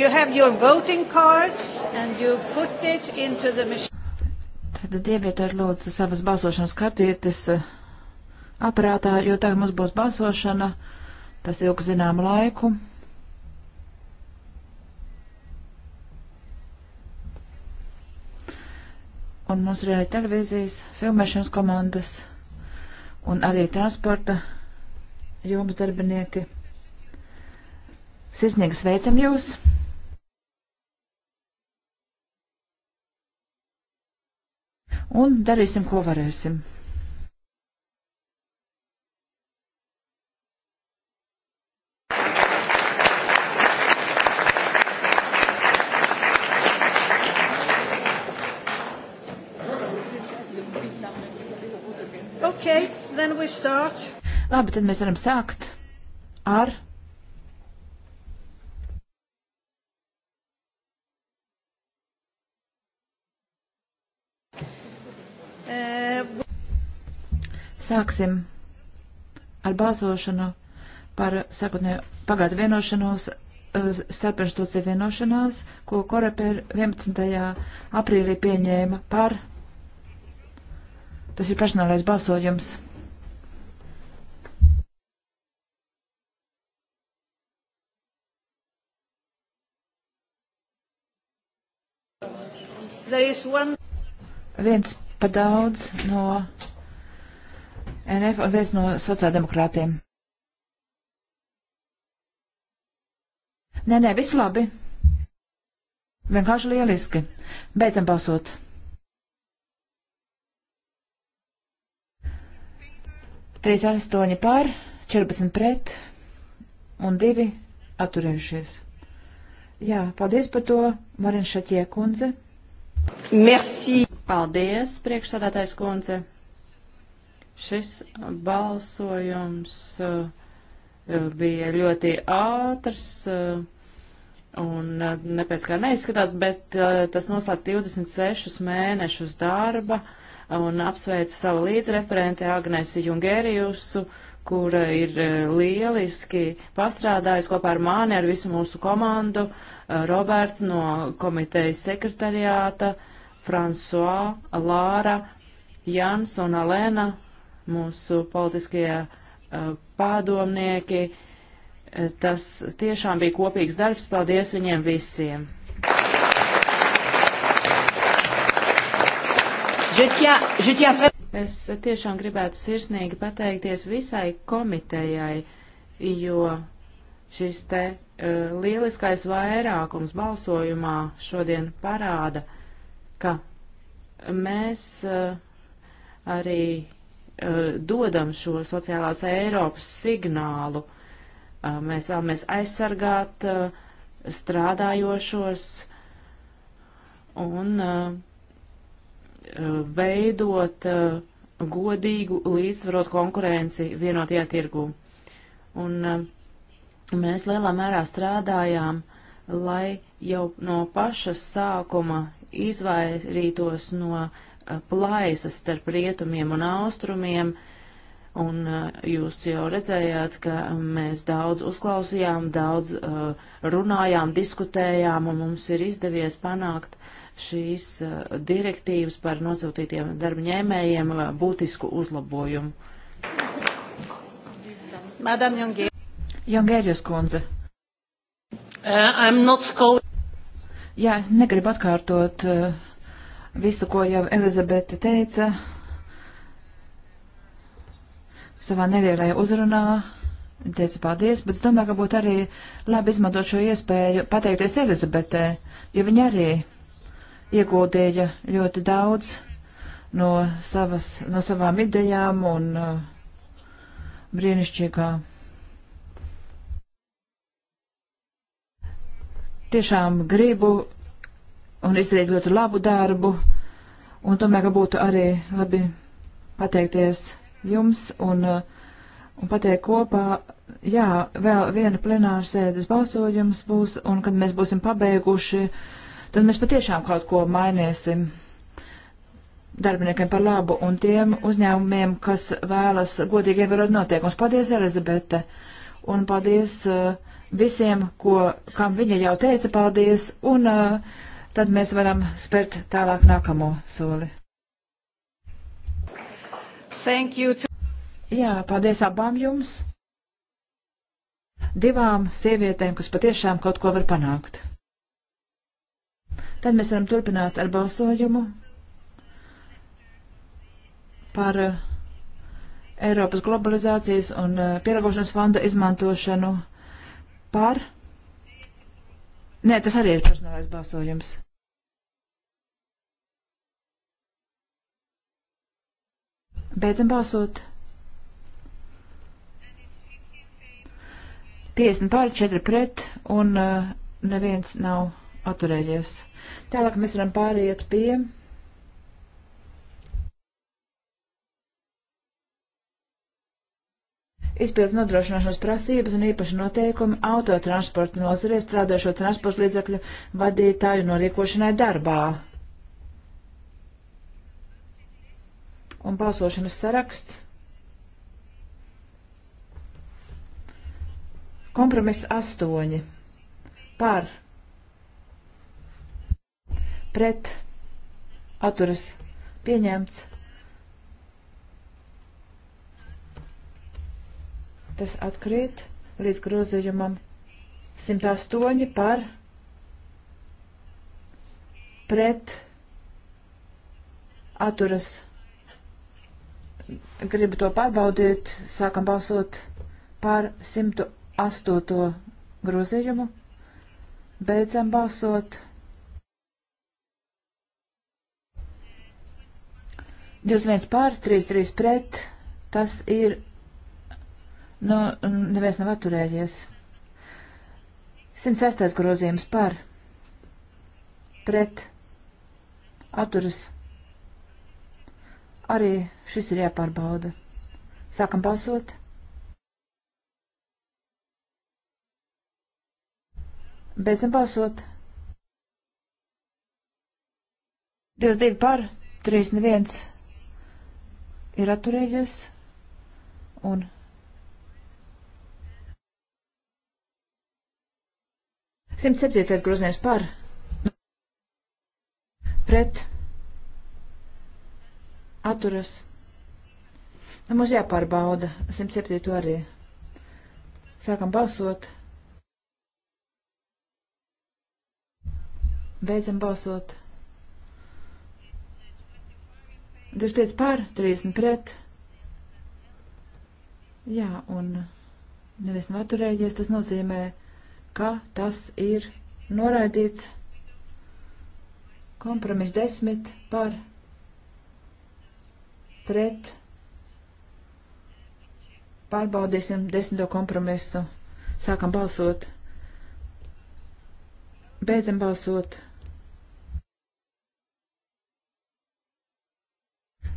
you have your voting cards and you put it into the machine. Tad ievietojiet lūdzu savas balsošanas kartītes uh, aparātā, jo tagad mums būs balsošana. Tas ilgs zināmu laiku. Un mums ir arī televīzijas, filmēšanas komandas un arī transporta jomas darbinieki. Sirsnīgi sveicam jūs! un darīsim, ko varēsim. Okay, Labi, tad mēs varam sākt ar Sāksim ar balsošanu par sakotnē pagaidu vienošanos eh, starpinstitūcija vienošanās, ko Koreper 11. aprīlī pieņēma par. Tas ir personālais balsojums. One... Viens pa daudz no NF un viens no sociāldemokrātiem. Nē, nē, viss labi. Vienkārši lieliski. Beidzam balsot. Trīs astoņi pār, 14 pret un divi atturējušies. Jā, paldies par to, Marina Šaķie kundze. Merci. Paldies, priekšsādātais kundze. Šis balsojums uh, bija ļoti ātrs uh, un uh, nepēc kā neizskatās, bet tas noslēdz 26 mēnešus darba un apsveicu savu līdzreferenti Agnesi Jungērijusu, kura ir lieliski pastrādājusi kopā ar mani, ar visu mūsu komandu, Roberts no komitejas sekretariāta, uh, François, Lāra, Jans un Alēna, mūsu politiskie uh, pādomnieki. Uh, tas tiešām bija kopīgs darbs. Paldies viņiem visiem! Es tiešām gribētu sirsnīgi pateikties visai komitejai, jo šis te uh, lieliskais vairākums balsojumā šodien parāda, uh, ka mēs eh, arī eh, dodam šo sociālās Eiropas signālu. Eh, mēs vēlamies aizsargāt strādājošos un veidot godīgu līdzsvarot konkurenci vienotajā tirgū. Un mēs lielā mērā strādājām, lai jau no paša sākuma izvairītos no eh, plaisas starp rietumiem un austrumiem, un eh, jūs jau redzējāt, ka mēs daudz uzklausījām, daudz eh, runājām, diskutējām, un mums ir izdevies panākt šīs direktīvas par nosūtītiem darba ņēmējiem būtisku uzlabojumu. Madam Jongērijus kundze. Uh, Jā, es negribu atkārtot eh, visu, ko jau Elizabete teica savā nelielajā uzrunā. Viņa teica paldies, bet es domāju, ka būtu arī labi izmantot šo iespēju pateikties Elizabetē, jo viņa arī ieguldīja ļoti daudz no, savas, no savām idejām un uh, eh, brīnišķīgām tiešām gribu un izdarīt ļoti labu darbu, un tomēr, ka būtu arī labi pateikties jums un, un pateikt kopā, jā, vēl viena plenārsēdes balsojums būs, un kad mēs būsim pabeiguši, tad mēs patiešām kaut ko mainīsim darbiniekiem par labu un tiem uzņēmumiem, kas vēlas godīgi ievērot noteikumus. Paldies, Elizabete, un paldies. Uh, visiem, ko, kam viņa jau teica paldies, un uh, tad mēs varam spērt tālāk nākamo soli. Jā, paldies abām jums. Divām sievietēm, kas patiešām kaut ko var panākt. Tad mēs varam turpināt ar balsojumu par uh, Eiropas globalizācijas un uh, pielāgošanas fonda izmantošanu par. Nē, tas arī ir personālais balsojums. Beidzam balsot. 50 pār 4 pret un uh, neviens nav atturējies. Tālāk mēs varam pāriet pie. izpildus nodrošināšanas prasības un īpaši noteikumi autotransporta nozarē strādājušo transporta līdzakļu vadītāju norīkošanai darbā. Un balsošanas saraksts. Kompromiss astoņi. Par. Pret. Aturas. Pieņemts. tas atkrīt līdz grozījumam 108 par pret atturas. Gribu to pārbaudīt, sākam balsot par 108 grozījumu, beidzam balsot. 21 pār, 33 pret, tas ir Nu, neviens nav atturējies. 106. grozījums par, pret, atturas. Arī šis ir jāpārbauda. Sākam balsot. Beidzam balsot. 22 par, 3 neviens ir atturējies un 1 107. grozījums par pret atturas. Nu, mums jāpārbauda 107. arī. Sākam balsot. Beidzam balsot. 25 pār, 30 pret. Jā, un nevis neturējies, tas nozīmē ka tas ir noraidīts kompromis desmit par pret. Pārbaudīsim desmito kompromisu. Sākam balsot. Beidzam balsot.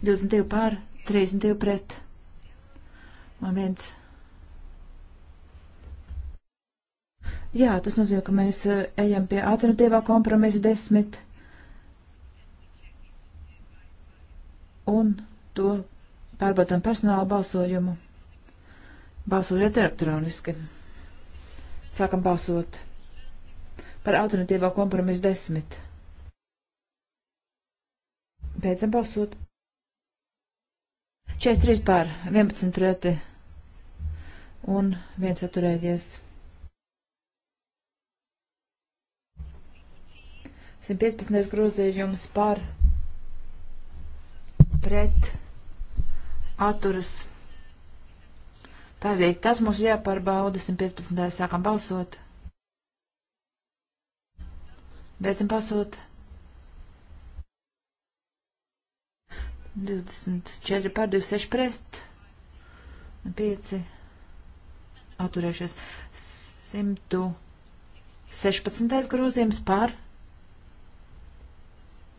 22 pār, 32 pret. Un viens Jā, tas nozīmē, ka mēs eh, ejam pie alternatīvā kompromisa desmit. Un to pārbaudām personāla balsojumu. Balsojiet elektroniski. Sākam balsot par alternatīvā kompromisa desmit. Beidzam balsot. 43 pār 11 turēti un viens atturēties. 115. grozījums par pret atturas. Tādēļ tas mums jāpārbauda. 115. sākam balsot. Beidzam balsot. 24 pār 26 pret. 5 atturējušies. 116. grozījums par pret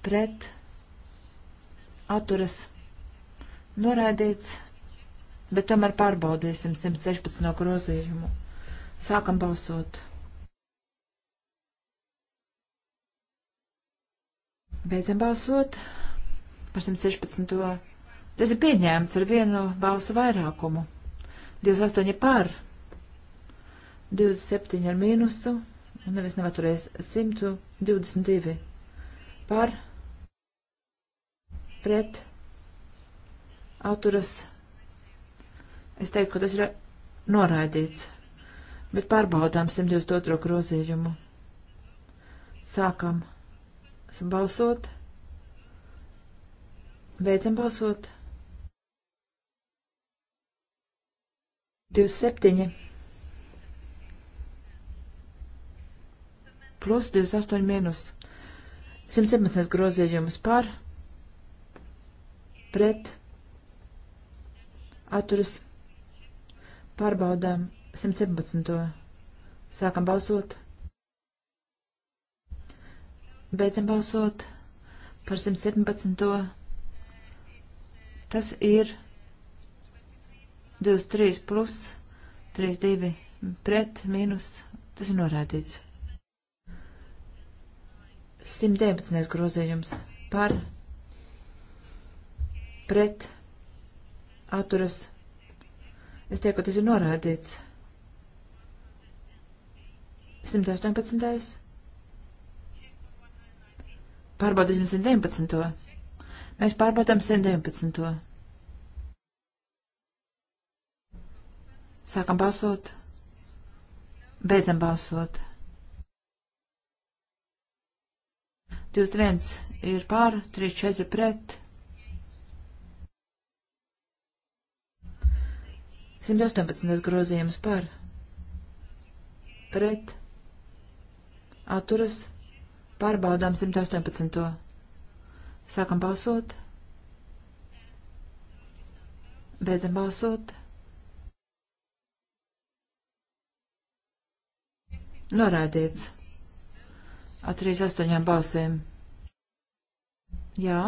pret atturas noraidīts, bet tomēr pārbaudīsim 116. grozījumu. Sākam balsot. Beidzam balsot par 116. Tas ir pieņēmts ar vienu balsu vairākumu. 28 pār, 27 ar mīnusu, un nevis nevaturēs 122 pār pret atturas. Es teiktu, ka tas ir noraidīts, bet pārbaudām 122. grozījumu. Sākam balsot, beidzam balsot. 27 plus 28 mīnus 117 grozījumus par pret atturas pārbaudām 117. Sākam balsot. Beidzam balsot par 117. Tas ir 23 plus 32 pret mīnus. Tas ir norādīts. 119. grozījums par pret atturas. Es tieku, ka tas ir norādīts. 118. Pārbaudīsim 119. Mēs pārbaudām 119. Sākam balsot. Beidzam balsot. 21 ir pār, 34 pret, 118. grozījums par pret atturas pārbaudām 118. Sākam balsot. Beidzam balsot. Norādīts. Ar 38 balsīm. Jā.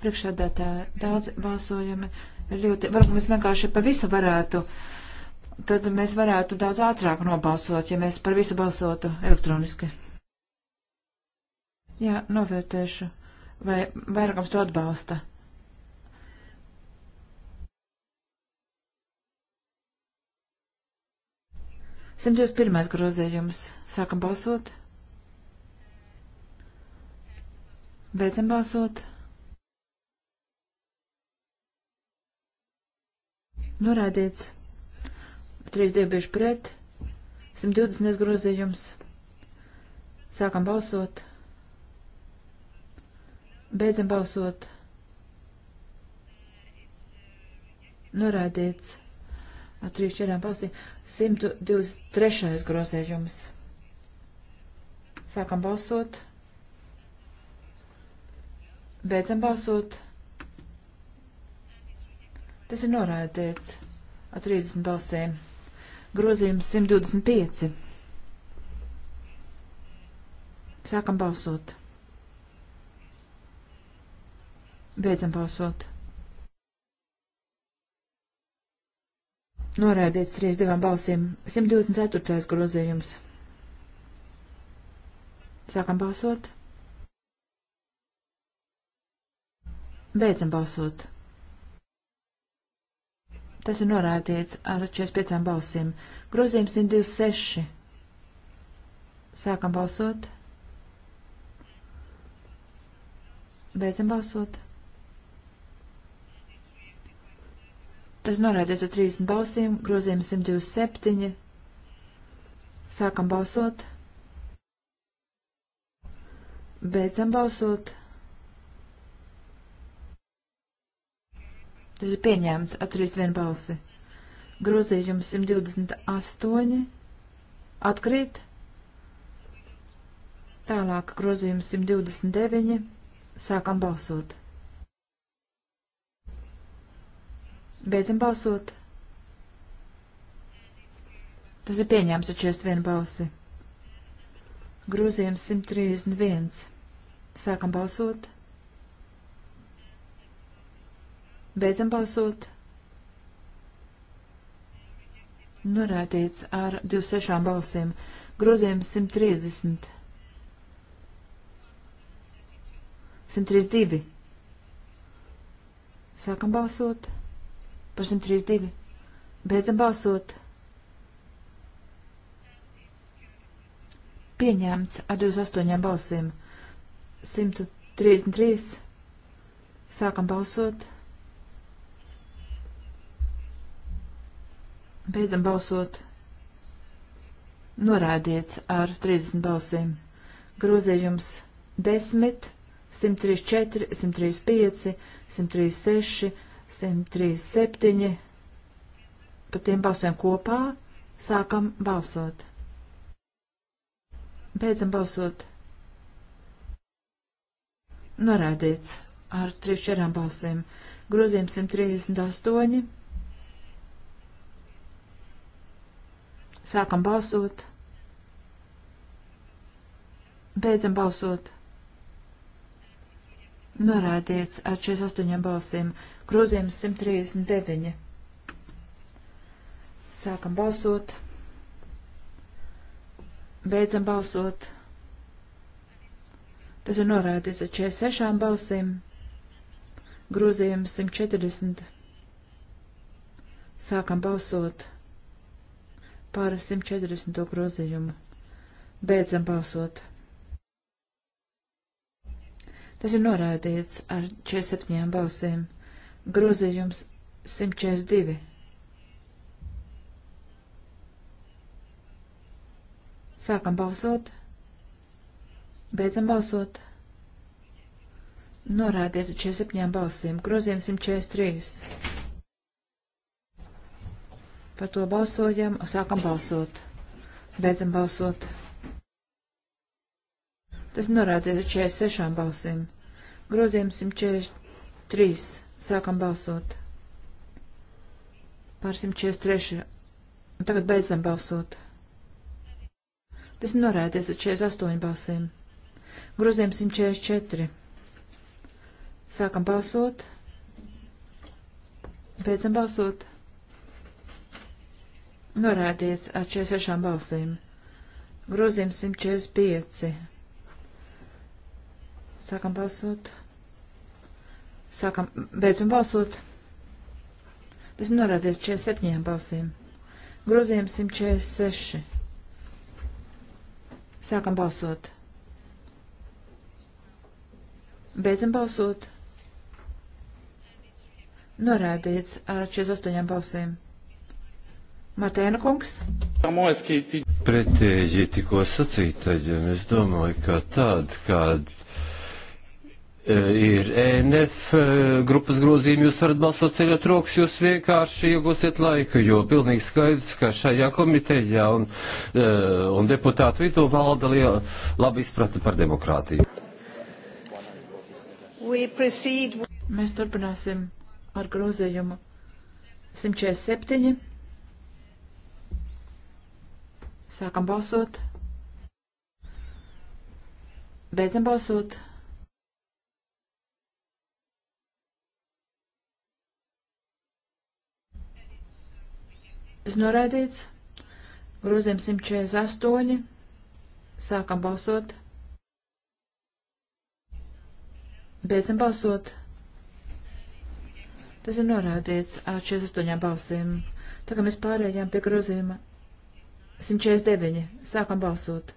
Priekšādā tā daudz balsojumi ļoti, varbūt mēs vienkārši pa visu varētu, tad mēs varētu daudz ātrāk nobalsot, ja mēs par visu balsotu elektroniski. Jā, novērtēšu, vai vairākums to atbalsta. Simtos pirmais grozījums. Sākam balsot. Beidzam balsot. Norādīts. 3 diebieši pret. 120 grozījums. Sākam balsot. Beidzam balsot. Norādīts. Ar 3 četrām balsīm. 123 grozījums. Sākam balsot. Beidzam balsot. Tas ir norādīts ar 30 balsīm. Grozījums 125. Sākam balsot. Beidzam balsot. Norādīts 32 balsīm. 124. grozījums. Sākam balsot. Beidzam balsot. Tas ir norādīts ar 45 balsīm. Grozījums 126. Sākam balsot. Beidzam balsot. Tas norādīts ar 30 balsīm. Grozījums 127. Sākam balsot. Beidzam balsot. Tas ir pieņēmts ar 31 balsi. Grozījums 128 atkrīt. Tālāk grozījums 129. Sākam balsot. Beidzam balsot. Tas ir pieņēmts ar 41 balsi. Grozījums 131. Sākam balsot. Beidzam balsot. Norādīts ar 26 balsīm. Grozījums 130. 132. Sākam balsot. Par 132. Beidzam balsot. Pieņemts ar 28 balsīm. 133. Sākam balsot. Beidzam balsot. Norādīts ar 30 balsīm. Grozījums 10, 134, 135, 136, 137. Par tiem balsiem kopā sākam balsot. Beidzam balsot. Norādīts ar 3 čerām balsīm. Grozījums 138. Sākam balsot. Beidzam balsot. Norādīts ar 48 balsīm. Grozījums 139. Sākam balsot. Beidzam balsot. Tas ir norādīts ar 46 balsīm. Grozījums 140. Sākam balsot par 140. grozījumu. Beidzam balsot. Tas ir norādīts ar 47 balsīm. Grozījums 142. Sākam balsot. Beidzam balsot. Norādīts ar 47 balsīm. Grozījums 143. Par to balsojam, sākam balsot, beidzam balsot. Tas norādīts ar 46 balsīm. Grozījums 143. Sākam balsot. Pār 143. Un tagad beidzam balsot. Tas norādīts ar 48 balsīm. Grozījums 144. Sākam balsot. Beidzam balsot. Norādīts ar 46 balsīm. Grozījums 145. Sākam balsot. Sākam, beidzam balsot. Tas norādīts 47 balsīm. Grozījums 146. Sākam balsot. Beidzam balsot. Norādīts ar 48 balsīm. Martēna kungs. Pretēji tikko sacītajiem, es domāju, ka tād, kād e, ir ENF e, grupas grozījumi, jūs varat balsot ceļot rokas, jūs vienkārši iegūsiet laiku, jo pilnīgi skaidrs, ka šajā komitejā un, e, un deputātu vidū valda liela laba izprata par demokrātiju. Mēs turpināsim ar grozījumu 147. Sākam balsot. Beidzam balsot. Tas noraidīts. Grūzījums 148. Sākam balsot. Beidzam balsot. Tas ir norādīts ar 68 balsīm. Tagad mēs pārējām pie grozījuma 149. Sākam balsot.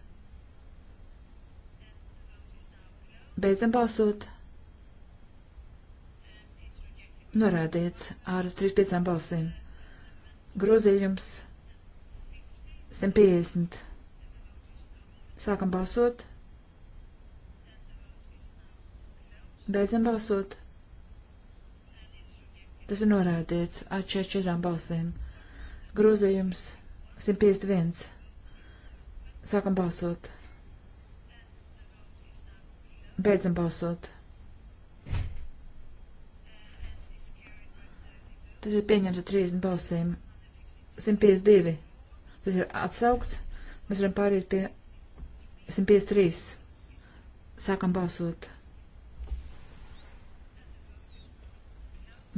Beidzam balsot. Norādīts ar 35 balsīm. Grozījums 150. Sākam balsot. Beidzam balsot. Tas ir norādīts ar 44 balsīm. Grozījums 150. 151. Sākam balsot. Beidzam balsot. Tas ir pieņemts ar 30 balsīm. 152. Tas ir atsaukts. Mēs varam pāriet pie 153. Sākam balsot.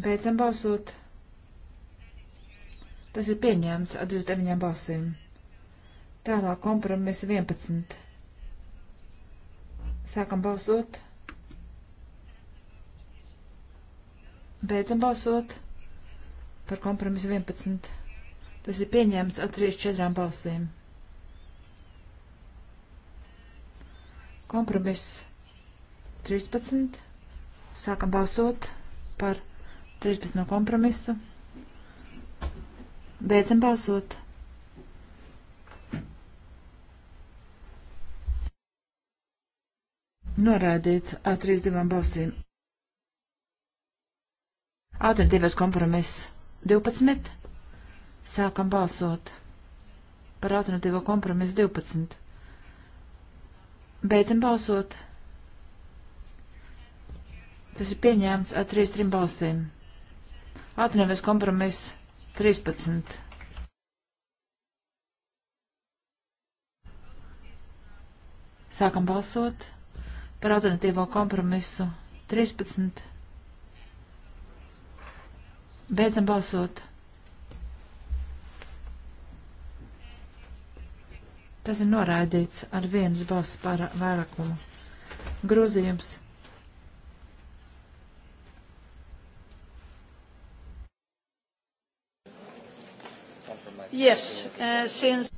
Beidzam balsot. Tas ir pieņēmts ar 29 balsīm. Tālāk kompromis 11. Sākam balsot. Beidzam balsot par kompromisu 11. Tas ir pieņēmts ar 34 balsīm. Kompromiss 13. Sākam balsot par 13 no kompromisu. Beidzam balsot. Norādīts ar 32 balsīm. Alternatīvais kompromiss 12. Sākam balsot par alternatīvo kompromisu 12. Beidzam balsot. Tas ir pieņēmts ar 33 balsīm. Alternatīvais kompromiss 13. Sākam balsot par alternatīvo kompromisu 13. Beidzam balsot. Tas ir noraidīts ar vienas balss vairākumu. Grozījums Yes, uh, since...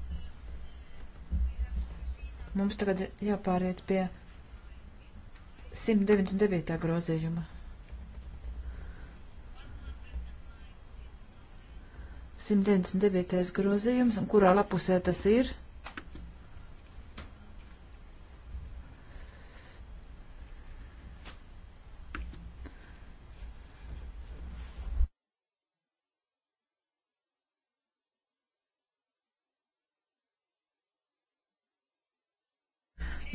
Mums tagad jāpāriet pie 199. grozījuma. 199. grozījums, un kurā lapusē tas ir? 199.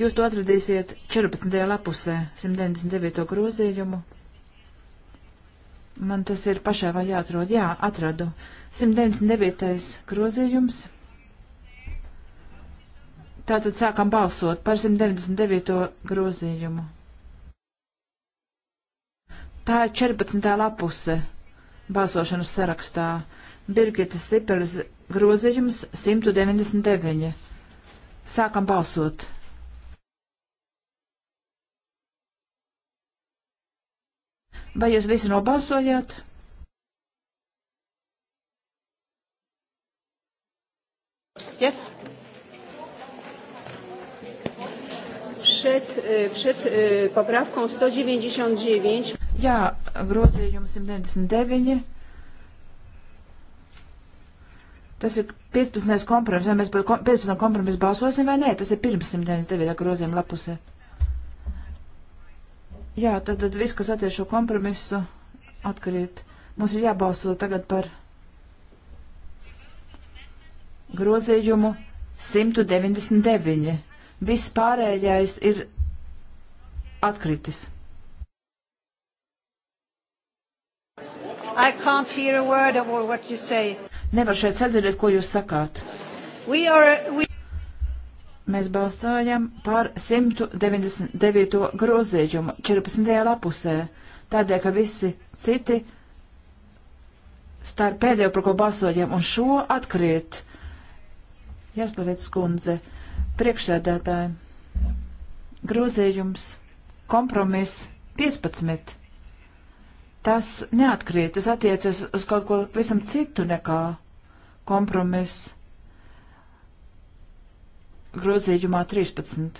Jūs to atradīsiet 14. lapusē, 199. grozījumu. Man tas ir pašai vēl jāatrod. Jā, atradu. 199. grozījums. Tātad sākam balsot par 199. grozījumu. Tā ir 14. lapuse balsošanas sarakstā. Birgitas Sipeles grozījums 199. Sākam balsot. Vai jūs visi nobalsojāt? Yes. Przed, e, przed e, poprawką 199. Jā, grozījums 199. Tas ir 15. kompromiss. Vai mēs par 15. kompromisu balsosim vai nē? Tas ir pirms 199. grozījuma lapusē. Jā, tad, tad viss, kas attiec šo kompromisu, atkarīt. Mums ir jābalso tagad par grozījumu 199. Viss pārējais ir atkritis. Nevar šeit sadzirdēt, ko jūs sakāt. We are, we mēs balsājam par 199. grozījumu 14. lapusē, tādēļ, ka visi citi starp pēdējo, par ko balsojam, un šo atkrīt. Jāspēlēts skundze, priekšsēdētāji, grozījums, kompromiss 15. Tas neatkrīt, tas attiecas uz kaut ko visam citu nekā kompromiss grozījumā 13.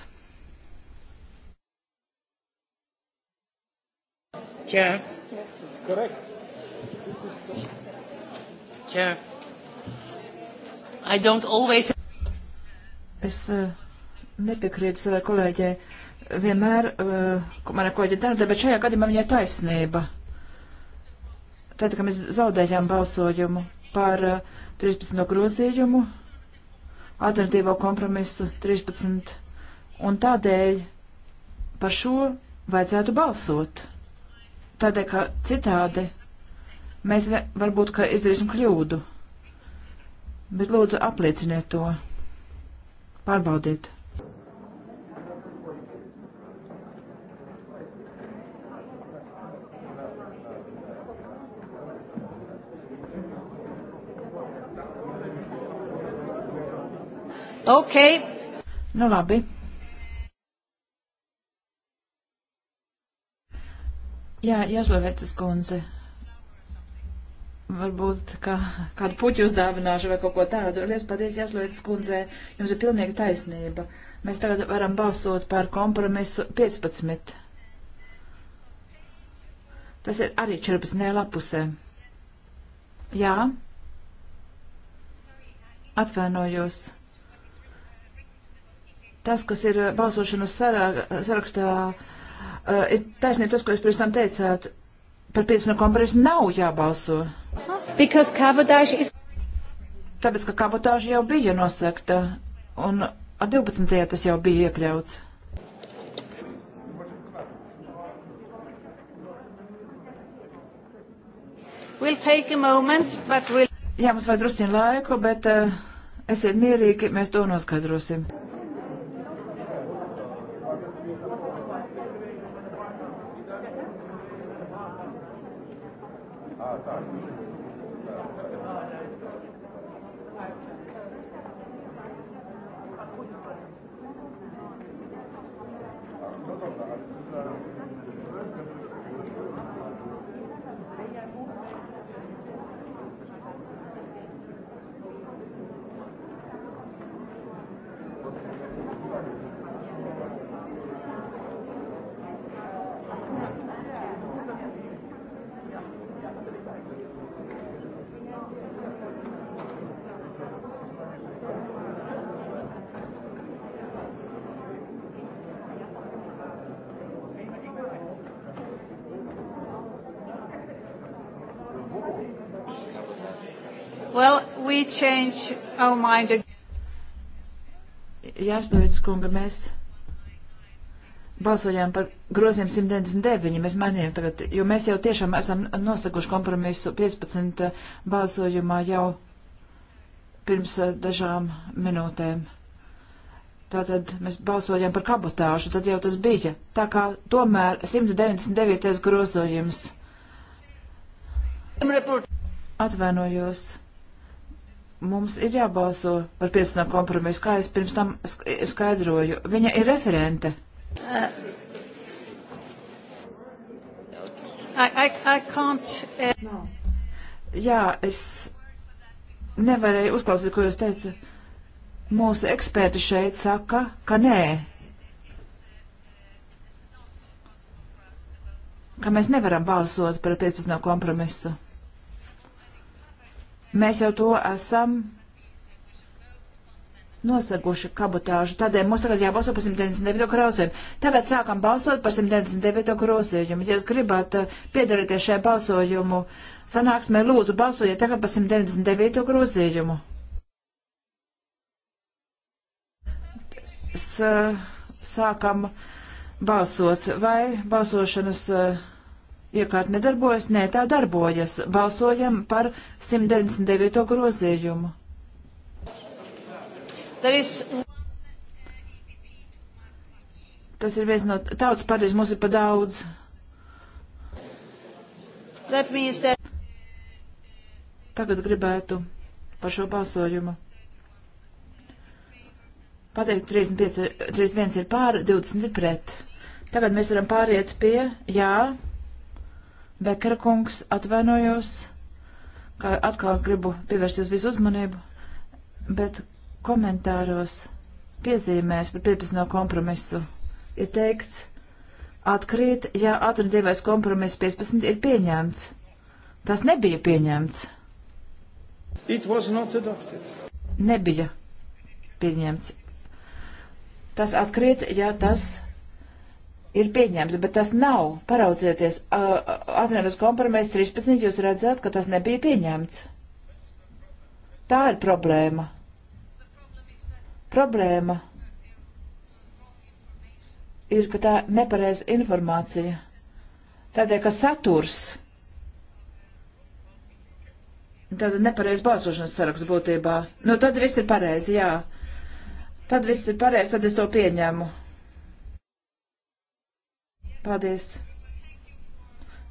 Čā. Čā. I don't always. Es uh, nepiekrītu savai kolēģei. Vienmēr, uh, mana kolēģe darda, bet šajā gadījumā viņai taisnība. Tad, kad mēs zaudējām balsojumu par uh, eh, 13. grozījumu, alternatīvo kompromisu 13. Un tādēļ par šo vajadzētu balsot. Tādēļ, ka citādi mēs varbūt, ka izdarīsim kļūdu. Bet lūdzu aplieciniet to. Pārbaudiet. Ok. Nu labi. Jā, Jāslavētas kundze. Varbūt kā, kādu puķu uzdāvināšu vai kaut ko tādu. Lies paldies, Jāslavētas kundze. Jums ir pilnīga taisnība. Mēs tagad varam balsot par kompromisu 15. Tas ir arī 14. lapusē. Jā. Atvainojos tas, kas ir eh, balsošanas sarakstā, eh, ir taisnība tas, ko jūs pirms tam teicāt. Par 15 kompromisu nav jābalso. Is... Tāpēc, ka kabotāža jau bija nosakta, un ar 12. tas jau bija iekļauts. We'll moment, we'll... Jā, mums vajag drusciņu laiku, bet uh, esiet mierīgi, mēs to noskaidrosim. change our mind. Jāsnovic kunga, mēs balsojām par grozījumu 199, mēs mainījām tagad, jo mēs jau tiešām esam nosakuši kompromisu 15 eh, balsojumā jau pirms eh, dažām minūtēm. Tātad mēs balsojām par kabotāžu, tad jau tas bija. Tā kā tomēr 199. grozojums. Atvainojos mums ir jābalso par 15. kompromisu, kā es pirms tam skaidroju. Viņa ir referente. Uh, I, I, I can't, uh... No. Jā, es nevarēju uzklausīt, ko jūs teicat. Mūsu eksperti šeit saka, ka nē, ka mēs nevaram balsot par 15. kompromisu. Mēs jau to esam noslēguši kabotāžu. Tādēļ mums tagad jābalso par 199 grozēm. Tagad sākam balsot par 199 grozējumu. Ja jūs gribat uh, piedalīties šajā balsojumu sanāksmē, lūdzu balsojiet tagad par 199 grozējumu. Sākam balsot vai balsošanas. Uh, iekārt nedarbojas, nē, tā darbojas. Balsojam par 199. grozījumu. Is... Tas ir viens no tautas partijas, mums ir pa daudz. That... Tagad gribētu par šo balsojumu. Pateikt, 35, 31 ir pār, 20 ir pret. Tagad mēs varam pāriet pie, jā, Bekera kungs, atvainojos, ka atkal gribu pievērst jūs visu uzmanību, bet komentāros piezīmēs par 15. kompromisu ir teikts, atkrīt, ja atradīvais kompromiss 15 ir pieņemts. Tas nebija pieņemts. Nebija pieņemts. Tas atkrīt, ja tas. Mm ir pieņemts, bet tas nav. Paraudzieties, atvienotas kompromiss 13, jūs redzat, ka tas nebija pieņemts. Tā ir problēma. Problēma ir, ka tā nepareiz informācija. Tādēļ, ka saturs. Tāda nepareiz balsošanas saraksts būtībā. Nu, tad viss ir pareizi, jā. Tad viss ir pareizi, tad es to pieņemu. Paldies.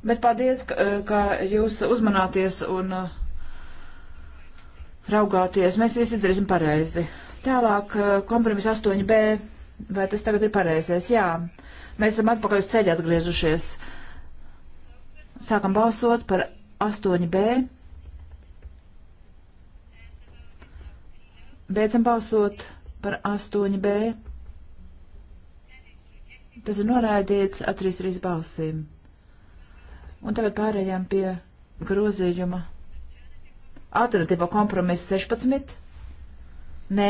Bet paldies, ka, ka jūs uzmanāties un uh, raugāties. Mēs visi darīsim pareizi. Tālāk uh, kompromis 8b. Vai tas tagad ir pareizais? Jā. Mēs esam atpakaļ uz ceļa atgriezušies. Sākam balsot par 8b. Beidzam balsot par 8b. Tas ir noraidīts ar 33 balsīm. Un tagad pārējām pie grozījuma. Alternatīvo kompromisu 16. Nē.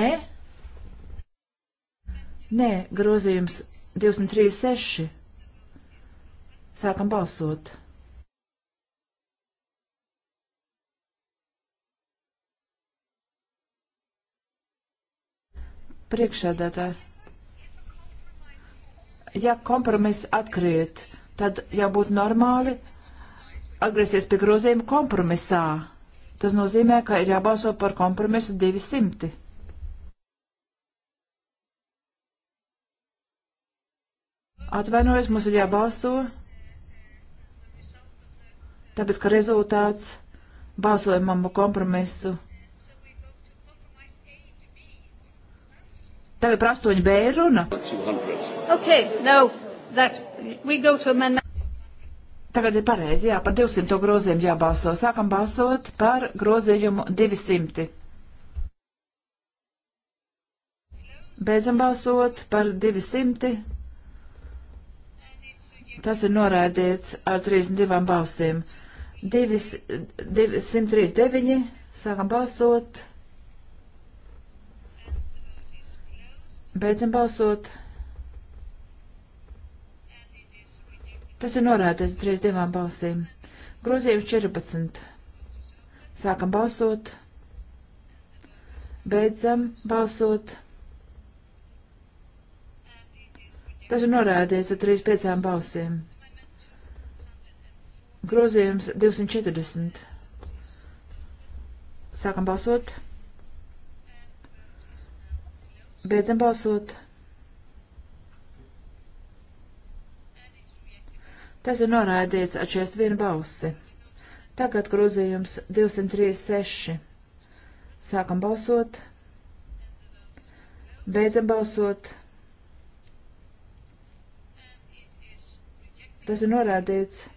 Nē, grozījums 236. Sākam balsot. Priekšsēdētāji ja kompromiss atkrīt, tad jau būtu normāli atgriezties pie grozījuma kompromisā. Tas nozīmē, ka ir jābalso par kompromisu 200. Atvainojos, mums ir jābalso, tāpēc, ka rezultāts balsojumam kompromisu 200. Tagad par 8B runa. Okay, no, Tagad ir pareizi, jā, par 200 grozījumu jābalso. Sākam balsot par grozījumu 200. Beidzam balsot par 200. Tas ir noraidīts ar 32 balsīm. 2, 239. Sākam balsot. Beidzam balsot. Tas ir norādīts 32 balsīm. Grozījums 14. Sākam balsot. Beidzam balsot. Tas ir norādīts ar 35 balsīm. Grozījums 240. Sākam balsot. Beidzam balsot. Tas ir norādīts ar 41 balsi. Tagad grozījums 236. Sākam balsot. Beidzam balsot. Tas ir norādīts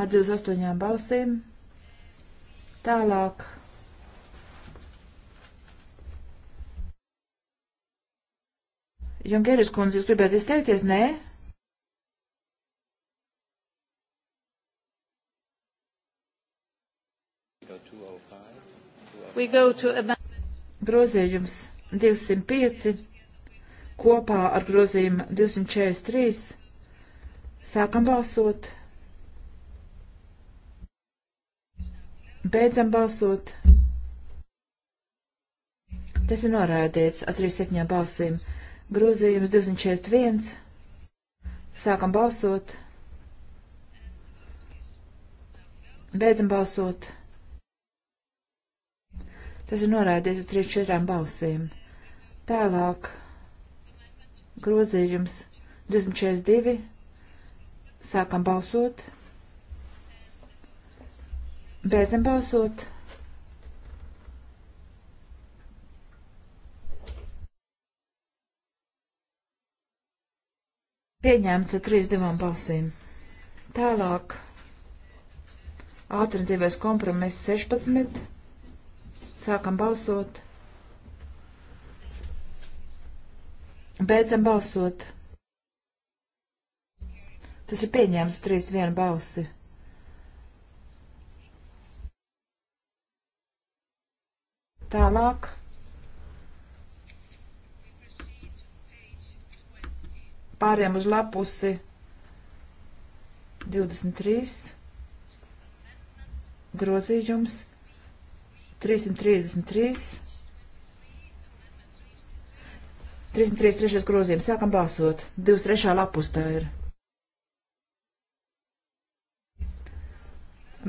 ar 28 balsīm. Tālāk Junkeris kundze, jūs gribētu izteikties? Nē? To... Grozījums 205 kopā ar grozījumu 243. Sākam balsot. Beidzam balsot. Tas ir norādīts ar 37 balsīm grozījums 241. Sākam balsot. Beidzam balsot. Tas ir norādīts ar 34 balsīm. Tālāk grozījums 242. Sākam balsot. Beidzam balsot. Pieņemts ar 32 balsīm. Tālāk. Alternatīvais kompromiss 16. Sākam balsot. Beidzam balsot. Tas ir pieņēmis 31 balsi. Tālāk. Pāriem uz lapusi 23. Grozījums 333. 333. grozījums. Sākam balsot. 23. lapus tā ir.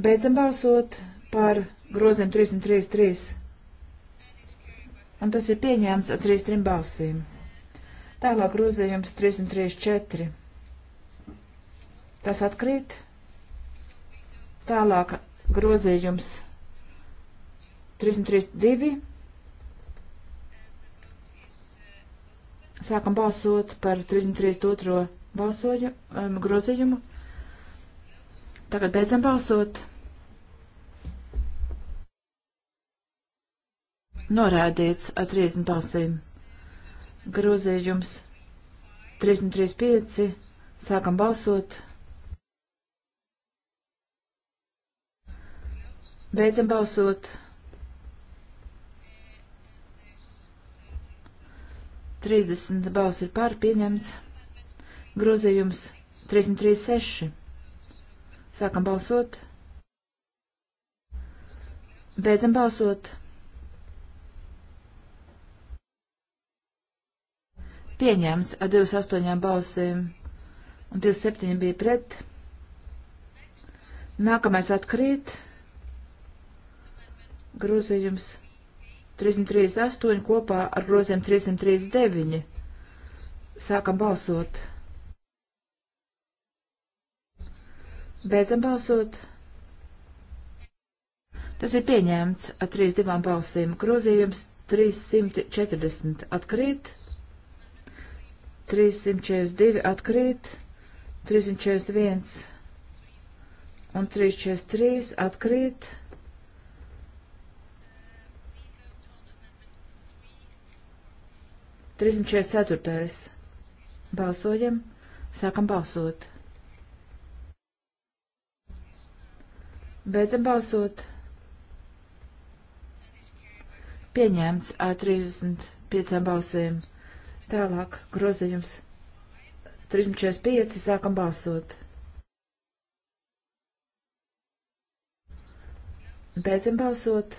Beidzam balsot par grozījumu 333. Un tas ir pieņēmts ar 3 trim balsīm. Tālāk grozījums 334. Tas atkrīt. Tālāk grozījums 332. Sākam balsot par 332. balsoju, um, grozījumu. Tagad beidzam balsot. Norādīts ar 30 balsīm grozījums 335. Sākam balsot. Beidzam balsot. 30 balss ir pār pieņemts. Grozījums 336. Sākam balsot. Beidzam balsot. pieņemts ar 28 balsīm un 27 bija pret. Nākamais atkrīt. Grozījums 338 kopā ar groziem 339. Sākam balsot. Beidzam balsot. Tas ir pieņēmts ar 32 balsīm. Grozījums 340 atkrīt. 342 atkrīt, 341 un 343 atkrīt. Trīsdesmit četri ceturtais. Balsojam. Sākam balsot. Beidzam balsot. Pieņemts ar 35 balsīm. Tālāk grozījums 345. Sākam balsot. Beidzam balsot.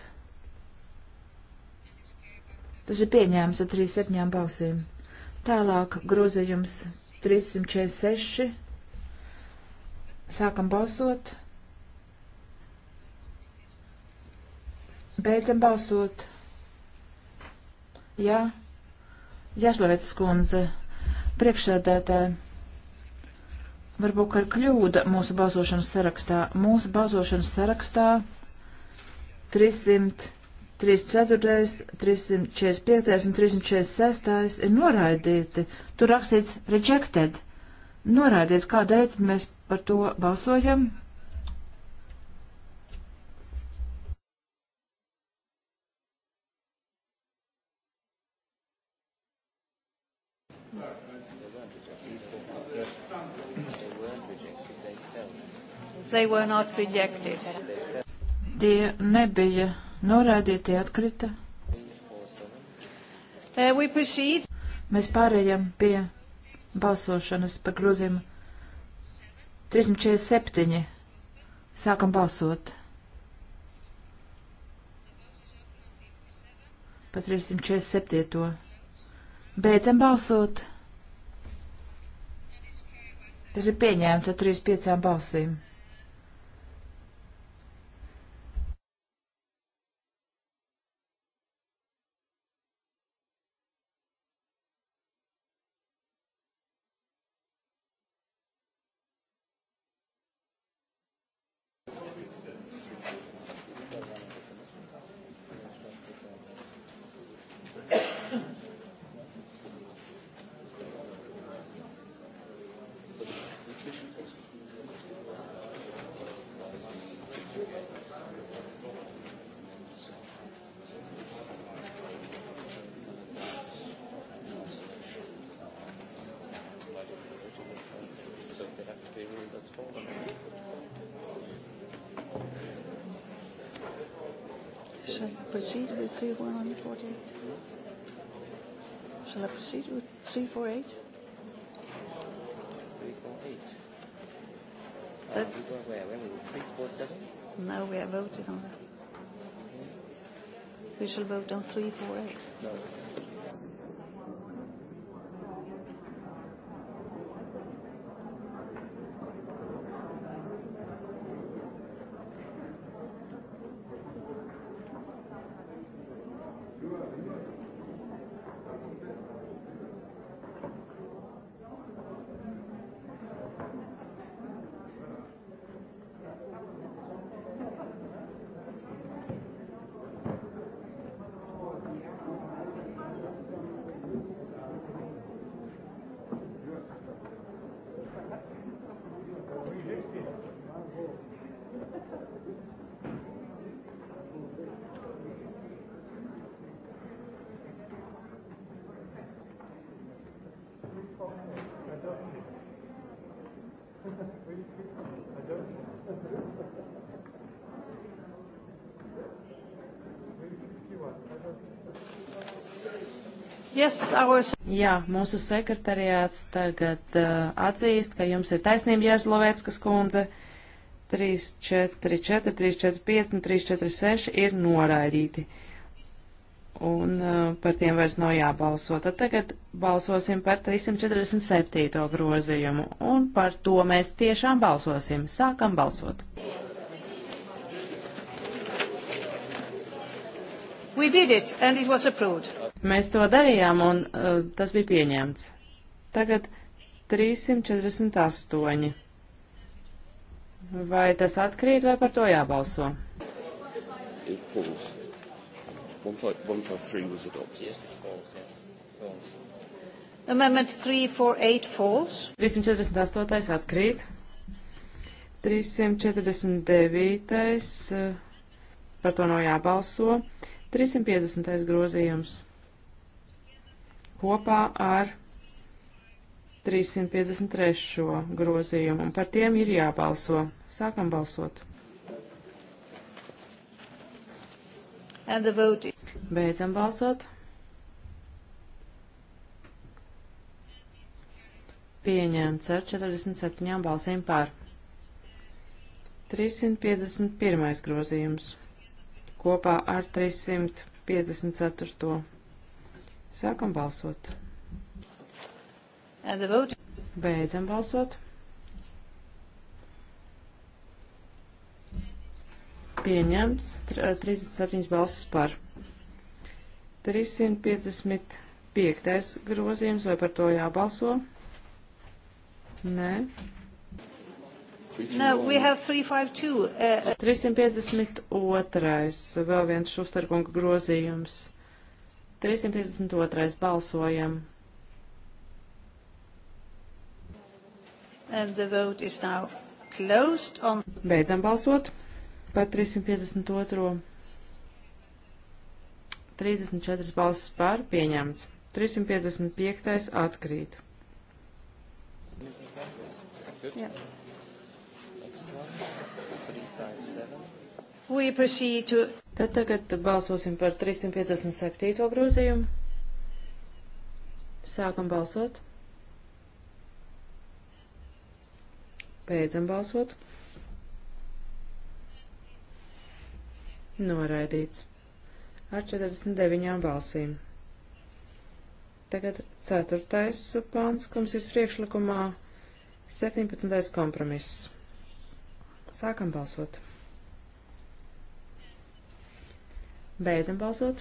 Tas ir pieņēmums ar 37 balsīm. Tālāk grozījums 346. Sākam balsot. Beidzam balsot. Jā. Ja. Jāslavets kundze, priekšsēdētāji, varbūt, ka ir kļūda mūsu balsošanas sarakstā. Mūsu balsošanas sarakstā 300. 34, 345 un 346 ir noraidīti. Tur rakstīts rejected. Noraidīts, kādēļ mēs par to balsojam? Tie nebija noraidīti, tie atkrita. Uh, Mēs pārējām pie balsošanas par grozījumu 347. Sākam balsot. Pa 347. Beidzam balsot. Tas ir pieņēmts ar 35 balsīm. 348? 348. That's uh, we were where? Where were we? 347? No, we have voted on that. We shall vote on 348. No. Yes, our... Jā, mūsu sekretariāts tagad uh, atzīst, ka jums ir taisnība, Jēzlovēckas kundze. 3, 4, 4, 3, 4, 5 un 3, 4, 6 ir noraidīti. Un uh, par tiem vairs nav jābalso. Tad tagad balsosim par 347. grozījumu. Un par to mēs tiešām balsosim. Sākam balsot. We did it and it was approved. Mēs to darījām, un uh, tas bija pieņemts. Tagad 348. Vai tas atkrīt, vai par to jābalso? It falls. 153 was adopted. Yes, it falls, yes. Falls. Amendment 348 falls. 348 atkrīt. 349. Uh, par to nav jābalso. 350. grozījums kopā ar 353. grozījumu, un par tiem ir jābalso. Sākam balsot. Beidzam balsot. Pieņemts ar 47 balsīm pār. 351. grozījums kopā ar 354. Sākam balsot. Beidzam balsot. Pieņemts 37 eh, balsis par. 355. grozījums, vai par to jābalso? Nē. No, we have 352. Uh, 352. vēl viens šustarkunga grozījums. 352. balsojam. And the vote is now closed on... Beidzam balsot par 352. 34 balsis pār pieņemts. 355. atkrīt. Yeah. To... Tad tagad balsosim par 357. grozījumu. Sākam balsot. Beidzam balsot. Noraidīts. Ar 49 balsīm. Tagad 4. pāns komisijas priekšlikumā, 17. kompromiss. Sākam balsot. Beidzam balsot.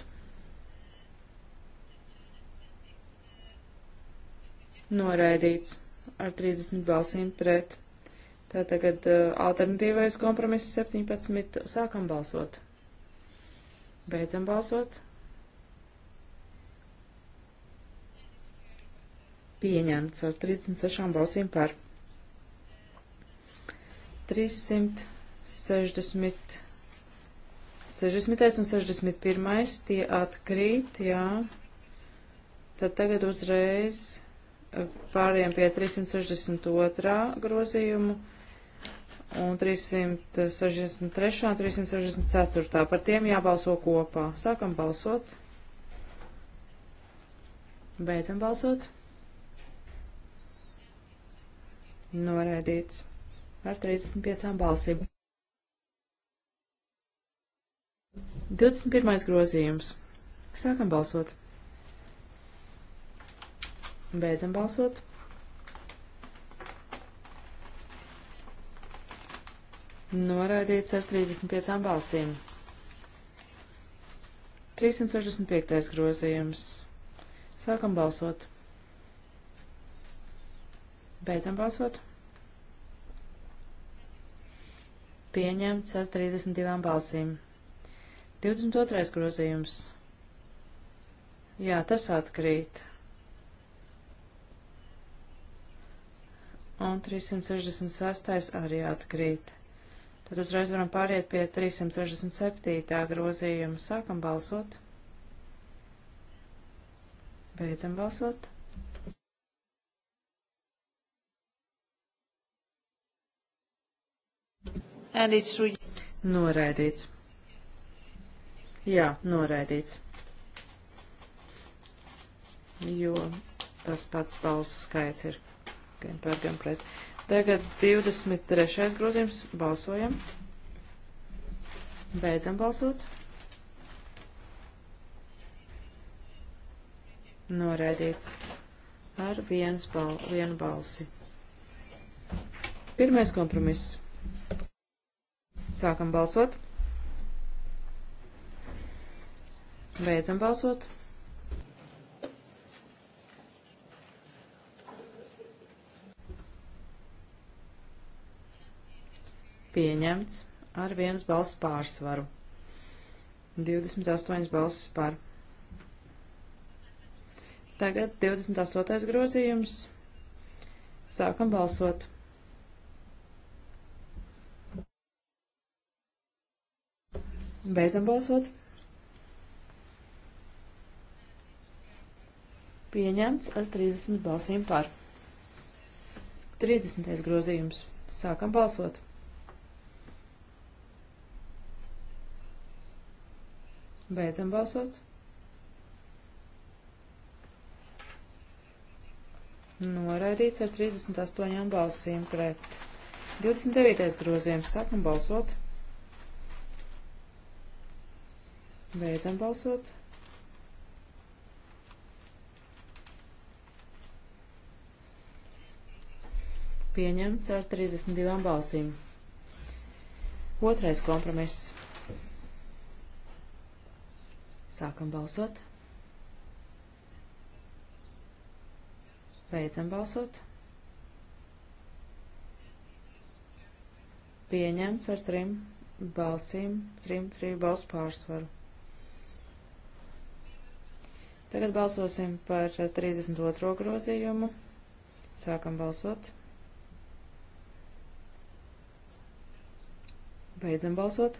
Noraidīts ar 30 balsīm pret. Tā tagad uh, alternatīvais kompromiss 17. Sākam balsot. Beidzam balsot. Pieņemts ar 36 balsīm par. 360. 60. un 61. tie atkrīt, jā. Tad tagad uzreiz eh, pāriem pie 362. grozījumu un 363. un 364. Par tiem jābalso kopā. Sākam balsot. Beidzam balsot. Noraidīts ar 35 balsīm. 21. grozījums. Sākam balsot. Beidzam balsot. Noraidīts ar 35 balsīm. 365. grozījums. Sākam balsot. Beidzam balsot. Pieņemts ar 32 balsīm. 22. grozījums. Jā, tas atkrīt. Un 366. arī atkrīt. Tad uzreiz varam pāriet pie 367. grozījuma. Sākam balsot. Beidzam balsot. Noraidīts. Jā, noraidīts. Jo tas pats balsu skaits ir gan par, gan pret. Tagad 23. grozījums. Balsojam. Beidzam balsot. Noraidīts ar bal vienu balsi. Pirmais kompromiss. Sākam balsot. Beidzam balsot. Pieņemts ar vienas balss pārsvaru. 28 balsis par. Tagad 28. grozījums. Sākam balsot. Beidzam balsot. Pieņemts ar 30 balsīm par. 30. grozījums. Sākam balsot. Beidzam balsot. Noraidīts ar 38 balsīm pret. 29. grozījums. Sākam balsot. Beidzam balsot. pieņemts ar 32 balsīm. Otrais kompromiss. Sākam balsot. Beidzam balsot. Pieņemts ar trim balsīm, trim, trim balsu pārsvaru. Tagad balsosim par 32. grozījumu. Sākam balsot. Beidzam balsot.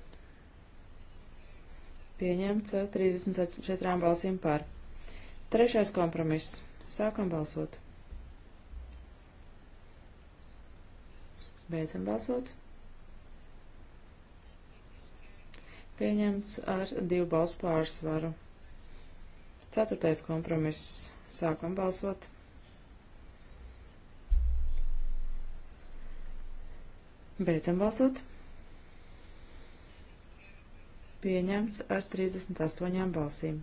Pieņemts 34 eh, balsīm par. Trešais kompromiss. Sākam balsot. Beidzam balsot. Pieņemts ar divu balsu pārsvaru. Ceturtais kompromiss. Sākam balsot. Beidzam balsot pieņemts ar 38 balsīm.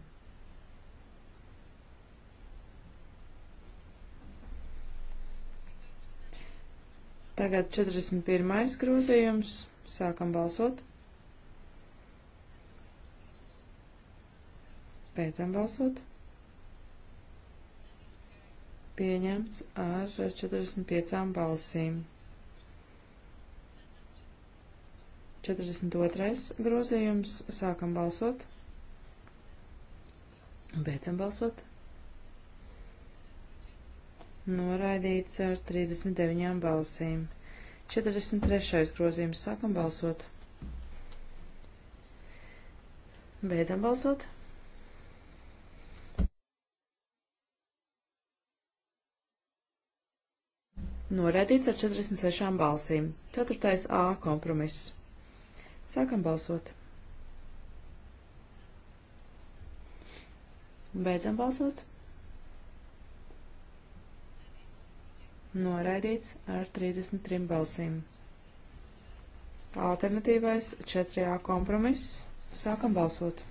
Tagad 41. grozījums. Sākam balsot. Beidzam balsot. Pieņemts ar 45 balsīm. 42. grozījums. Sākam balsot. Beidzam balsot. Noraidīts ar 39 balsīm. 43. grozījums. Sākam balsot. Beidzam balsot. Noraidīts ar 46 balsīm. 4. A kompromiss. Sākam balsot. Beidzam balsot. Noraidīts ar 33 balsīm. Alternatīvais 4A kompromiss. Sākam balsot.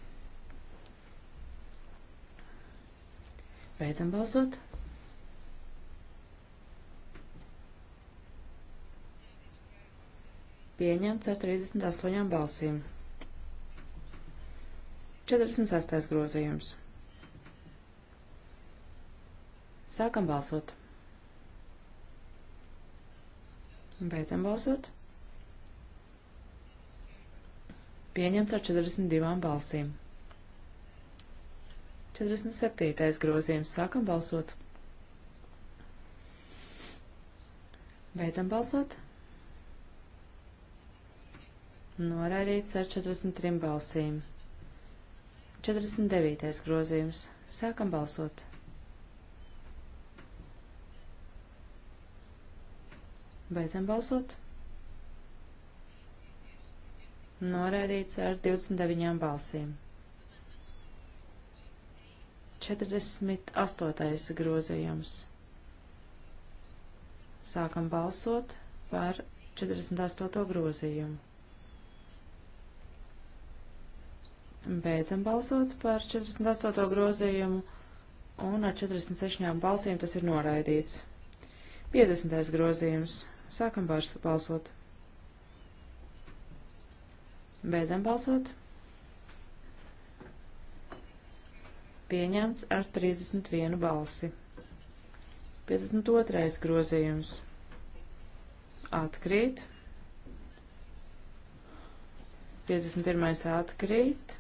Beidzam balsot. Pieņemts ar 38 balsīm. 46. grozījums. Sākam balsot. Beidzam balsot. Pieņemts ar 42 balsīm. 47. grozījums. Sākam balsot. Beidzam balsot. Noraidīts ar 43 balsīm. 49. grozījums. Sākam balsot. Beidzam balsot. Noraidīts ar 29 balsīm. 48. grozījums. Sākam balsot par 48. grozījumu. Beidzam balsot par 48. grozījumu, un ar 46 balsīm tas ir noraidīts. 50. grozījums. Sākam balsot. Beidzam balsot. Pieņemts ar 31 balsi. 52. grozījums. Atkrīt. 51. atkrīt.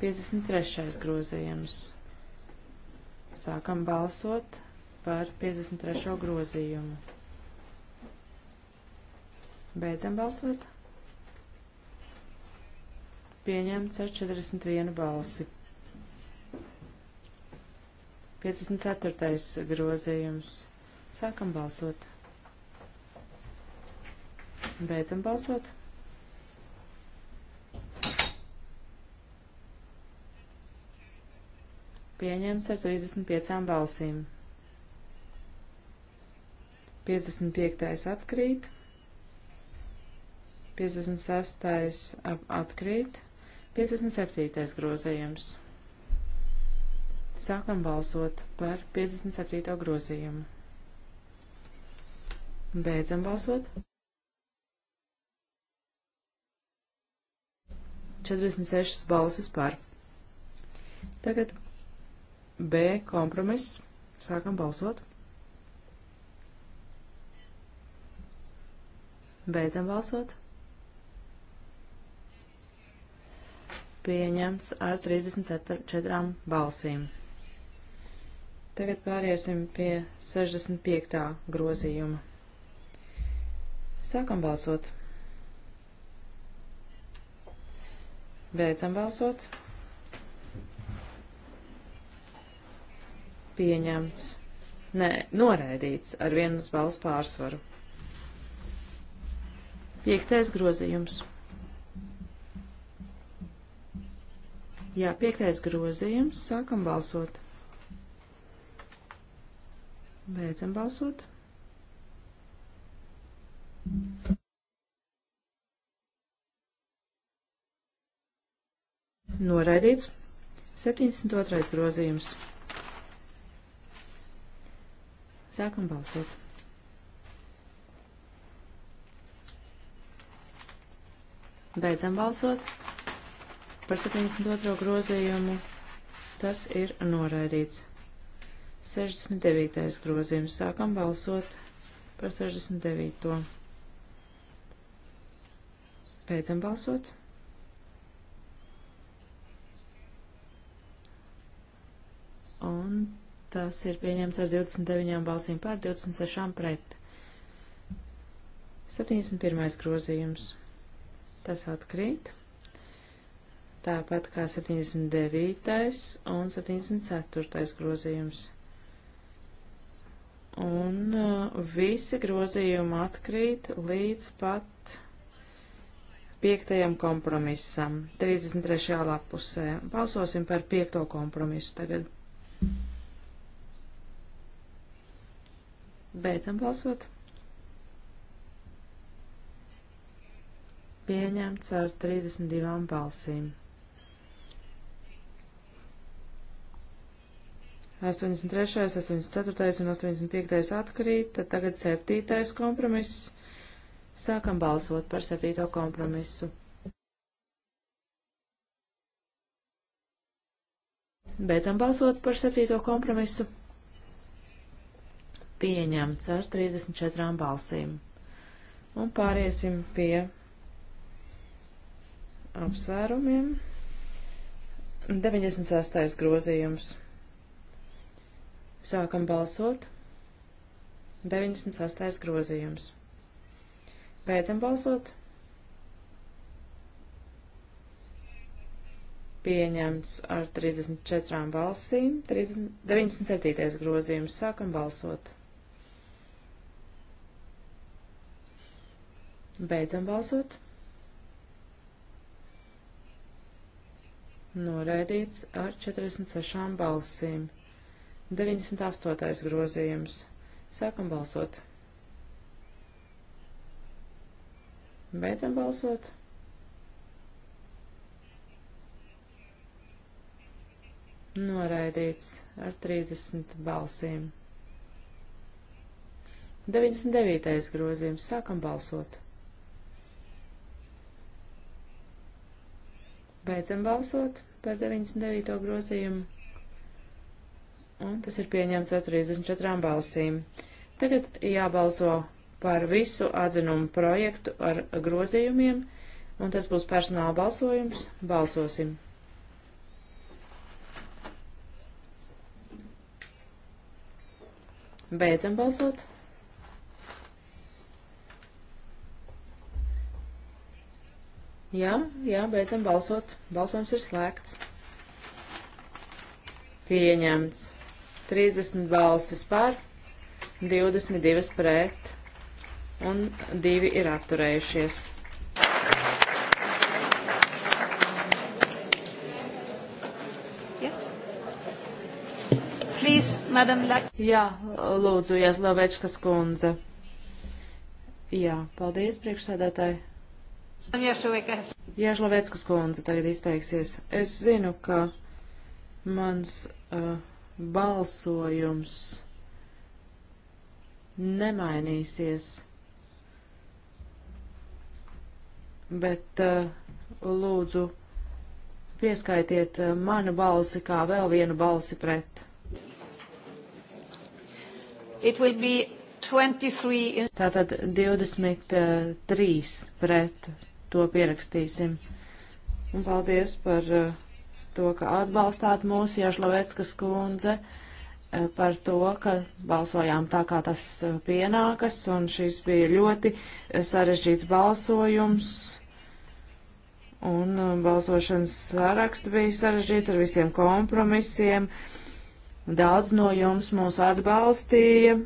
53. grozījums. Sākam balsot par 53. grozījumu. Beidzam balsot. Pieņemts ar 41 balsi. 54. grozījums. Sākam balsot. Beidzam balsot. Pieņemts ar 35 balsīm. 55. atkrīt. 56. atkrīt. 57. grozījums. Sākam balsot par 57. grozījumu. Beidzam balsot. 46 balsis par. Tagad B kompromiss. Sākam balsot. Beidzam balsot. Pieņemts ar 34 balsīm. Tagad pāriesim pie 65. grozījuma. Sākam balsot. Beidzam balsot. Pieņemts. Nē, noraidīts ar vienas balss pārsvaru. Piektais grozījums. Jā, piektais grozījums. Sākam balsot. Beidzam balsot. Noraidīts. 72. grozījums. Sākam balsot. Beidzam balsot par 72. grozījumu. Tas ir noraidīts. 69. grozījums. Sākam balsot par 69. Beidzam balsot. Un Tas ir pieņemts ar 29 balsīm pār 26 pret. 71. grozījums. Tas atkrīt. Tāpat kā 79. un 74. grozījums. Un uh, visi grozījumi atkrīt līdz pat piektajam kompromisam, 33. lapusē. Balsosim par piekto kompromisu tagad. Beidzam balsot. Pieņemts ar 32 balsīm. 83., 84. un 85. atkrīt, tad tagad 7. kompromiss. Sākam balsot par 7. kompromisu. Beidzam balsot par 7. kompromisu pieņemts ar 34 balsīm. Un pāriesim pie apsvērumiem. 96. grozījums. Sākam balsot. 96. grozījums. Beidzam balsot. Pieņemts ar 34 balsīm. 97. grozījums. Sākam balsot. Beidzam balsot. Noraidīts ar 46 balsīm. 98. grozījums. Sākam balsot. Beidzam balsot. Noraidīts ar 30 balsīm. 99. grozījums. Sākam balsot. Beidzam balsot par 99. grozījumu. Un tas ir pieņemts ar 34 balsīm. Tagad jābalso par visu atzinumu projektu ar grozījumiem, un tas būs personāla balsojums. Balsosim! Beidzam balsot! Jā, jā, beidzam balsot. Balsojums ir slēgts. Pieņemts. 30 balsis par, 22 pret un 2 ir atturējušies. Yes. Please, Madam La Jā, lūdzu, Jāzlovečkas kundze. Jā, paldies, priekšsēdētāji. Jāžlaveckas kundze tagad izteiksies. Es zinu, ka mans uh, balsojums nemainīsies, bet uh, lūdzu pieskaitiet uh, manu balsi kā vēl vienu balsi pret. It will be 23 in... Tātad 23 uh, pret to pierakstīsim. Un paldies par eh, to, ka atbalstāt mūs, Jašlaveckas kundze, eh, par to, ka balsojām tā, kā tas eh, pienākas, un šis bija ļoti sarežģīts balsojums. Un balsošanas saraksts bija sarežģīts ar visiem kompromisiem. Daudz no jums mūs atbalstīja.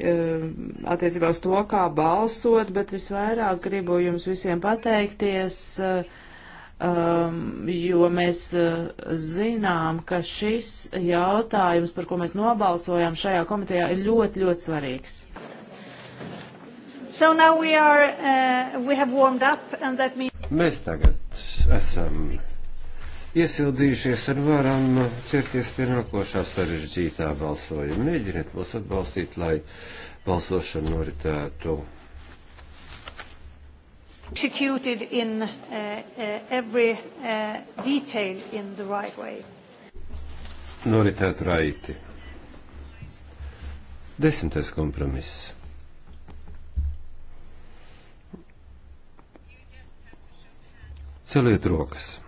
Um, attiecībā uz to, kā balsot, bet visvairāk gribu jums visiem pateikties, uh, um, jo mēs uh, zinām, ka šis jautājums, par ko mēs nobalsojām šajā komitejā, ir ļoti, ļoti svarīgs. So are, uh, means... Mēs tagad esam iesildījušies un varam ķerties pie nākošā sarežģītā balsojuma. Mēģiniet mūs atbalstīt, lai balsošana noritētu. Executed in uh, uh, every uh, detail in the right way. Noritētu raiti. Desmitais kompromiss. Celiet rokas.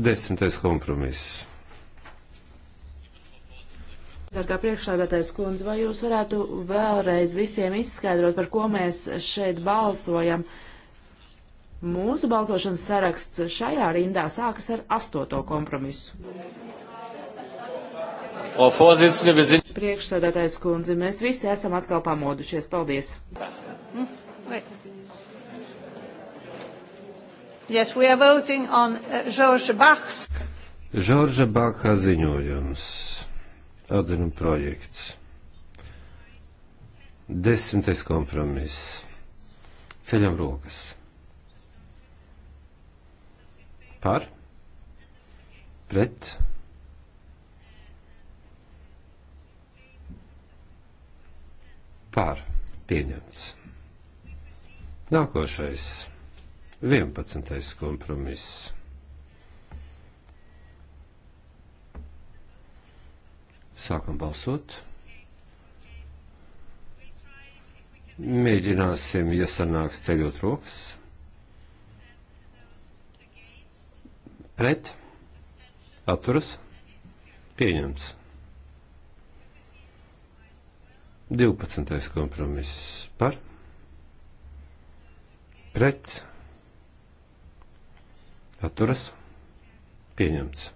Desmitais kompromiss. Dargā priekšsādātais kundze, vai jūs varētu vēlreiz visiem izskaidrot, par ko mēs šeit balsojam? Mūsu balsošanas saraksts šajā rindā sākas ar astoto kompromisu. Priekšsādātais kundze, mēs visi esam atkal pamodušies. Paldies! Hmm? Yes, we are voting on Žorža uh, Bahs. Žorža Bahā ziņojums. Atzinuma projekts. Desmitais kompromiss. Ceļam rokas. Par? Pret? Par. Pieņemts. Nākošais. 11. kompromiss. Sākam balsot. Mēģināsim, ja sanāks ceļot rokas. Pret. Atturas. Pieņemts. 12. kompromiss par. Pret Atturas. Pieņemts.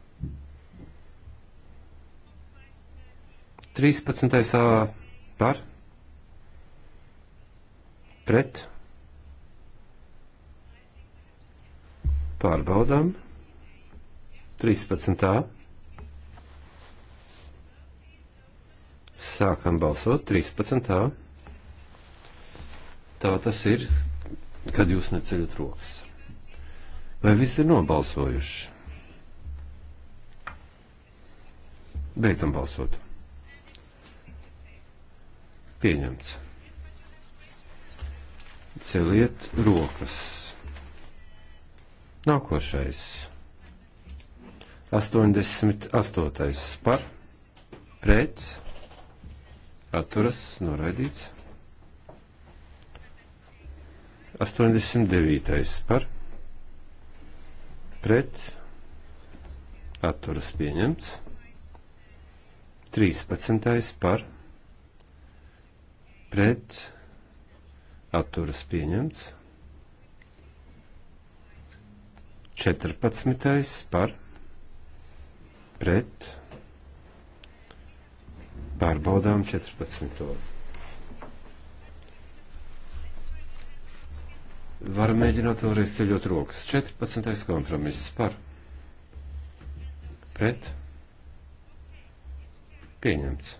13. par. Pret. Pārbaudām. 13. Sākam balsot 13. Tā tas ir, kad jūs neceļat rokas. Vai visi ir nobalsojuši? Beidzam balsot. Pieņemts. Celiet rokas. Nākošais. 88. par, pret, atturas, noraidīts. 89. par, pret atturas pieņemts. 13. par pret atturas pieņemts. 14. par pret pārbaudām 14. Varam mēģināt vēlreiz ceļot rokas. 14. kompromiss par. Pret. Pieņemts.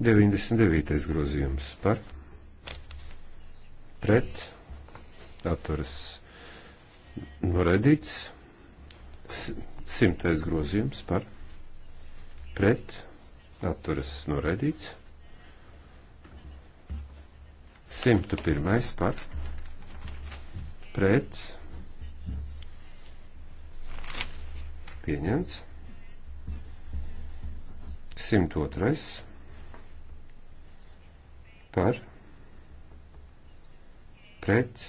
Deviņdesmit devītais grozījums par. Pret. Atturas. Noraidīts. Simtais grozījums par. Pret atturas noraidīts. 101. par pret pieņemts. 102. par pret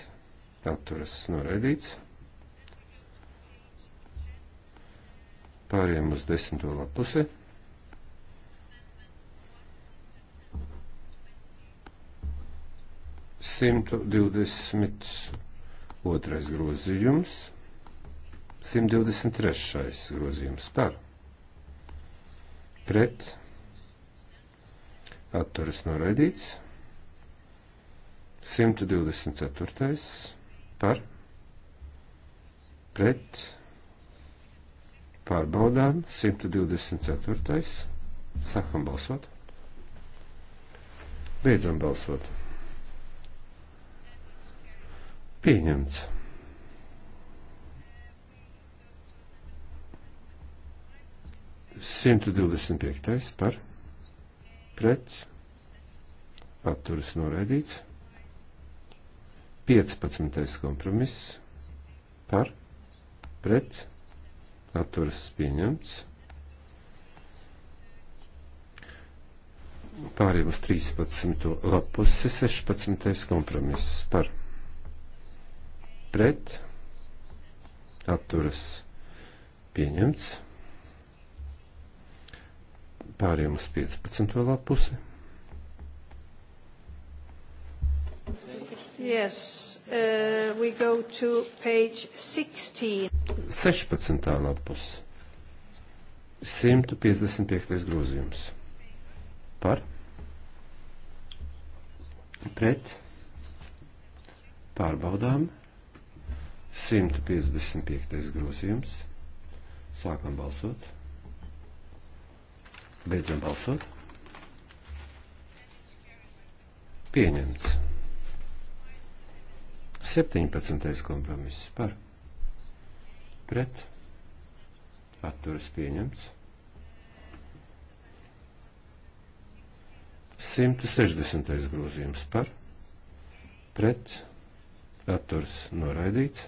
atturas noraidīts. Pāriem uz desmito lapusi. 122. grozījums, 123. grozījums par pret atturas noraidīts, 124. par pret pārbaudām 124. sākam balsot. Beidzam balsot. Pieņemts. Simtu divdesmit piektais par pret atturas noraidīts. 15. kompromiss par pret atturas pieņemts. Pāriem uz 13. lapusi 16. kompromiss par pret pret atturas pieņemts. Pāriem uz 15. lapusi. Yes, uh, we go to page 16. 16. lapus. 155. grozījums. Par? Pret? Pārbaudām. 155. grozījums. Sākam balsot. Beidzam balsot. Pieņemts. 17. kompromiss par. Pret. Atturas pieņemts. 160. grozījums par. Pret. Atturs noraidīts.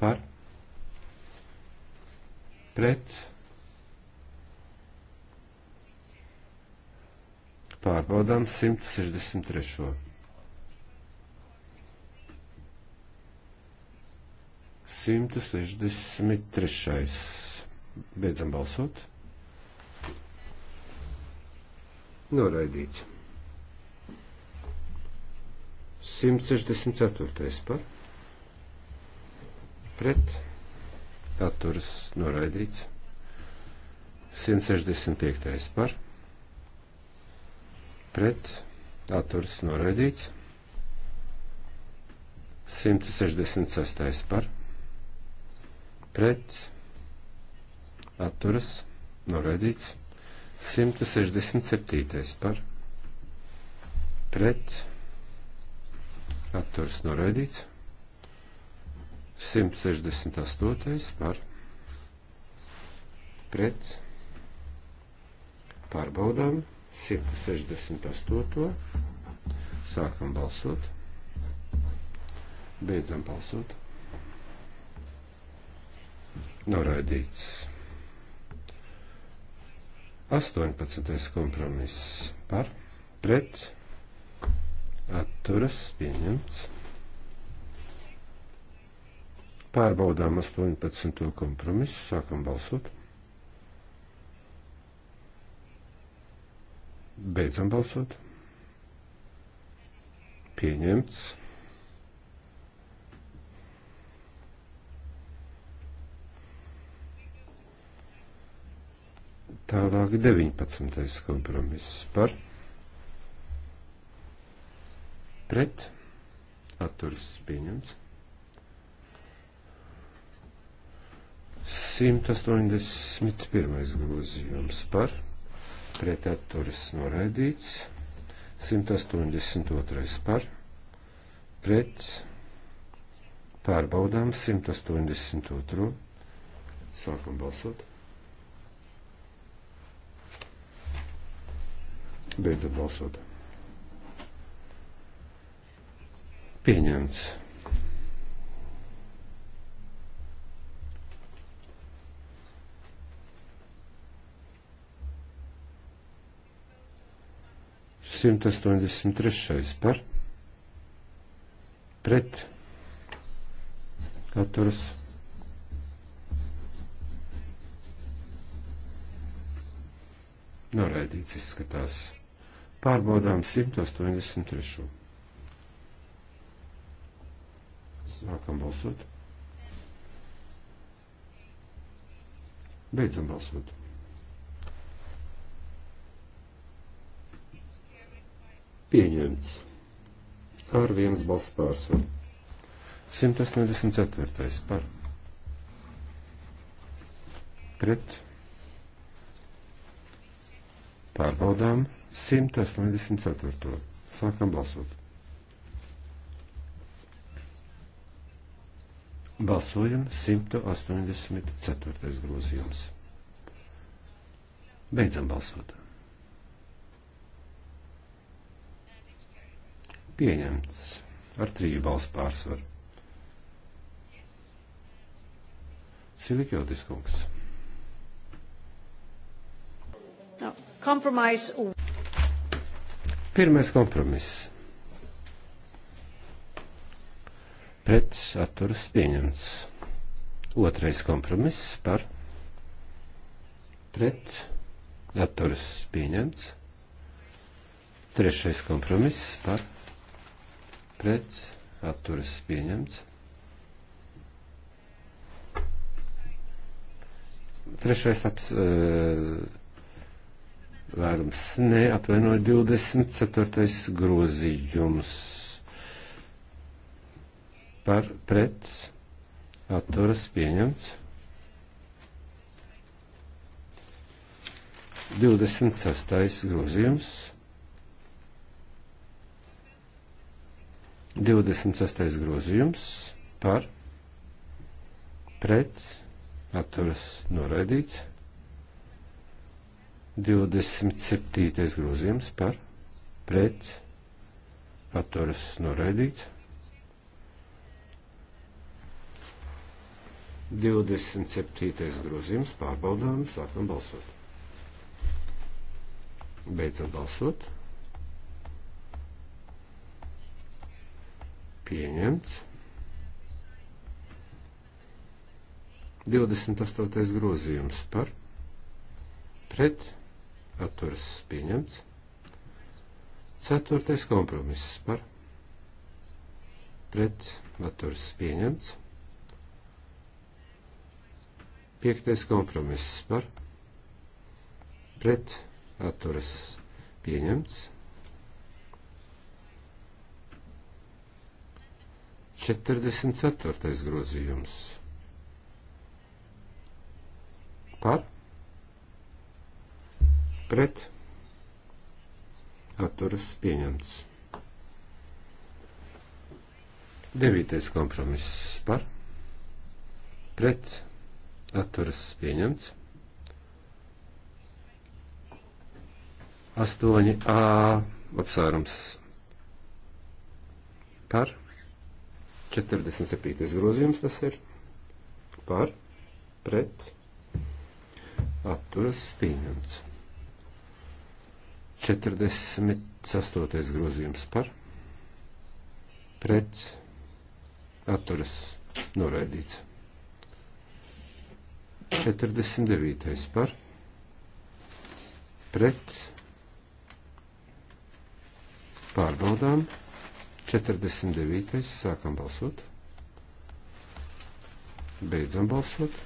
par pret pārbaudām 163. 163. Beidzam balsot. Noraidīts. 164. par pret atturas noraidīts. 165. par pret atturas noraidīts. 166. par pret atturas noraidīts. 167. par pret atturas noraidīts. 168. par pret pārbaudām 168. Sākam balsot. Beidzam balsot. Noraidīts. 18. kompromiss par pret atturas pieņemts. Pārbaudām 18. kompromisu, sākam balsot. Beidzam balsot. Pieņemts. Tālāk 19. kompromiss par pret atturis pieņemts. 181. grozījums par pretatturas noraidīts, 182. par pret pārbaudām 182. Sākam balsot. Beidzam balsot. Pieņemts. 183. par pret atturas noraidīts izskatās. Pārbaudām 183. Sākam balsot. Beidzam balsot. pieņemts ar vienas balss pārsvaru. 184. par pret pārbaudām 184. Sākam balsot. Balsojam 184. grozījums. Beidzam balsot. Pieņemts ar triju balsu pārsvaru. Silikjotis kungs. No, kompromis. Pirmais kompromiss. Pret atturas pieņemts. Otrais kompromiss par pret atturas pieņemts. Trešais kompromiss par pret pret atturas pieņemts. Trešais aps, eh, vērums nē, atvainoja 24. grozījums par pret atturas pieņemts. 26. grozījums. 26. grozījums par pret atturas noraidīts. 27. grozījums par pret atturas noraidīts. 27. grozījums pārbaudām, sākam balsot. Beidzam balsot. pieņemts. 28. grozījums par pret atturas pieņemts. 4. kompromiss par pret atturas pieņemts. 5. kompromiss par pret atturas pieņemts. 44. grozījums par pret atturas pieņemts. 9. kompromiss par pret atturas pieņemts. 8a apsvērums par pret 47. grozījums tas ir par pret atturas pieņemts. 48. grozījums par pret atturas noraidīts. 49. par pret pārbaudām. 49. Sākam balsot. Beidzam balsot.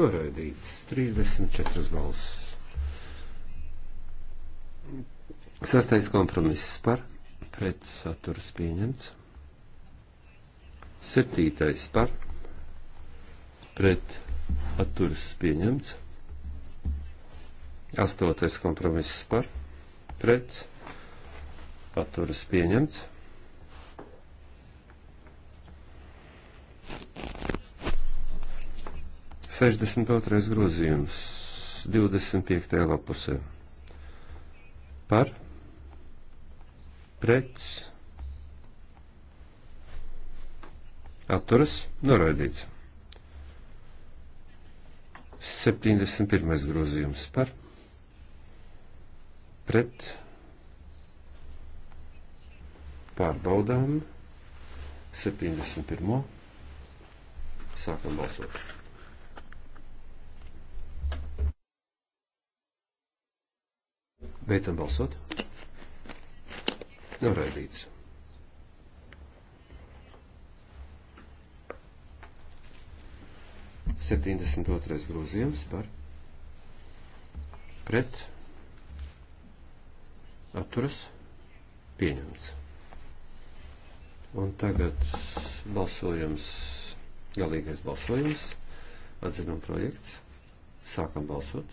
Noraidīts 34 balss. Sastais kompromiss par pret saturas pieņemts. Septītais par pret atturas pieņemts. Astotais kompromiss par pret paturas pieņemts. Sešdesmit otrais grozījums, 25. lapusē. Par, pret, atturas, noraidīts. 71. grozījums par, pret pārbaudām 71. Sākam balsot. Beidzam balsot. Noraidīts. Septiņdesmit otrais grozījums par pret atturas pieņemts. Un tagad balsojums, galīgais balsojums, atzinuma projekts. Sākam balsot.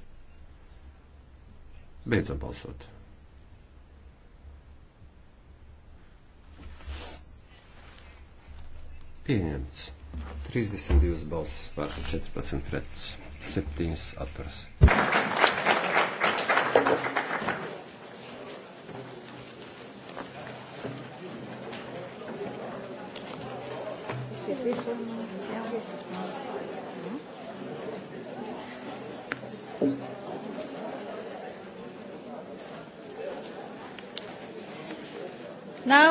Beidzam balsot. Pieņemts. 32 balsis par 14 pret 7 atturas.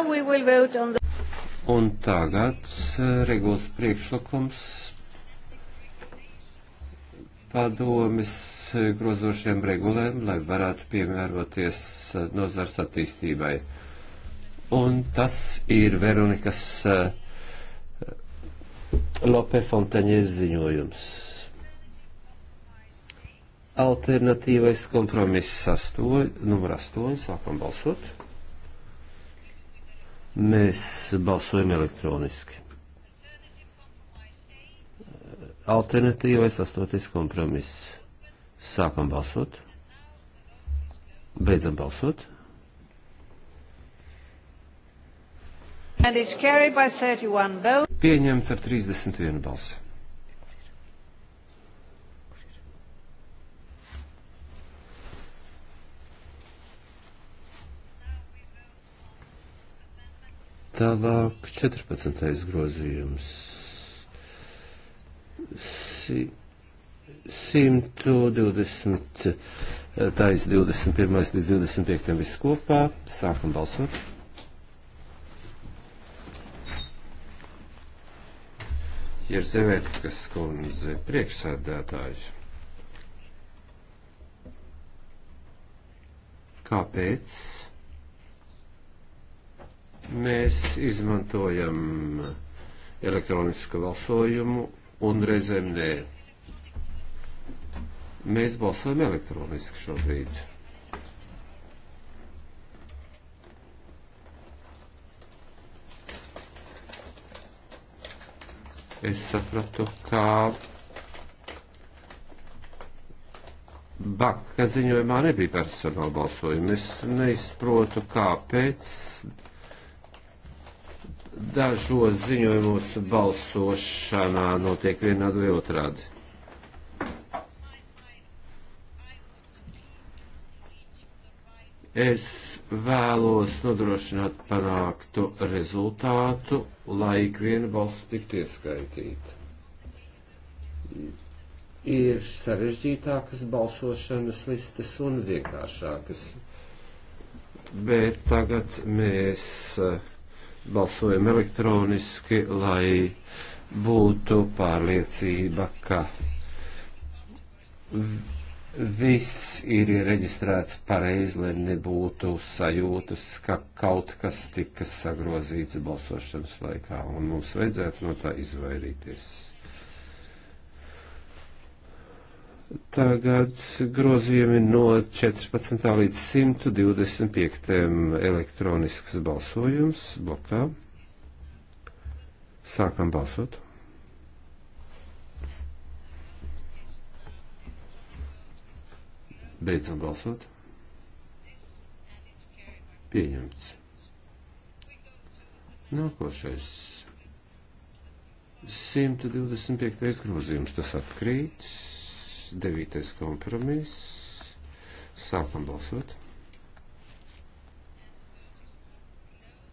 The... Un tagad eh, regulas priekšlikums padomis eh, grozošiem regulēm, lai varētu piemēroties eh, nozars attīstībai. Un tas ir Veronikas Lope Fontaņez ziņojums. Alternatīvais kompromiss 8, numur 8, sākam balsot. Mēs balsojam elektroniski. Alternatīvais astoties kompromiss. Sākam balsot. Beidzam balsot. Pieņemts ar 31 balsi. Tālāk 14. grozījums. 120, tais 21. līdz 25. viss kopā. Sākam balsot. Ir Zemētiskas kundze priekšsēdētājs. Kāpēc? Mēs izmantojam elektronisku balsojumu un reizēm nē. Mēs balsojam elektroniski šobrīd. es sapratu, ka Baka ziņojumā nebija personāla balsojuma. Es neizprotu, kāpēc dažos ziņojumos balsošanā notiek vienādi vai otrādi. Es vēlos nodrošināt panāktu rezultātu, lai ik viena balss tiktu ieskaitīta. Ir sarežģītākas balsošanas listas un vienkāršākas. Bet tagad mēs uh, balsojam elektroniski, lai būtu pārliecība, ka viss ir reģistrēts pareizi, lai nebūtu sajūtas, ka kaut kas tika sagrozīts balsošanas laikā, un mums vajadzētu no tā izvairīties. Tagad grozījumi no 14. līdz 125. elektronisks balsojums blokā. Sākam balsot. Beidzam balsot. Pieņemts. Nākošais. 125. grozījums tas atkrīts. Devītais kompromiss. Sākam balsot.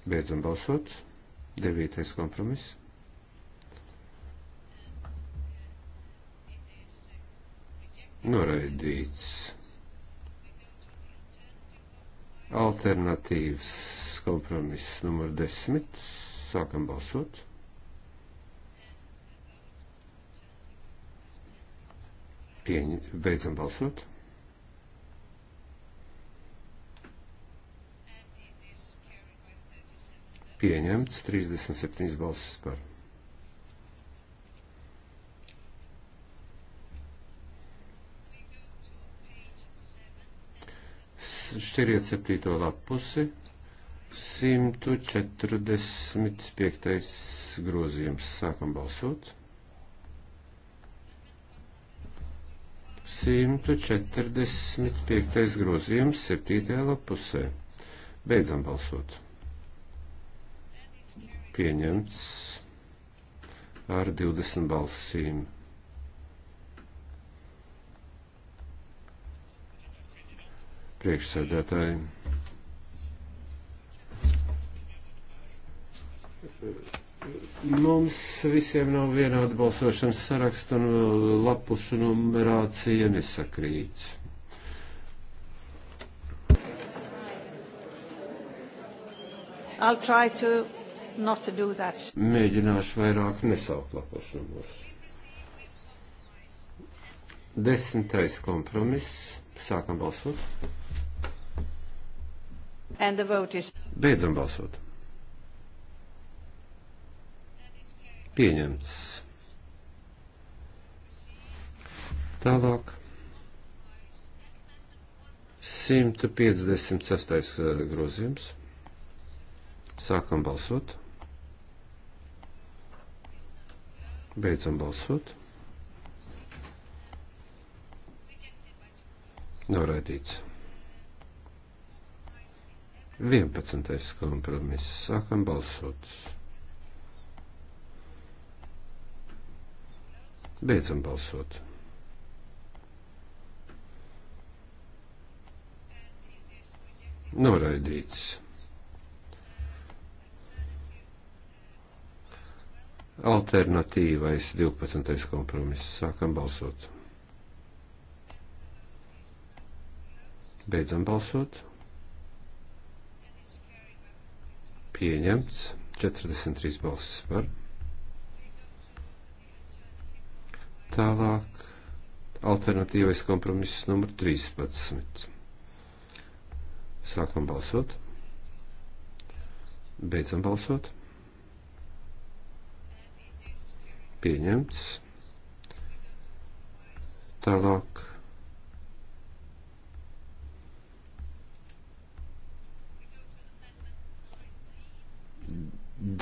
Beidzam balsot. Devītais kompromiss. Noraidīts. Alternatīvs kompromiss numur desmit. Sākam balsot. Pieņ, beidzam balsot. Pieņemts 37 balsis par. Šķiriet septīto lapusi. 145. grozījums. Sākam balsot. 145. grozījums 7. lapusē. Beidzam balsot. Pieņemts ar 20 balsīm. Priekšsēdētāji. Mums visiem nav vienāda balsošanas saraksta un lapušu numerācija nesakrīt. I'll try to not to do that. Mēģināšu vairāk nesaukt lapušu numurus. Desmitais kompromiss. Sākam balsot. And the vote is... Beidzam balsot. pieņemts. Tālāk. 156. Eh, grozījums. Sākam balsot. Beidzam balsot. Noraidīts. 11. kompromiss. Sākam balsot. Beidzam balsot. Noraidīts. Alternatīvais 12. kompromiss. Sākam balsot. Beidzam balsot. Pieņemts. 43 balsis par. Tālāk alternatīvais kompromiss numur 13. Sākam balsot. Beidzam balsot. Pieņemts. Tālāk.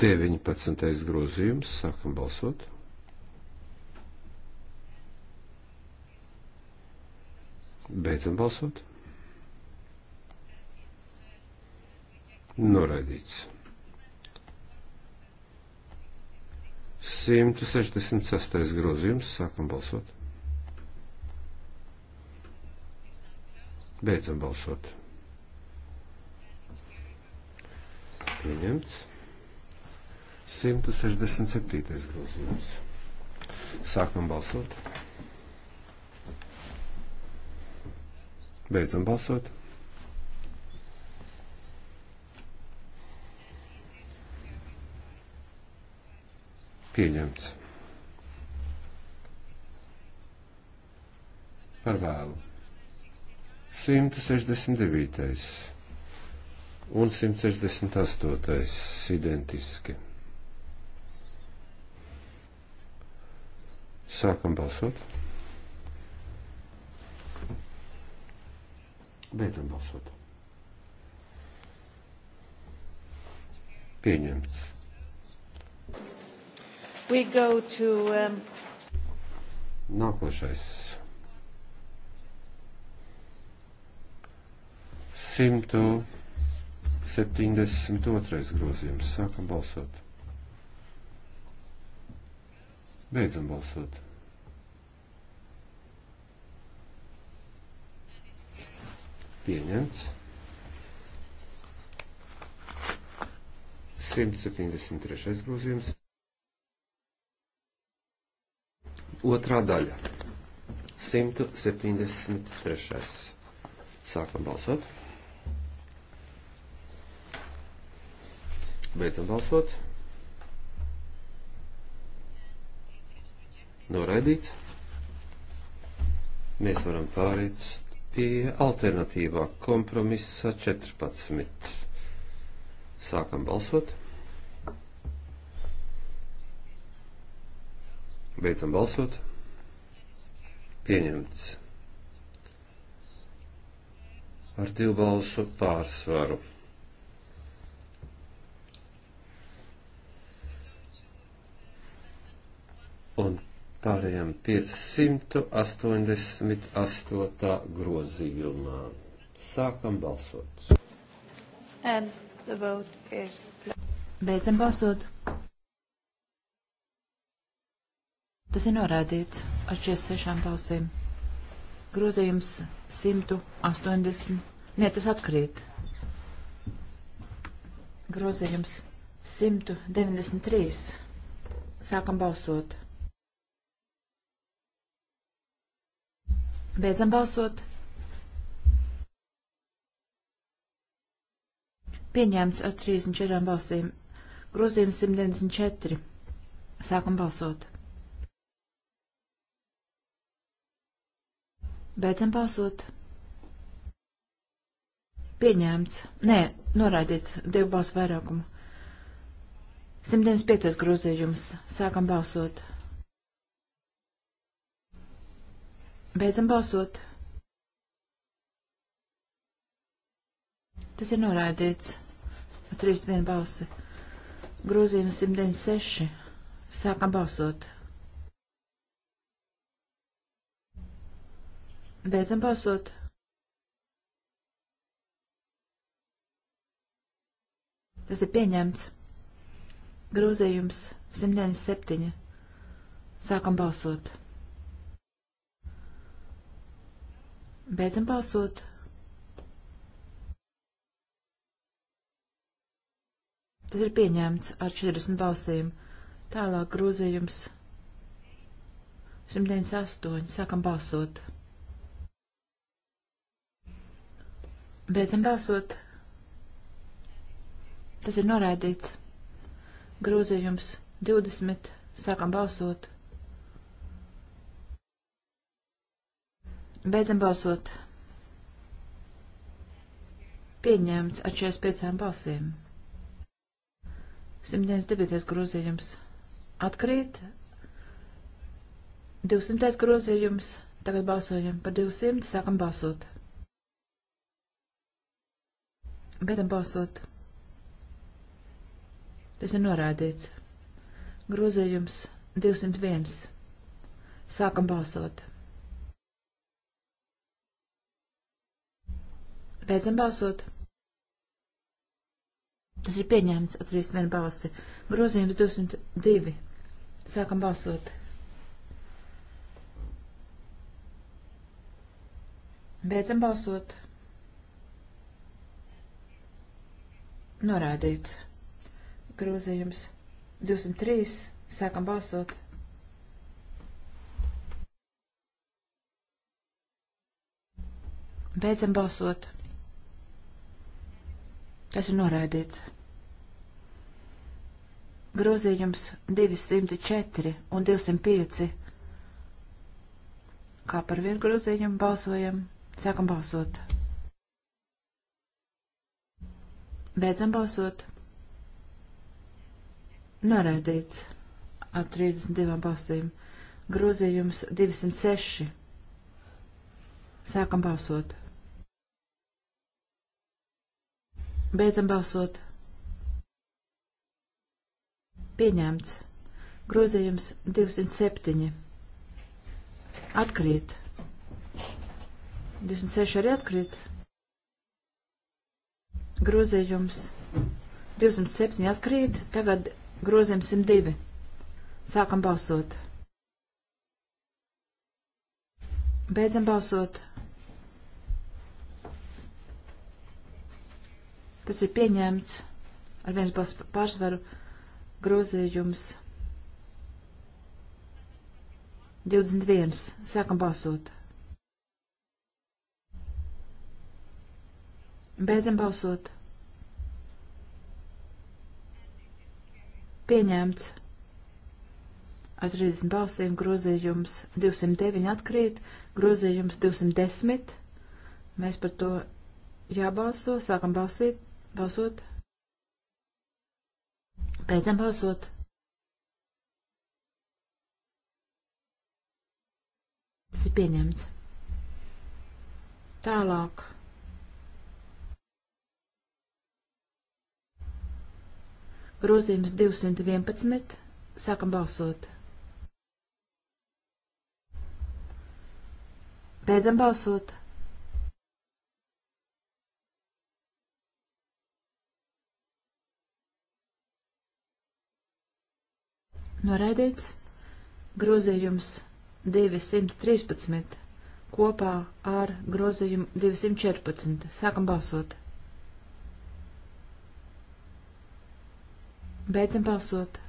Deviņpadsmitais grozījums. Sākam balsot. Beidzam balsot. Noraidīts. 166. grozījums. Sākam balsot. Beidzam balsot. Pieņemts. 167. grozījums. Sākam balsot. Beidzam balsot. Pieņemts. Par vēlu. 169. un 168. identiski. Sākam balsot. Beidzam balsot. Pieņemts. We go to, um... Nākošais. 172. grozījums. Sākam balsot. Beidzam balsot. pieņemts. 173. grozījums. Otrā daļa. 173. Sākam balsot. Beidzam balsot. Noraidīts. Mēs varam pāriet pie alternatīvā kompromisa 14. Sākam balsot. Beidzam balsot. Pieņemts. Ar divu balsu pārsvaru. Un Pārējām pie 188. grozījumā. Sākam balsot. Is... Beidzam balsot. Tas ir norādīts ar 46 balsīm. Grozījums 180. Nē, tas atkrīt. Grozījums 193. Sākam balsot. Beidzam balsot. Pieņēmts ar 34 balsīm. Grozījums 194. Sākam balsot. Beidzam balsot. Pieņēmts. Nē, noraidīts divu balsu vairākumu. 195. grozījums. Sākam balsot. Beidzam balsot. Tas ir noraidīts ar 31 balsi. Grūzījums 196. Sākam balsot. Beidzam balsot. Tas ir pieņemts. Grūzījums 197. Sākam balsot. Beidzam balsot. Tas ir pieņemts ar 40 balsīm. Tālāk grozījums 198. Sākam balsot. Beidzam balsot. Tas ir noraidīts. Grozījums 20. Sākam balsot. Beidzam balsot. Pieņēmts ar 45 balsīm. 109. grozījums atkrīt. 200. grozījums. Tagad balsojam par 200. Sākam balsot. Beidzam balsot. Tas ir norādīts. Grozījums 201. Sākam balsot. Beidzam balsot. Tas ir pieņēmts ar 31 balsi. Grozījums 202. Sākam balsot. Beidzam balsot. Norādīts. Grozījums 203. Sākam balsot. Beidzam balsot. Tas ir noraidīts. Grozījums 204 un 205. Kā par vienu grozījumu balsojam? Sākam balsot. Beidzam balsot. Noraidīts ar 32 balsīm. Grozījums 206. Sākam balsot. Beidzam balsot. Pieņemts. Grozījums 207. Atkrīt. 26 arī atkrīt. Grozījums 207 atkrīt. Tagad grozījums 102. Sākam balsot. Beidzam balsot. Tas ir pieņemts ar viens balss pārsvaru grozījums 21. Sākam balsot. Beidzam balsot. Pieņemts ar 30 balsīm grozījums 209 atkrīt, grozījums 210. Mēs par to jābalso, sākam balsīt, Balsot. Beidzam balsot. Tas ir pieņemts. Tālāk. Grozījums 211. Sākam balsot. Beidzam balsot. noraidīts, grozījums 213 kopā ar grozījumu 214. Sākam balsot. Beidzam balsot.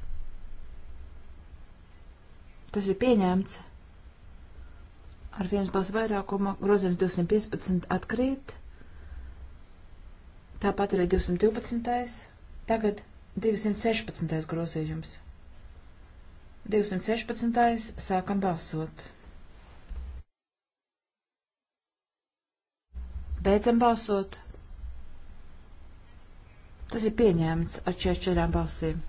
Tas ir pieņemts. Ar viens balsu vairākumu grozījums 215 atkrīt. Tāpat arī 212. Tagad 216. grozījums. 216. sākam balsot. Beidzam balsot. Tas ir pieņēmts ar 44 balsīm.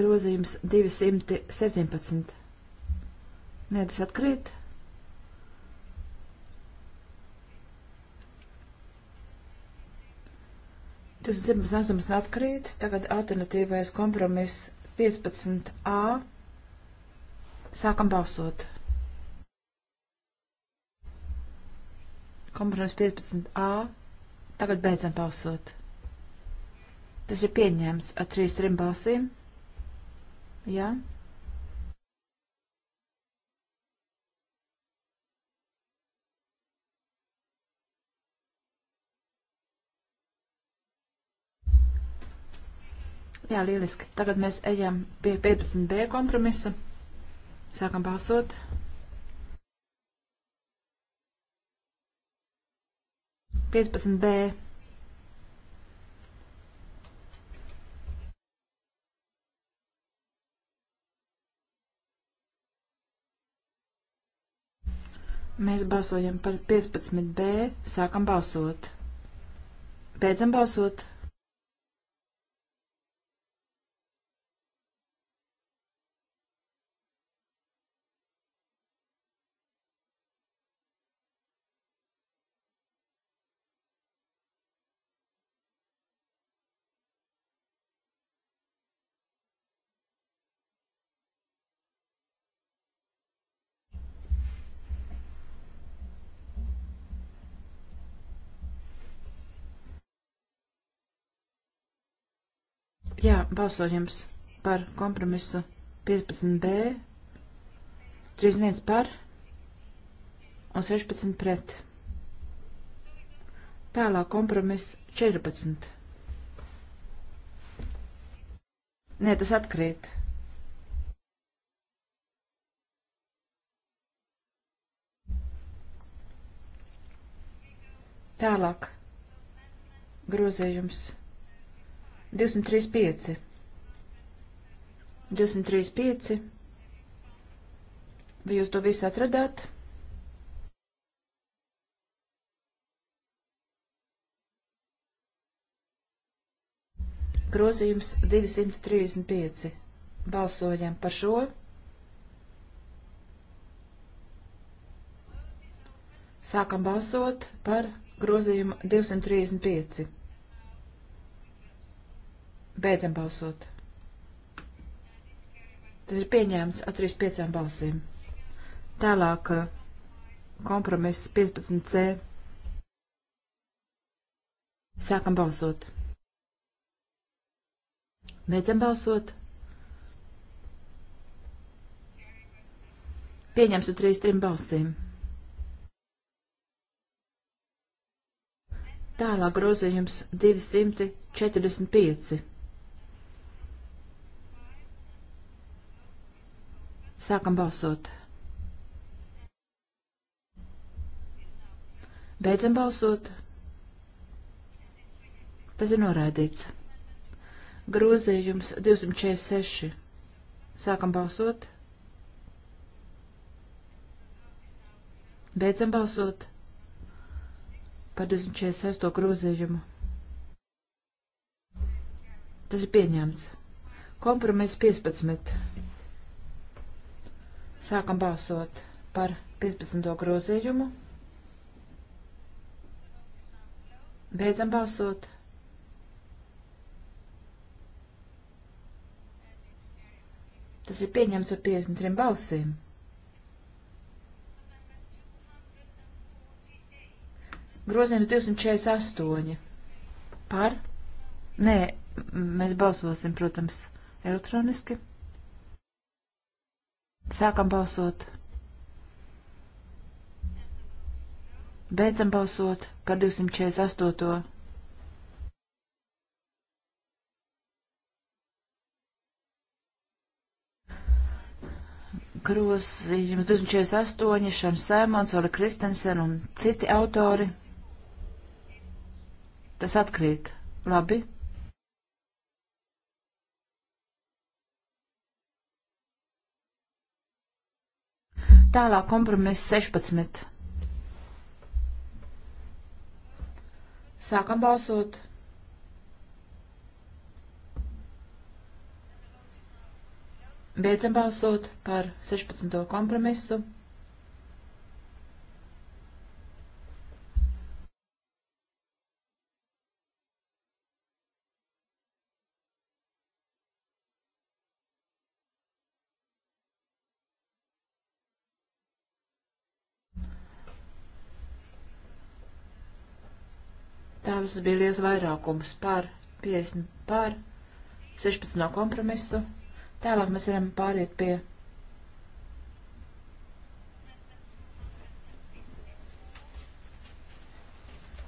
Grozījums 217. Nē, tas atkrīt. Tas dzimums atkrīt, tagad alternatīvais kompromiss 15a. Sākam balsot. Kompromiss 15a. Tagad beidzam balsot. Tas ir pieņēmts ar 3-3 balsīm. Jā. Ja? Jā, lieliski. Tagad mēs ejam pie 15b kompromisa. Sākam balsot. Piecpadsmit B. Mēs balsojam par 15B, sākam balsot. Beidzam balsot. Jā, balsojums par kompromisu 15b, 31 par un 16 pret. Tālāk kompromiss 14. Nē, tas atkrīt. Tālāk grozējums 235. 235. Vai jūs to visu atradāt? Grozījums 235. Balsojam par šo. Sākam balsot par grozījumu 235. Beidzam balsot. Tas ir pieņēmts ar 35 balsīm. Tālāk uh, kompromiss 15C. Sākam balsot. Beidzam balsot. Pieņemsu trīs trim balsīm. Tālāk grozījums 245. Sākam balsot. Beidzam balsot. Tas ir noraidīts. Grozījums 246. Sākam balsot. Beidzam balsot par 246. grozījumu. Tas ir pieņemts. Kompromiss 15. Sākam balsot par 15. grozījumu. Beidzam balsot. Tas ir pieņemts ar 53 balsīm. Grozījums 248. Par? Nē, mēs balsosim, protams, elektroniski. Sākam balsot. Beidzam balsot par 248. Krūzījums 248, Šams Sēmons, Ola Kristensen un citi autori. Tas atkrīt. Labi. Tālāk kompromiss 16. Sākam balsot. Beidzam balsot par 16. kompromisu. balsojums bija liels vairākums par 50 par 16 no kompromisu. Tālāk mēs varam pāriet pie.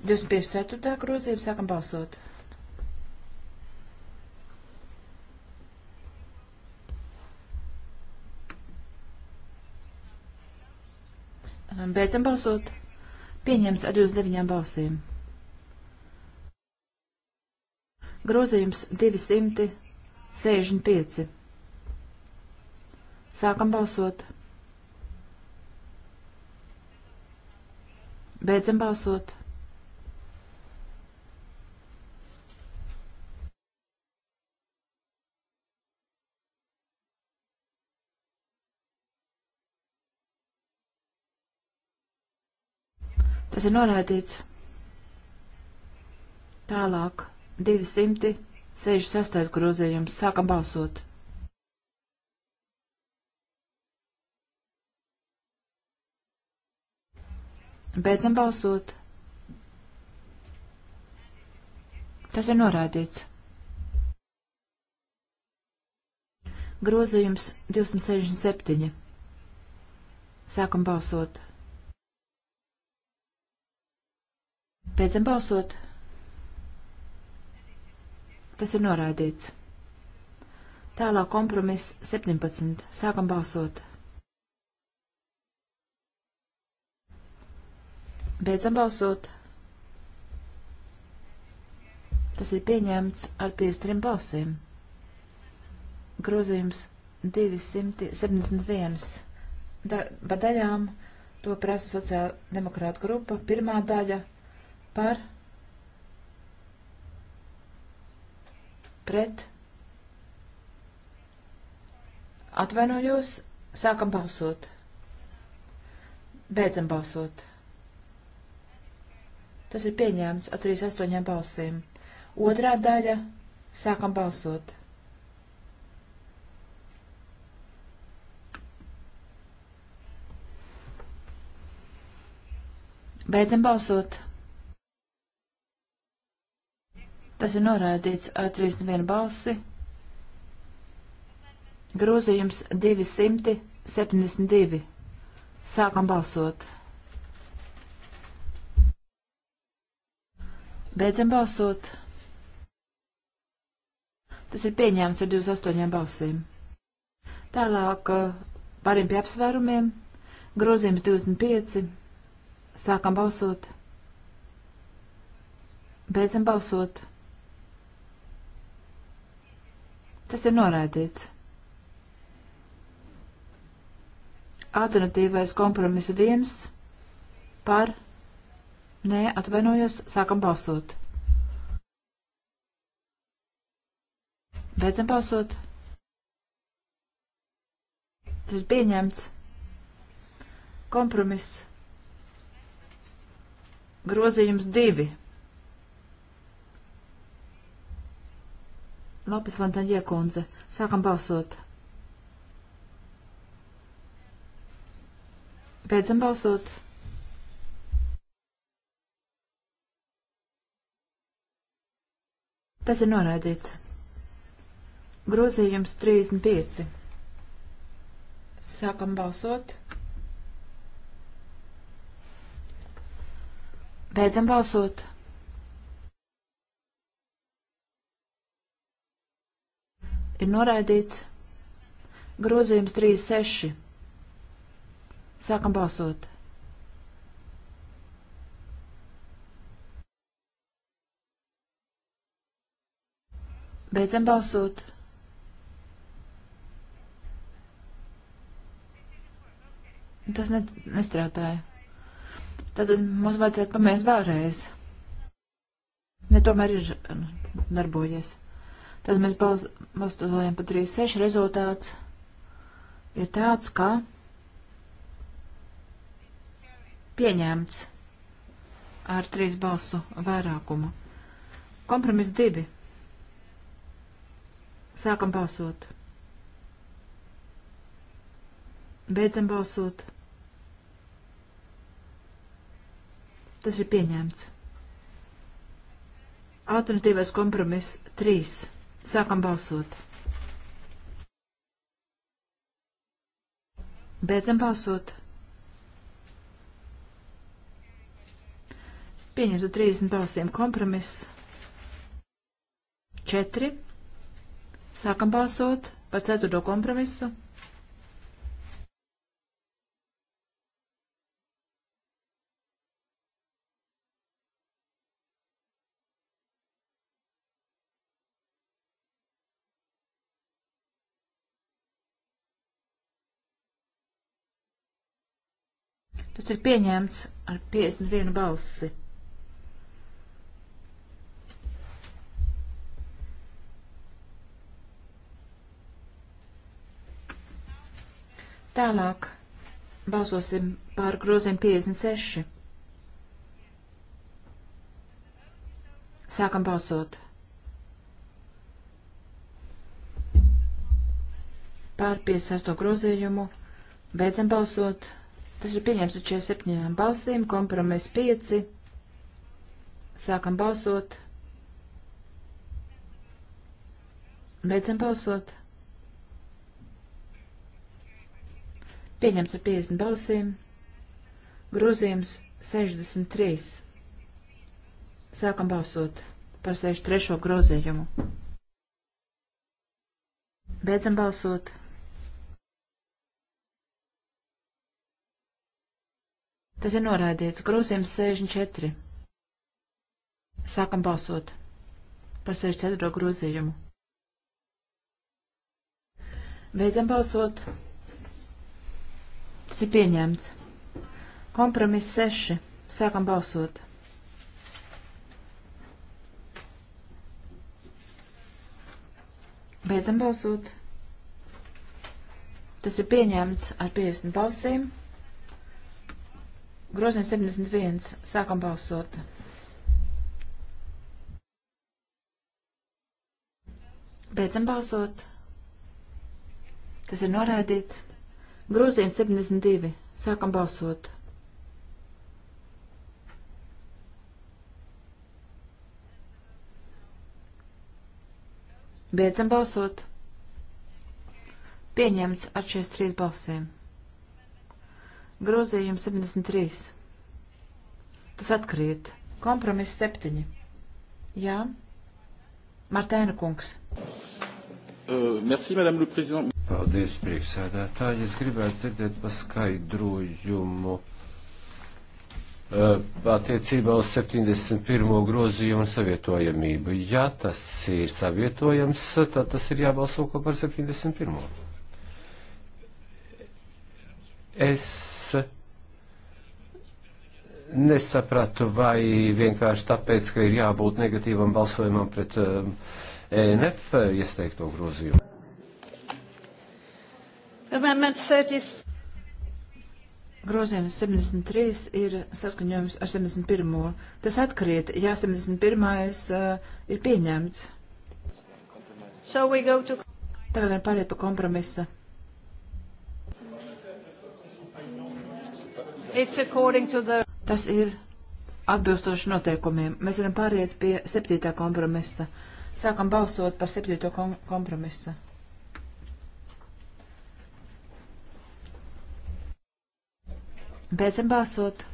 Divdesmit pieci ceturtā grozība sākam balsot. Beidzam balsot. Pieņems ar 29 balsīm. Grozījums 265. Sākam balsot. Beidzam balsot. Tas ir noraidīts. Tālāk. 268. grozījums. Sākam balsot. Beidzam balsot. Tas ir norādīts. Grozījums 267. Sākam balsot. Beidzam balsot. Tas ir noraidīts. Tālāk kompromiss 17. Sākam balsot. Beidzam balsot. Tas ir pieņemts ar 53 balsīm. Grozījums 271. Da, pa daļām to prasa sociāla demokrāta grupa. Pirmā daļa par pret. Atvainojos, sākam balsot. Beidzam balsot. Tas ir pieņēmts ar 38 balsīm. Otrā daļa - sākam balsot. Beidzam balsot. Tas ir noraidīts ar 31 balsi. Grozījums 272. Sākam balsot. Beidzam balsot. Tas ir pieņēmts ar 28 balsīm. Tālāk uh, pāriem pie apsvērumiem. Grozījums 25. Sākam balsot. Beidzam balsot. Tas ir noraidīts. Alternatīvais kompromis viens par. Nē, atvainojos, sākam balsot. Beidzam balsot. Tas pieņemts. Kompromiss. Grozījums divi Lopes Vantaņie kundze. Sākam balsot. Beidzam balsot. Tas ir noraidīts. Grozījums 35. Sākam balsot. Beidzam balsot. ir noraidīts. Grozījums 36. Sākam balsot. Beidzam balsot. Tas ne, nestrādāja. Tad mums vajadzēja pamēģināt vēlreiz. Ne tomēr ir nu, darbojies. Tad mēs balstojam pa 3.6. Rezultāts ir tāds, ka pieņemts ar trīs balsu vairākumu. Kompromis divi. Sākam balsot. Beidzam balsot. Tas ir pieņemts. Alternatīvais kompromiss 3. Sākam balsot. Beidzam balsot. Pieņemts 30 balsīm kompromiss. 4. Sākam balsot par 4. kompromisu. Tas ir pieņemts ar 51 balsi. Tālāk balsosim par grozījumu 56. Sākam balsot. Pār 58 grozījumu. Beidzam balsot. Tas ir pieņemts ar 47 balsīm, kompromiss 5. Sākam balsot. Beidzam balsot. Pieņems ar 50 balsīm. Grozījums 63. Sākam balsot par 63. grozījumu. Beidzam balsot. Tas ir noraidīts. Grozījums 64. Sākam balsot par 64. grozījumu. Beidzam balsot. Tas ir pieņemts. Kompromiss 6. Sākam balsot. Beidzam balsot. Tas ir pieņemts ar 50 balsīm. Grozījums 71. Sākam balsot. Beidzam balsot. Tas ir noraidīts. Grozījums 72. Sākam balsot. Beidzam balsot. Pieņemts ar 63 balsīm. Grozījums 73. Tas atkrīt. Kompromiss 7. Jā. Martēna kungs. Uh, merci, madame le président. Paldies, priekšsēdētāji. Es gribētu dzirdēt paskaidrojumu uh, attiecībā uz 71. grozījumu savietojamību. Ja tas ir savietojams, tad tas ir jābalso kopā ar 71. Es nesapratu, vai vienkārši tāpēc, ka ir jābūt negatīvam balsojumam pret um, ENF iesteikto grozījumu. Grozījums 73 ir saskaņojums ar 71. Tas atkrīt, ja 71. Uh, ir pieņemts. So to... Tagad varam pāriet pa kompromisa. It's according to the Tas ir atbilstoši noteikumiem. Mēs varam pāriet pie septītā kompromisa. Sākam balsot par septīto kom kompromisu. Beidzam balsot.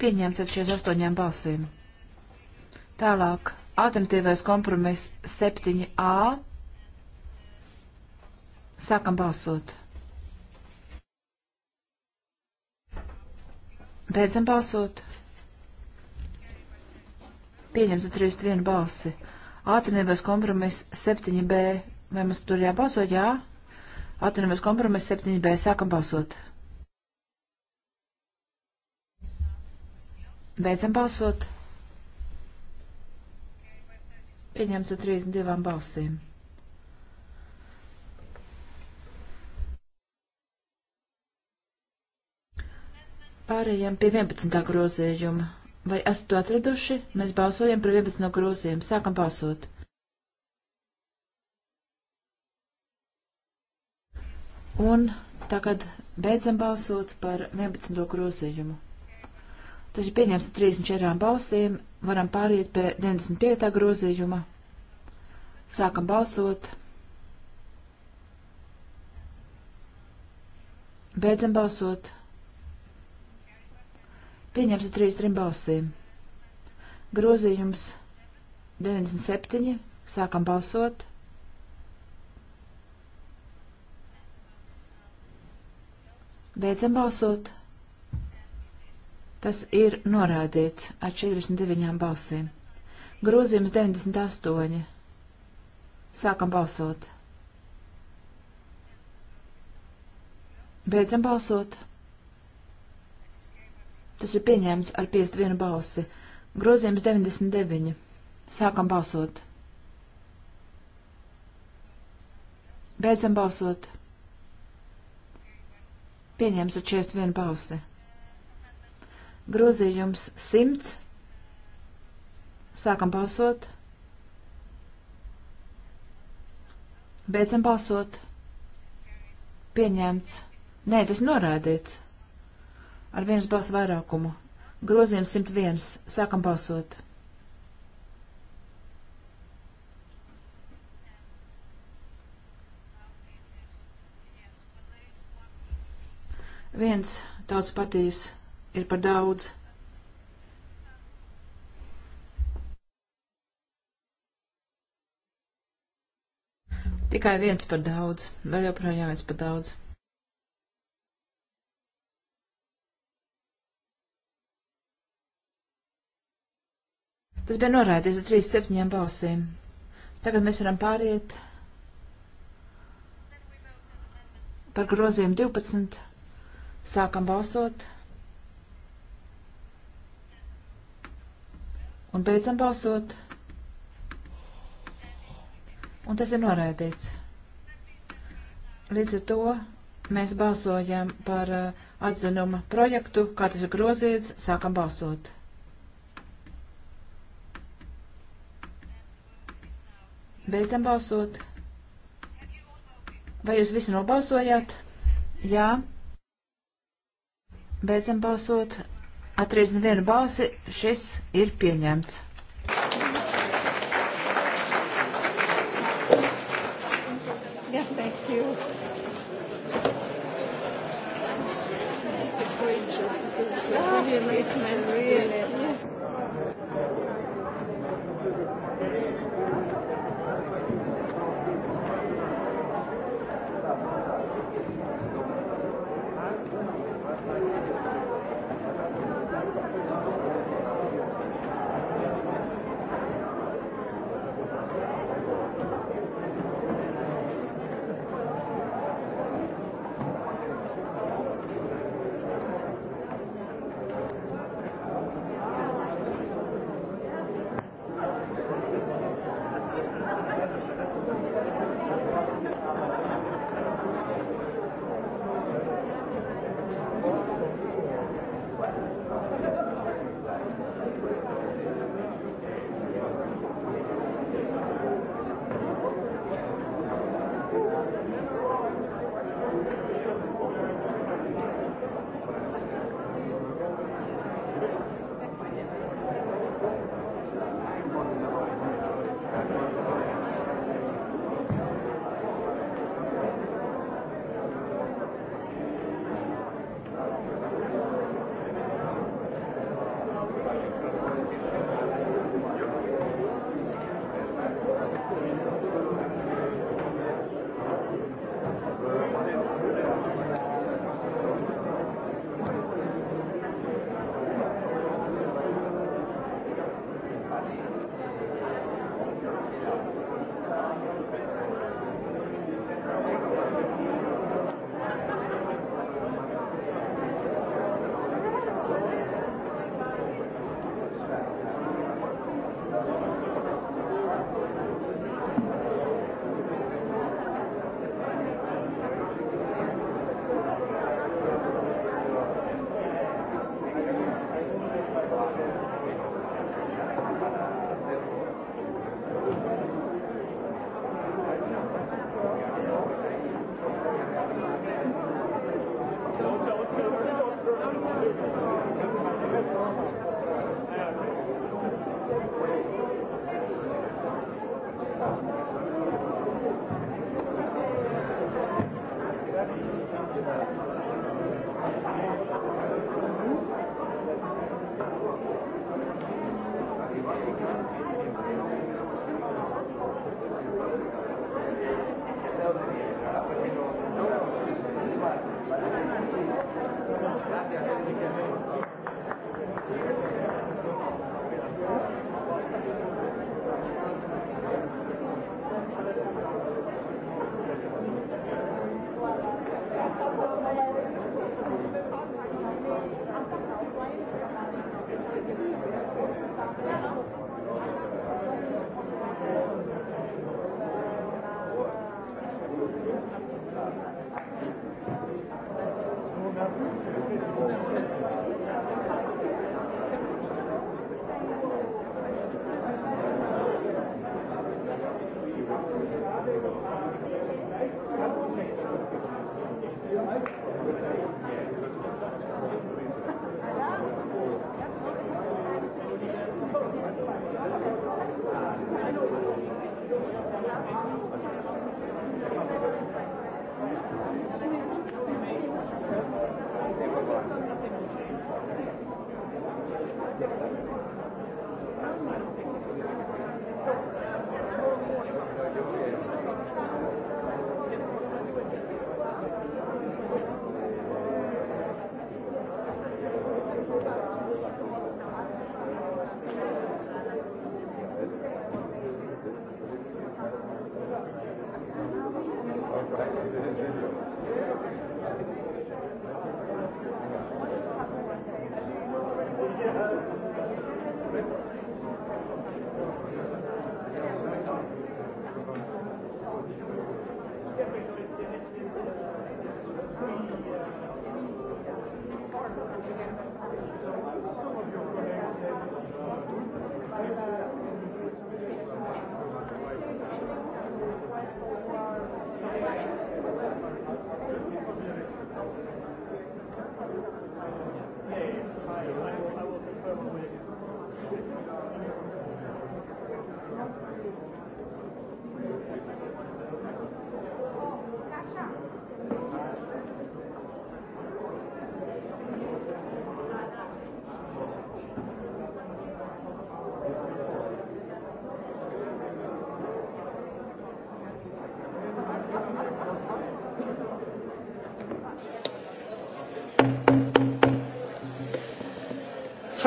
Pieņemts ar 68 balsīm. Tālāk. Alternatīvais kompromiss 7a. Sākam balsot. Beidzam balsot. Pieņems ar 31 balsi. Ātrinības kompromiss 7B. Vai mums tur jābalso? Jā. Ātrinības kompromiss 7B. Sākam balsot. Beidzam balsot. Pieņems ar 32 balsīm. Pārējām pie 11. grozījuma. Vai esat to atraduši? Mēs balsojam par 11. grozījumu. Sākam balsot. Un tagad beidzam balsot par 11. grozījumu. Tas ir pieņemts 34 balsīm. Varam pāriet pie 95. grozījuma. Sākam balsot. Beidzam balsot. Pieņemts ar 33 balsīm. Grozījums 97. Sākam balsot. Beidzam balsot. Tas ir norādīts ar 49 balsīm. Grozījums 98. Sākam balsot. Beidzam balsot. Tas ir pieņēmts ar 51 balsi. Grozījums 99. Sākam balsot. Beidzam balsot. Pieņēmts ar 41 balsi. Grozījums 100. Sākam balsot. Beidzam balsot. Pieņemts. Nē, tas norādīts ar vienas balsu vairākumu. Grozījums 101. Sākam balsot. Viens tautas partijas ir par daudz. Tikai viens par daudz, vēl joprojām viens par daudz. Tas bija norādīts ar 37 balsīm. Tagad mēs varam pāriet par grozījumu 12. Sākam balsot. Un beidzam balsot. Un tas ir noraidīts. Līdz ar to mēs balsojam par uh, atzinuma projektu, kā tas ir grozīts, sākam balsot. Beidzam balsot. Vai jūs visi nobalsojāt? Jā. Beidzam balsot. Ar 31 balsi šis ir pieņemts.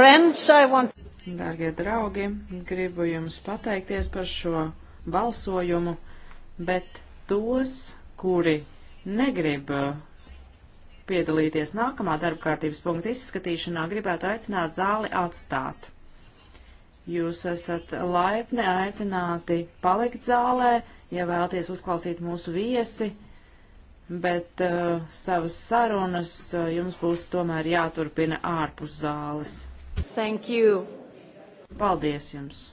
friends, want... Dargie draugi, gribu jums pateikties par šo balsojumu, bet tos, kuri negrib uh, piedalīties nākamā darba kārtības punkta izskatīšanā, gribētu aicināt zāli atstāt. Jūs esat laipni aicināti palikt zālē, ja vēlaties uzklausīt mūsu viesi, bet uh, savas sarunas uh, jums būs tomēr jāturpina ārpus zāles. Thank you. Paldies jums.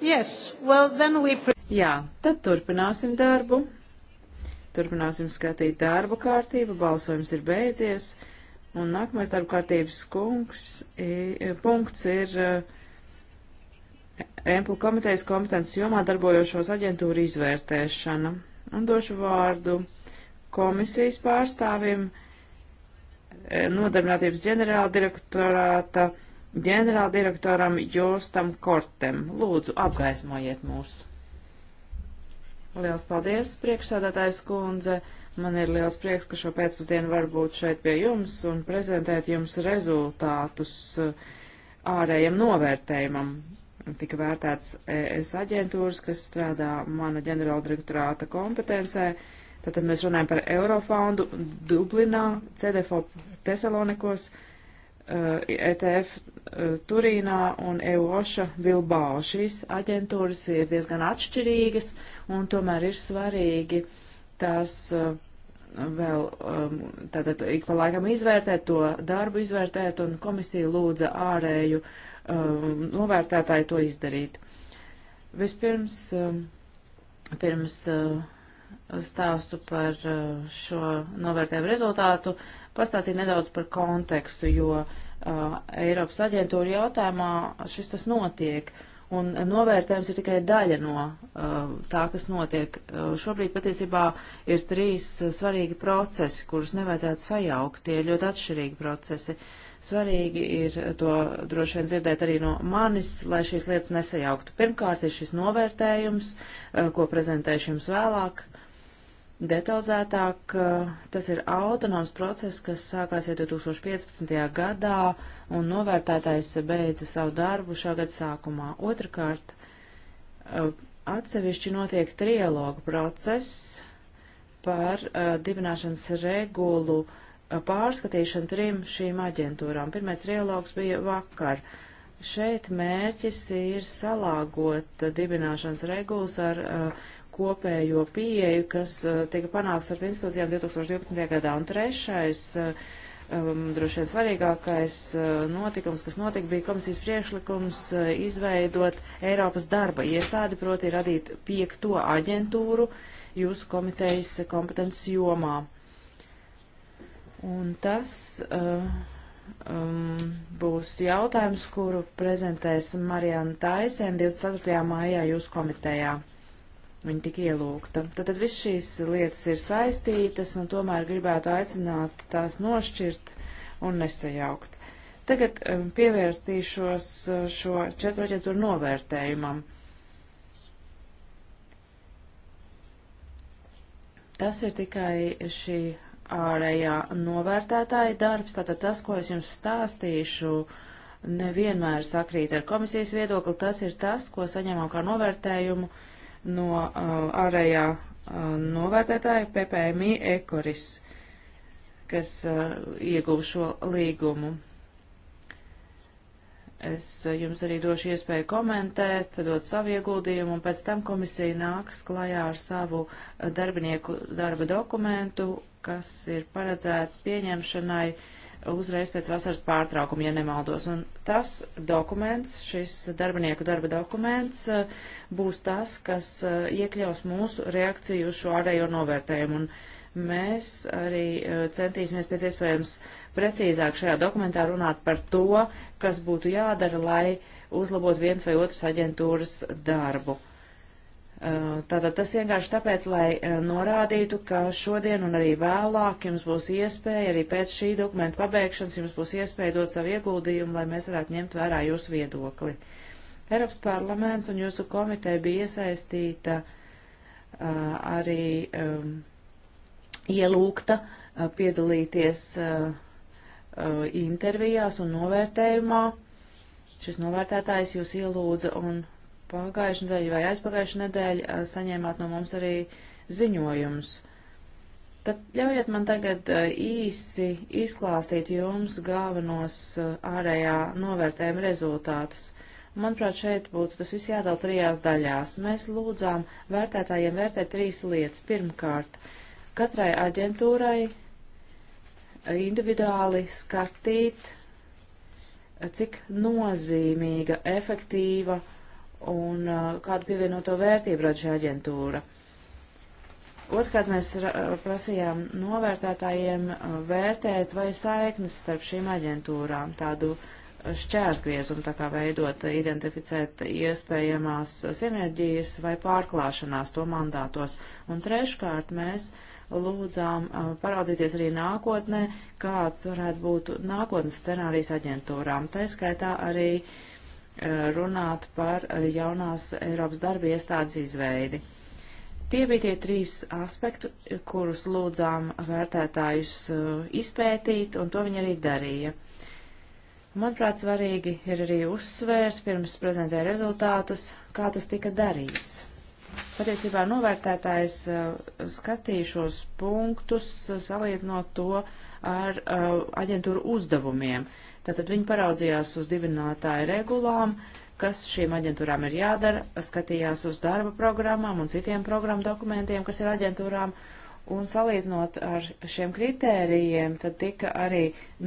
Yes, well, then we... Jā, tad turpināsim darbu. Turpināsim skatīt darba kārtību. Balsojums ir beidzies. Un nākamais darba kārtības kungs, punkts ir uh, Emplu komitejas kompetences jomā darbojošos aģentūru izvērtēšana. Un došu vārdu komisijas pārstāvim eh, nodarbinātības ģenerāldirektorāta ģenerāldirektoram Jostam Kortem. Lūdzu, apgaismojiet mūs. Liels paldies, priekšsādātājs kundze. Man ir liels prieks, ka šo pēcpusdienu var būt šeit pie jums un prezentēt jums rezultātus eh, ārējiem novērtējumam tika vērtēts ES aģentūras, kas strādā mana ģenerāla direktorāta kompetencē. Tātad mēs runājam par Eurofondu Dublinā, CDFO Tesalonikos, uh, ETF uh, Turīnā un EUOŠA Bilbao. Šīs aģentūras ir diezgan atšķirīgas un tomēr ir svarīgi tās uh, vēl um, tātad ik pa laikam izvērtēt to darbu, izvērtēt un komisija lūdza ārēju uh, um, novērtētāji to izdarīt. Vispirms, um, pirms uh, stāstu par uh, šo novērtējumu rezultātu, pastāstīt nedaudz par kontekstu, jo uh, Eiropas aģentūra jautājumā šis tas notiek. Un novērtējums ir tikai daļa no uh, tā, kas notiek. Uh, šobrīd patiesībā ir trīs uh, svarīgi procesi, kurus nevajadzētu sajaukt. Tie ir ļoti atšķirīgi procesi. Uh, Svarīgi ir to droši vien dzirdēt arī no manis, lai šīs lietas nesajauktu. Pirmkārt ir šis novērtējums, eh, ko prezentēšu jums vēlāk. Detalizētāk eh, tas ir autonoms process, kas sākās jau 2015. gadā, un novērtētājs beidza savu darbu šā gada sākumā. Otrakārt, eh, atsevišķi notiek trialogu process par uh, dibināšanas regulu uh, pārskatīšanu trim šīm aģentūrām. Pirmais trialogs bija vakar. Šeit mērķis ir salāgot dibināšanas regulas ar uh, kopējo pieeju, kas uh, tika panāks ar institūcijām 2012. gadā. Un trešais, uh, um, droši vien svarīgākais uh, notikums, kas notika, bija komisijas priekšlikums uh, izveidot Eiropas darba iestādi, proti radīt piekto aģentūru jūsu komitejas kompetences jomā. Un tas uh, um, būs jautājums, kuru prezentēs Marijana Taisēn 24. maijā jūsu komitejā. Viņa tika ielūgta. Tātad viss šīs lietas ir saistītas, un tomēr gribētu aicināt tās nošķirt un nesajaukt. Tagad um, pievērtīšos uh, šo četru aģentūru novērtējumam. Tas ir tikai šī ārējā novērtētāja darbs, tātad tas, ko es jums stāstīšu, nevienmēr sakrīt ar komisijas viedokli, tas ir tas, ko saņemam kā novērtējumu no uh, ārējā uh, novērtētāja PPMI Ekoris, kas uh, ieguv šo līgumu. Es uh, jums arī došu iespēju komentēt, dot savu ieguldījumu, un pēc tam komisija nāks klajā ar savu darbinieku darba dokumentu kas ir paredzēts pieņemšanai uzreiz pēc vasaras pārtraukuma, ja nemaldos. Un tas dokuments, šis darbinieku darba dokuments, eh, būs tas, kas eh, iekļaus mūsu reakciju uz šo ārējo novērtējumu. Un mēs arī eh, centīsimies pēc iespējams precīzāk šajā dokumentā runāt par to, kas būtu jādara, lai uzlabotu viens vai otrs aģentūras darbu. Uh, Eh, tātad tas vienkārši tāpēc, lai eh, norādītu, ka šodien un arī vēlāk jums būs iespēja, arī pēc šī dokumenta pabeigšanas jums būs iespēja dot savu ieguldījumu, lai mēs varētu ņemt vērā jūsu viedokli. Eiropas parlaments un jūsu komiteja bija iesaistīta eh, arī um, ielūgta piedalīties intervijās un novērtējumā. Šis novērtētājs jūs ielūdza un pagājušajā nedēļā vai aizpagājušajā nedēļā eh, saņēmāt no mums arī ziņojumus. Tad ļaujiet man tagad eh, īsi izklāstīt jums galvenos eh, ārējā novērtējuma rezultātus. Manuprāt, šeit būtu tas viss jādala trijās daļās. Mēs lūdzām vērtētājiem vērtēt trīs lietas. Pirmkārt, katrai aģentūrai individuāli skatīt, cik nozīmīga, efektīva uh, un uh, kādu pievienoto vērtību rada šī aģentūra. Otrkārt, mēs uh, prasījām novērtētājiem uh, vērtēt, vai saiknes starp šīm aģentūrām tādu šķērsgriezumu tā kā veidot, identificēt iespējamās sinerģijas vai pārklāšanās to mandātos. Un treškārt, mēs lūdzām paraudzīties arī nākotnē, kāds varētu būt nākotnes scenārijs aģentūrām. Tā skaitā arī uh, runāt par eh, jaunās Eiropas darba iestādes izveidi. Tie bija tie trīs aspekti, kurus lūdzām vērtētājus eh, izpētīt, un to viņi arī darīja. Manuprāt, svarīgi ir arī uzsvērt pirms prezentē rezultātus, kā tas tika darīts. Patiesībā novērtētājs eh, skatīja šos punktus, salīdzinot to ar aģentūru uzdevumiem. Tātad viņi paraudzījās uz dibinātāju regulām, kas šīm aģentūrām ir jādara, skatījās uz darba programmām un citiem programmu dokumentiem, kas ir aģentūrām, un salīdzinot ar šiem kritērijiem, tad tika arī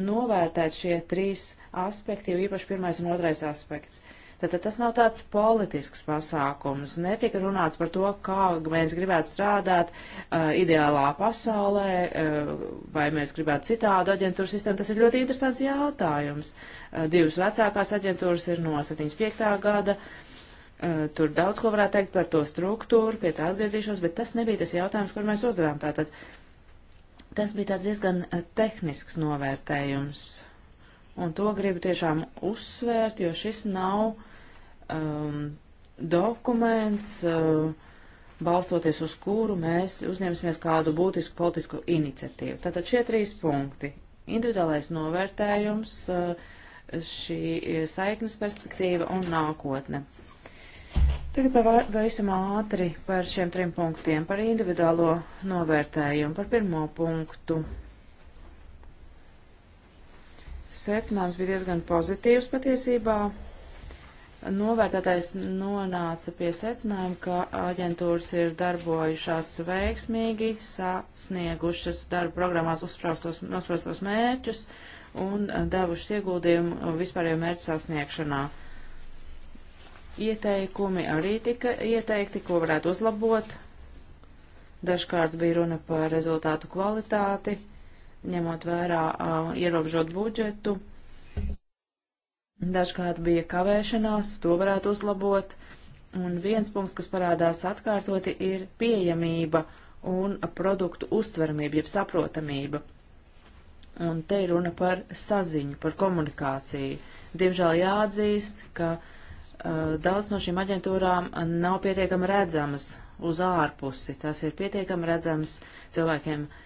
novērtēt šie trīs aspekti, jo īpaši pirmais un otrais aspekts. Uh, Tātad tas nav tāds politisks pasākums. Netika runāts par to, kā mēs gribētu strādāt uh, ideālā pasaulē, uh, vai mēs gribētu citādu aģentūru sistēmu. Tas ir ļoti interesants jautājums. Uh, divas vecākās aģentūras ir no 75. gada. Uh, tur daudz ko varētu teikt par to struktūru, pie tā atgriezīšos, bet tas nebija tas jautājums, kur mēs uzdevām. Tātad tas bija tāds diezgan uh, tehnisks novērtējums. Un to gribu tiešām uzsvērt, jo šis nav um, dokuments, um, balstoties uz kuru mēs uzņemsimies kādu būtisku politisku iniciatīvu. Tātad šie trīs punkti - individuālais novērtējums, uh, šī saiknes perspektīva un nākotne. Tagad pavisam ātri par šiem trim punktiem, par individuālo novērtējumu, par pirmo punktu. Secinājums bija diezgan pozitīvs patiesībā novērtētais nonāca pie secinājuma, ka aģentūras ir darbojušās veiksmīgi, sasniegušas darba programmās nosprostos mērķus un devušas ieguldījumu vispārējo mērķu sasniegšanā. Ieteikumi arī tika ieteikti, ko varētu uzlabot. Dažkārt bija runa par rezultātu kvalitāti, ņemot vērā uh, ierobežot budžetu Dažkārt bija kavēšanās, to varētu uzlabot. Un viens punkts, kas parādās atkārtoti, ir pieejamība un produktu uztveramība, jeb saprotamība. Un te ir runa par saziņu, par komunikāciju. Diemžēl jāatzīst, ka uh, daudz no šīm aģentūrām nav pietiekami redzamas uz ārpusi. Tās ir pietiekami redzamas cilvēkiem uh,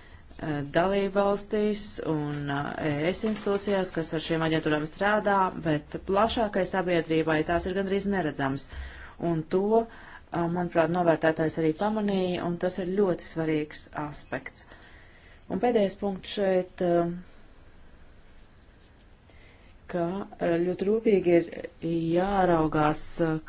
dalībvalstīs un es institūcijās, kas ar šiem aģentūrām strādā, bet plašākai sabiedrībai tās ir gandrīz neredzams. Un to, manuprāt, novērtētājs arī pamanīja, un tas ir ļoti svarīgs aspekts. Un pēdējais punkts šeit, ka ļoti rūpīgi ir jāraugās,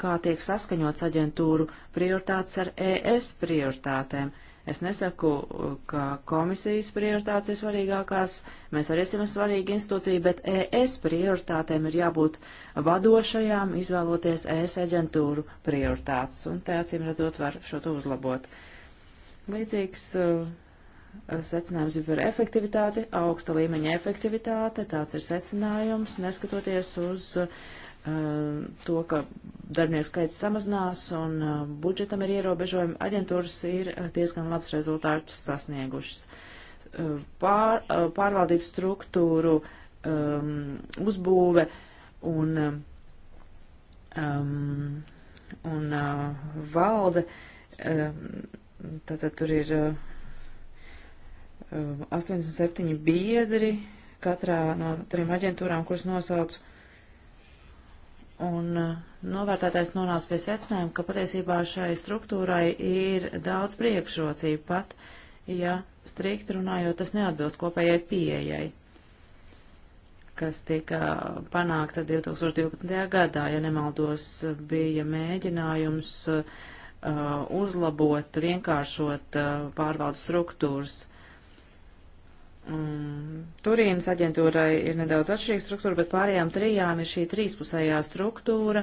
kā tiek saskaņots aģentūru prioritātes ar ES prioritātēm Es nesaku, uh, ka komisijas prioritātes ir svarīgākās, mēs arī esam svarīga institūcija, bet ES prioritātēm ir jābūt vadošajām, izvēloties ES aģentūru prioritātes, un te acīm redzot var šo to uzlabot. Līdzīgs uh, secinājums ir par efektivitāti, augsta līmeņa efektivitāte, tāds ir secinājums, neskatoties uz uh, Eh, to, ka darbinieku skaits samazinās un eh, budžetam ir ierobežojumi, aģentūras ir eh, diezgan labs rezultātus sasniegušas. Pār, pārvaldības struktūru um, uzbūve un, um, un uh, valde, um, tātad tur ir uh, 87 biedri katrā no trim aģentūrām, kuras nosaucu. Un eh, novērtētais nonāca pie secinājuma, ka patiesībā šai struktūrai ir daudz priekšrocību pat, ja strikt runājot, tas neatbilst kopējai pieejai, kas tika panākta 2012. gadā, ja nemaldos, bija mēģinājums uh, uzlabot, vienkāršot uh, eh, pārvaldu struktūras. Um, Turīnas aģentūrai ir nedaudz atšķirīga struktūra, bet pārējām trijām ir šī trīspusējā struktūra.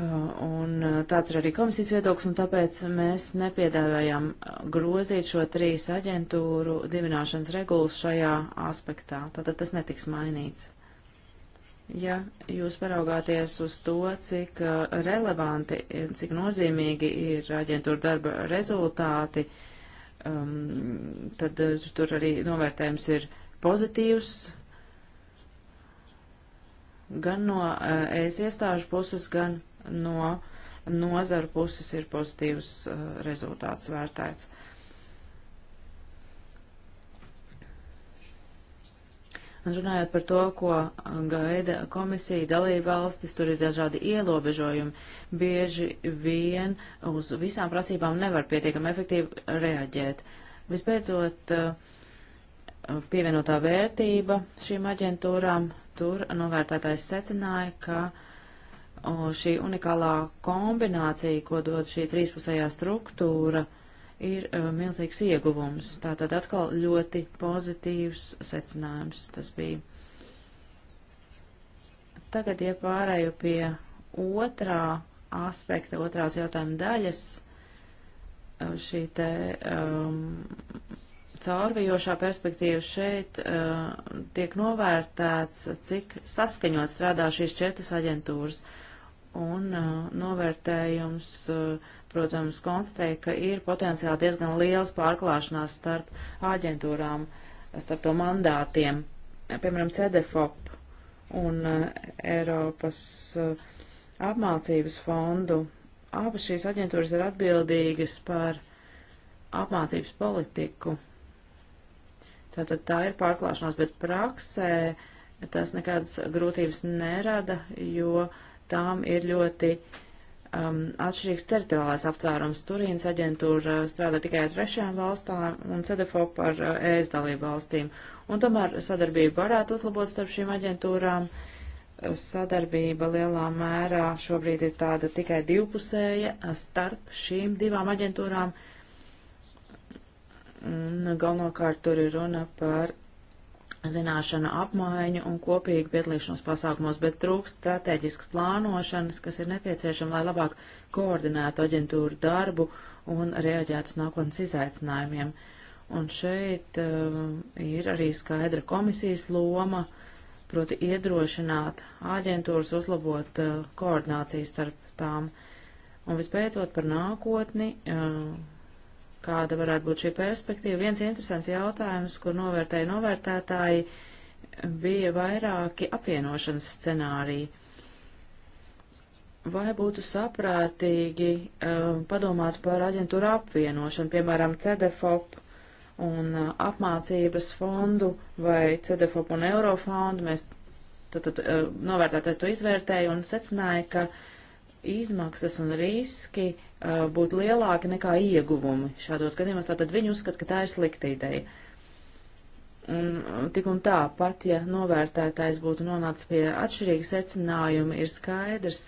Un uh, tāds ir arī komisijas viedoklis, un tāpēc mēs nepiedāvājam uh, grozīt šo trīs aģentūru dibināšanas regulas šajā aspektā. Tātad tas netiks mainīts. Ja jūs paraugāties uz to, cik uh, relevanti, cik nozīmīgi ir aģentūra darba rezultāti, uh, um, tad uh, tur arī novērtējums ir pozitīvs gan no uh, ES iestāžu puses, gan no nozaru puses ir pozitīvs uh, rezultāts vērtēts. Uh, Un runājot par to, ko uh, gaida komisija, dalība valstis, tur ir dažādi ierobežojumi. Bieži vien uz visām prasībām nevar pietiekami efektīvi reaģēt. Visbeidzot, uh, pievienotā vērtība šīm aģentūrām, tur novērtētājs secināja, ka uh, šī unikālā kombinācija, ko dod šī trīspusējā struktūra, uh, ir uh, milzīgs ieguvums. Tātad atkal ļoti pozitīvs secinājums tas bija. Tagad, ja pārēju pie otrā aspekta, otrās jautājuma daļas, uh, šī te um, caurvijošā perspektīva šeit uh, tiek novērtēts, cik saskaņot strādā šīs četras aģentūras. Un uh, novērtējums uh, protams, konstatēja, ka ir potenciāli diezgan liels pārklāšanās starp aģentūrām, starp to mandātiem, piemēram, CDFOP un eh, Eiropas eh, apmācības fondu. Abas šīs aģentūras ir atbildīgas par apmācības politiku. Tātad tā ir pārklāšanās, bet praksē tas nekādas grūtības nerada, jo tām ir ļoti uh, um, atšķirīgs teritoriālais aptvērums. Turīnas aģentūra uh, strādā tikai ar trešajām valstām un CDFOP ar ES uh, dalību valstīm. Un tomēr sadarbība varētu uzlabot starp šīm aģentūrām. Sadarbība lielā mērā šobrīd ir tāda tikai divpusēja uh, starp šīm divām aģentūrām. Un galvenokārt tur ir runa par zināšanu apmaiņu un kopīgu piedalīšanos pasākumos, bet trūkst strateģiskas plānošanas, kas ir nepieciešama, lai labāk koordinētu aģentūru darbu un reaģētu uz nākotnes izaicinājumiem. Un šeit uh, ir arī skaidra komisijas loma, proti iedrošināt aģentūras uzlabot uh, koordināciju starp tām. Un visbeidzot par nākotni, uh, kāda varētu būt šī perspektīva. Viens interesants jautājums, kur novērtēja novērtētāji, bija vairāki apvienošanas scenāriji. Vai būtu saprātīgi um, padomāt par aģentūru apvienošanu, piemēram, CDFOP un uh, apmācības fondu vai CDFOP un Eurofondu? Mēs tad, tad uh, novērtētais to izvērtēja un secināja, ka izmaksas un riski uh, Uh, būt lielāki nekā ieguvumi šādos gadījumos, tātad viņi uzskata, ka tā ir slikta ideja. Un uh, tik un tā, pat ja novērtētājs būtu nonācis pie atšķirīga secinājuma, ir skaidrs,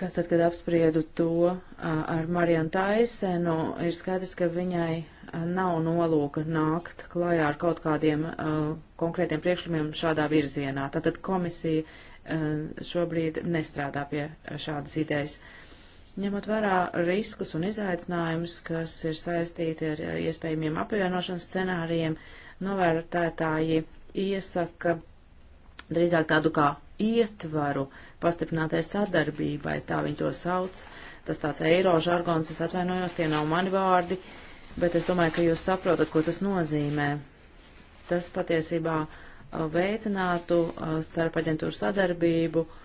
ka tad, kad apspriedu to uh, ar Marianu Taisenu, ir skaidrs, ka viņai nav nolūka nākt klajā ar kaut kādiem uh, konkrētiem priekšlikumiem šādā virzienā. Tātad komisija uh, šobrīd nestrādā pie šādas idejas. Uh, Ņemot vērā riskus un izaicinājumus, kas ir saistīti ar eh, iespējamiem apvienošanas scenārijiem, novērtētāji iesaka drīzāk tādu kā ietvaru pastiprinātai sadarbībai, tā viņi to sauc. Tas tāds eiro žargons, es atvainojos, tie nav mani vārdi, bet es domāju, ka jūs saprotat, ko tas nozīmē. Tas patiesībā eh, veicinātu eh, starp aģentūru sadarbību uh,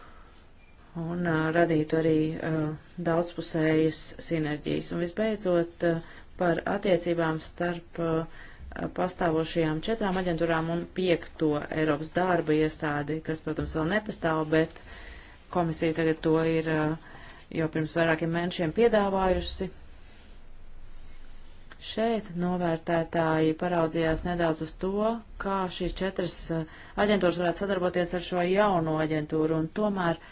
un uh, radītu arī uh, daudzpusējas sinerģijas. Un visbeidzot, uh, par attiecībām starp uh, pastāvošajām četrām aģentūrām un piekto Eiropas darba iestādi, kas, protams, vēl nepastāv, bet komisija tagad to ir uh, jau pirms vairākiem mēnešiem piedāvājusi. Šeit novērtētāji paraudzījās nedaudz uz to, kā šīs četras aģentūras varētu sadarboties ar šo jauno aģentūru, un tomēr uh,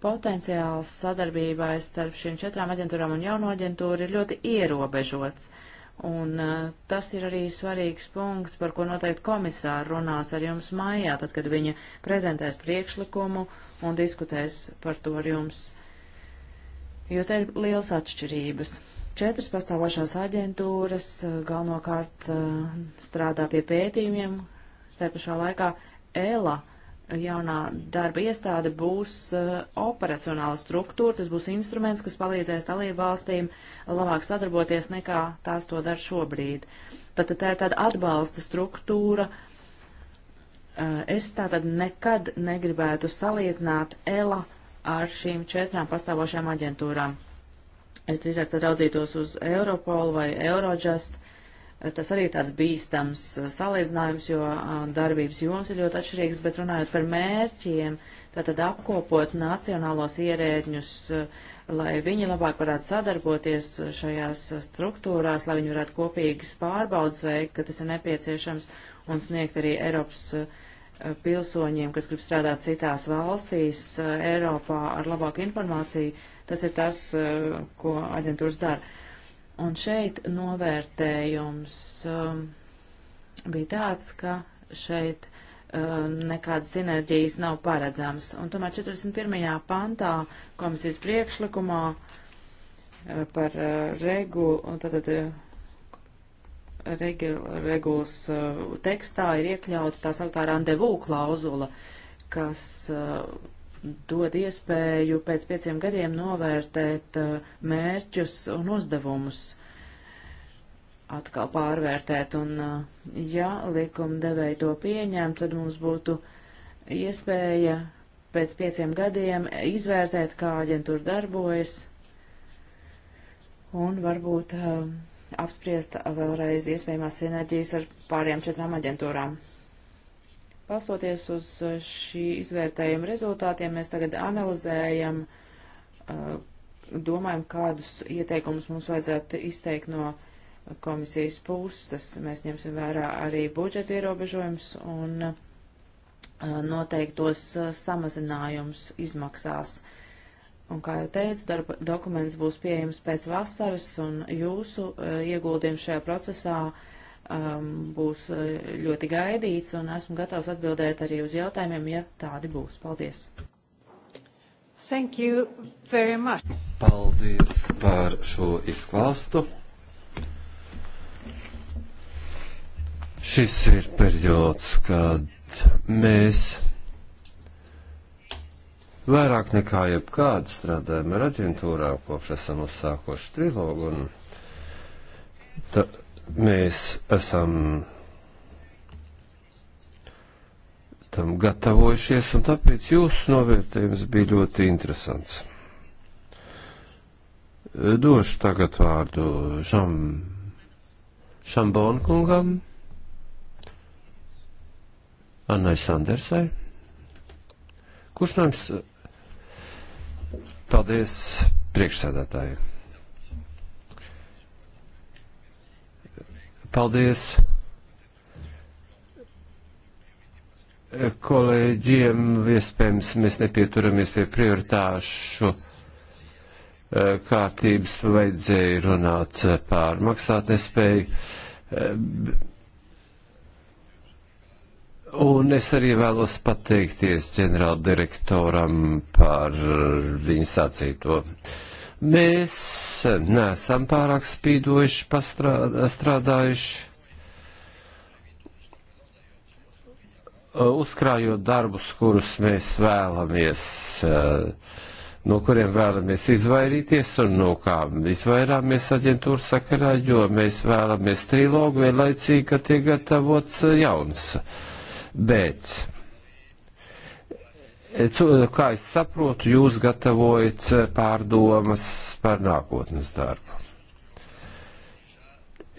potenciāls sadarbībai starp šīm četrām aģentūrām un jauno aģentūru ir ļoti ierobežots. Un tas ir arī svarīgs punkts, par ko noteikti komisāri runās ar jums mājā, tad, kad viņa prezentēs priekšlikumu un diskutēs par to ar jums. Jo te ir liels atšķirības. Četras pastāvošās aģentūras galvenokārt strādā pie pētījumiem, te pašā laikā ELA jaunā darba iestāde būs uh, operacionāla struktūra, tas būs instruments, kas palīdzēs dalību valstīm labāk sadarboties nekā tās to dara šobrīd. Tātad tā ir tāda atbalsta struktūra. Uh, es tātad nekad negribētu salīdzināt ELA ar šīm četrām pastāvošajām aģentūrām. Es drīzāk tad raudzītos uz Europolu vai Eurojust, uh, Tas arī ir tāds bīstams salīdzinājums, jo darbības joms ir ļoti atšķirīgs, bet runājot par mērķiem, tātad apkopot nacionālos ierēģņus, lai viņi labāk varētu sadarboties šajās struktūrās, lai viņi varētu kopīgas pārbaudas veikt, ka tas ir nepieciešams, un sniegt arī Eiropas pilsoņiem, kas grib strādāt citās valstīs, Eiropā ar labāku informāciju. Tas ir tas, ko aģentūras dara. Un šeit novērtējums um, bija tāds, ka šeit um, nekādas sinerģijas nav paredzams. Un tomēr 41. pantā komisijas priekšlikumā uh, par uh, regulu, un tātad uh, regu, regulas uh, tekstā ir iekļauta tā sauktā rendezvū klauzula, kas uh, dod iespēju pēc pieciem gadiem novērtēt uh, mērķus un uzdevumus, atkal pārvērtēt. Un, uh, ja likumdevēji to pieņem, tad mums būtu iespēja pēc pieciem gadiem izvērtēt, kā aģentūra darbojas un varbūt uh, apspriest vēlreiz iespējamās sinerģijas ar pārējām četrām aģentūrām. Palstoties uz uh, šī izvērtējuma rezultātiem, mēs tagad analizējam, uh, domājam, kādus ieteikumus mums vajadzētu izteikt no komisijas puses. Mēs ņemsim vērā arī budžeta ierobežojumus un uh, noteiktos samazinājums izmaksās. Un, kā jau teicu, darba dokuments būs pieejams pēc vasaras, un jūsu ieguldījums šajā procesā uh, um, būs uh, ļoti gaidīts, un esmu gatavs atbildēt arī uz jautājumiem, ja tādi būs. Paldies! Thank you very much. Paldies par šo izklāstu. Šis ir periods, kad mēs vairāk nekā jebkāda strādājam ar aģentūrām, kopš esam uzsākoši trilogu. Un ta, Mēs esam tam gatavojušies, un tāpēc jūsu novērtējums bija ļoti interesants. Došu tagad vārdu Žam, Šambonu kungam, Annai Sandersai. Kurš no jums? Paldies priekšsēdētājiem. Paldies kolēģiem. Iespējams, mēs nepieturamies pie prioritāšu kārtības. Vajadzēja runāt par maksātnespēju. Un es arī vēlos pateikties ģenerāldirektoram par viņa sacīto. Uh, Mēs neesam pārāk spīdojuši, strādājuši, uzkrājot darbus, kurus mēs vēlamies, no kuriem vēlamies izvairīties un no kā izvairāmies aģentūras sakarā, jo mēs vēlamies trilogu vienlaicīgi, ka tiek gatavots jauns. Bet Kā es saprotu, jūs gatavojat pārdomas par nākotnes darbu.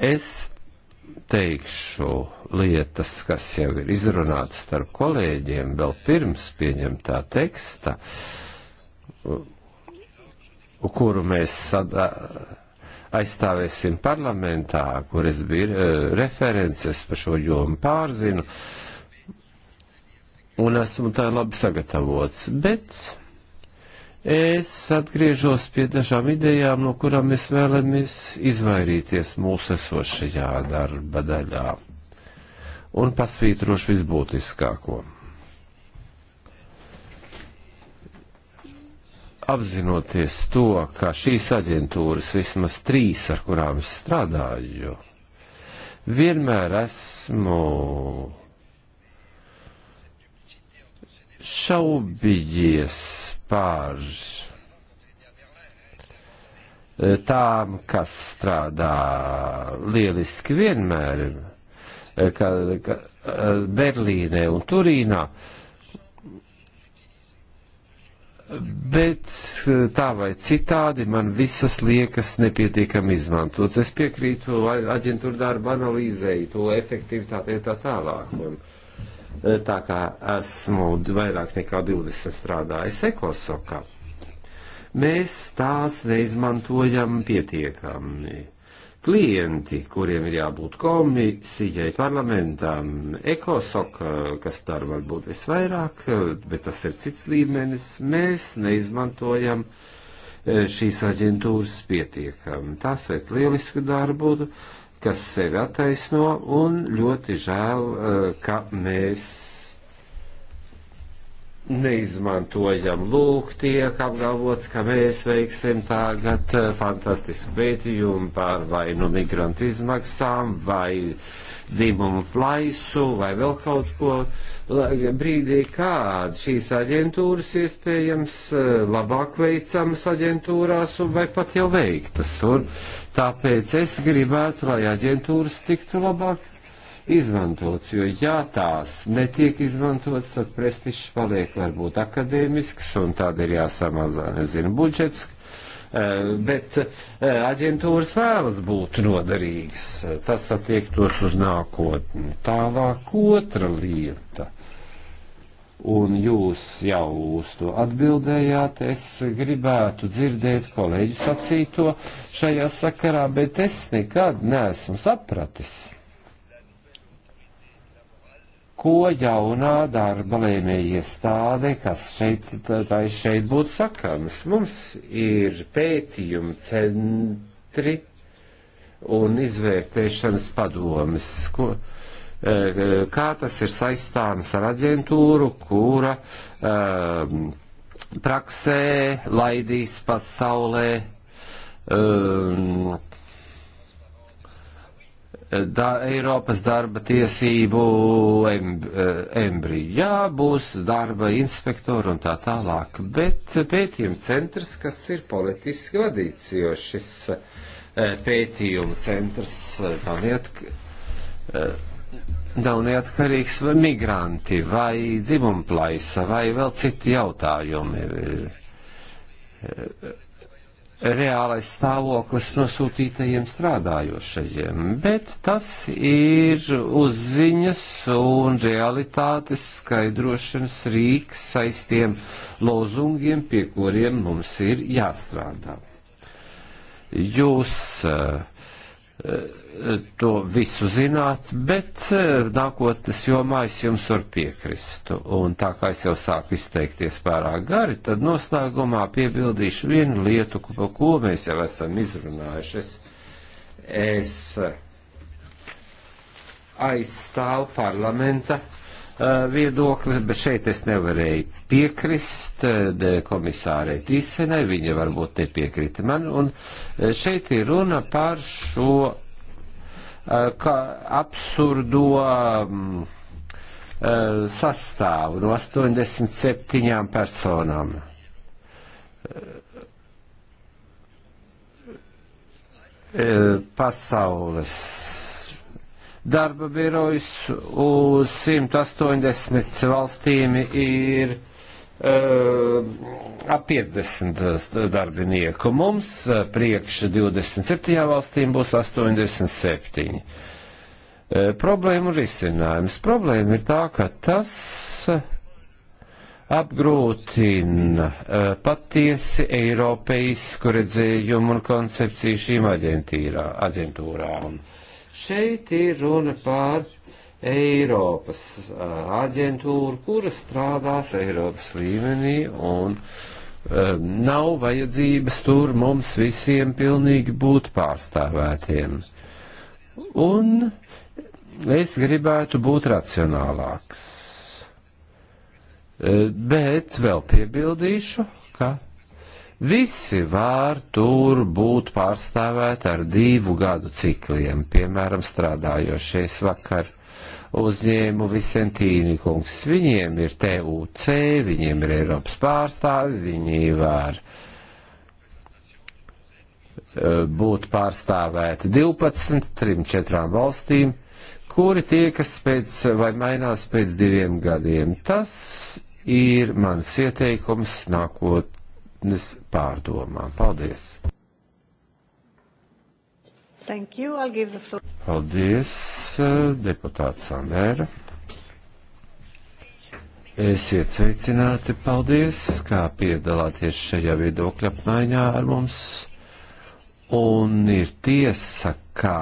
Es teikšu lietas, kas jau ir izrunātas starp kolēģiem vēl pirms pieņemtā teksta, kuru mēs sadā, aizstāvēsim parlamentā, kur es biju eh, references par šo jomu pārzinu. Uh, un esmu tā labi sagatavots. Bet es atgriežos pie dažām idejām, no kurām mēs vēlamies izvairīties mūsu esošajā darba daļā un pasvītrošu visbūtiskāko. Apzinoties to, ka šīs aģentūras, vismaz trīs, ar kurām es strādāju, vienmēr esmu šaubījies par eh, tām, kas strādā lieliski vienmēr, eh, ka, ka eh, Berlīnē un Turīnā, bet tā vai citādi man visas liekas nepietiekami izmantots. Es piekrītu aģentūra darba analīzei, to efektivitātei tā tālāk. Un, uh, Eh, tā kā esmu vairāk nekā 20 strādājis ekosokā. Mēs tās neizmantojam pietiekami klienti, kuriem ir jābūt komisijai, parlamentam, ekosok, kas dar varbūt visvairāk, eh, bet tas ir cits līmenis, mēs neizmantojam eh, šīs aģentūras pietiekami. Tās veic lielisku darbu, kas sevi attaisno, un ļoti žēl, eh, ka mēs neizmantojam. Lūk, tiek apgalvots, ka mēs veiksim tagad eh, fantastisku pētījumu par vai nu migrantu izmaksām, vai uh, dzimumu plaisu vai vēl kaut ko brīdī, kād šīs aģentūras iespējams eh, labāk veicamas aģentūrās vai pat jau veiktas. Un tāpēc es gribētu, lai aģentūras tiktu labāk izmantots, jo ja tās netiek izmantots, tad prestižs paliek varbūt akadēmisks, un tāda ir jāsamazā, nezinu, budžets, Eh, bet eh, aģentūras vēlas būt noderīgas. Tas attiektos uz nākotni. Tālāk otra lieta. Un jūs jau uz to atbildējāt, es gribētu dzirdēt kolēģu sacīto šajā sakarā, bet es nekad neesmu sapratis ko jaunā darba lēmēja iestāde, kas šeit, tā šeit būtu sakāms. Mums ir pētījumu centri un izvērtēšanas padomas, ko, e, e, kā tas ir saistāms ar aģentūru, kura um, praksē laidīs pasaulē um, da, Eiropas darba tiesību emb, embriju. Jā, būs darba inspektori un tā tālāk, bet pētījuma centrs, kas ir politiski vadīts, jo šis eh, pētījuma centrs eh, nav, neatk eh, nav neatkarīgs vai migranti, vai dzimumplaisa, vai vēl citi jautājumi reālais stāvoklis nosūtītajiem strādājošajiem, bet tas ir uzziņas un realitātes skaidrošanas rīks saistiem lozungiem, pie kuriem mums ir jāstrādā. Jūs uh, uh, to visu zināt, bet eh, nākotnes jomā es jums varu piekrist. Un tā kā es jau sāku izteikties pārāk gari, tad noslēgumā piebildīšu vienu lietu, par ko mēs jau esam izrunājuši. Es, es eh, aizstāvu parlamenta eh, viedoklis, bet šeit es nevarēju piekrist komisārei Tīsenai, viņa varbūt nepiekrita man, un šeit ir runa par šo Eh, kā absurdo mm, eh, sastāvu no 87 personām. Eh, pasaules darba birojas uz 180 valstīm ir Eh, ap 50 eh, darbinieku. Mums eh, priekš 27 valstīm būs 87. Problēma un risinājums. Problēma ir tā, ka tas apgrūtina patiesi eiropeisku redzējumu un koncepciju šīm aģentūrām. Šeit ir runa pār Eiropas aģentūru, kura strādās Eiropas līmenī un um, nav vajadzības tur mums visiem pilnīgi būt pārstāvētiem. Un es gribētu būt racionālāks. Bet vēl piebildīšu, ka visi var tur būt pārstāvēti ar divu gadu cikliem, piemēram, strādājošies vakar uzņēmu Vicentīni kungs. Viņiem ir TUC, viņiem ir Eiropas pārstāvi, viņi var eh, būt pārstāvēti 12, 3, 4 valstīm, kuri tiekas pēc vai mainās pēc diviem gadiem. Tas ir mans ieteikums nākotnes pārdomām. Paldies! Thank you. I'll give the floor. Paldies, eh, deputāts Sandēra. Esiet sveicināti, paldies, kā piedalāties šajā viedokļa apmaiņā ar mums. Un ir tiesa, ka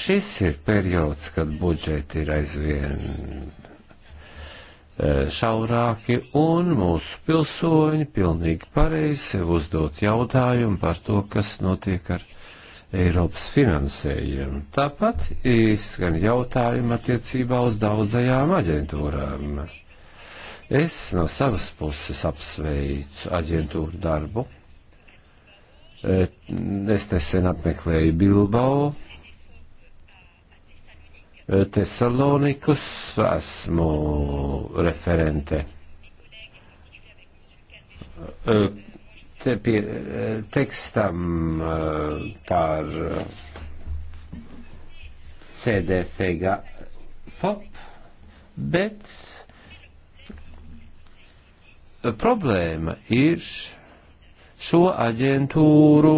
šis ir periods, kad budžeti ir aizvien eh, šaurāki, un mūsu pilsoņi pilnīgi pareizi sev uzdot jautājumu par to, kas notiek ar Eiropas finansējumu. Tāpat izskan jautājumi attiecībā uz daudzajām aģentūrām. Es no savas puses apsveicu aģentūru darbu. Eh, es nesen apmeklēju Bilbao, eh, Tesalonikus, esmu referente eh, te eh, pie, eh, tekstam eh, par CDFG FOP, bet problēma ir šo aģentūru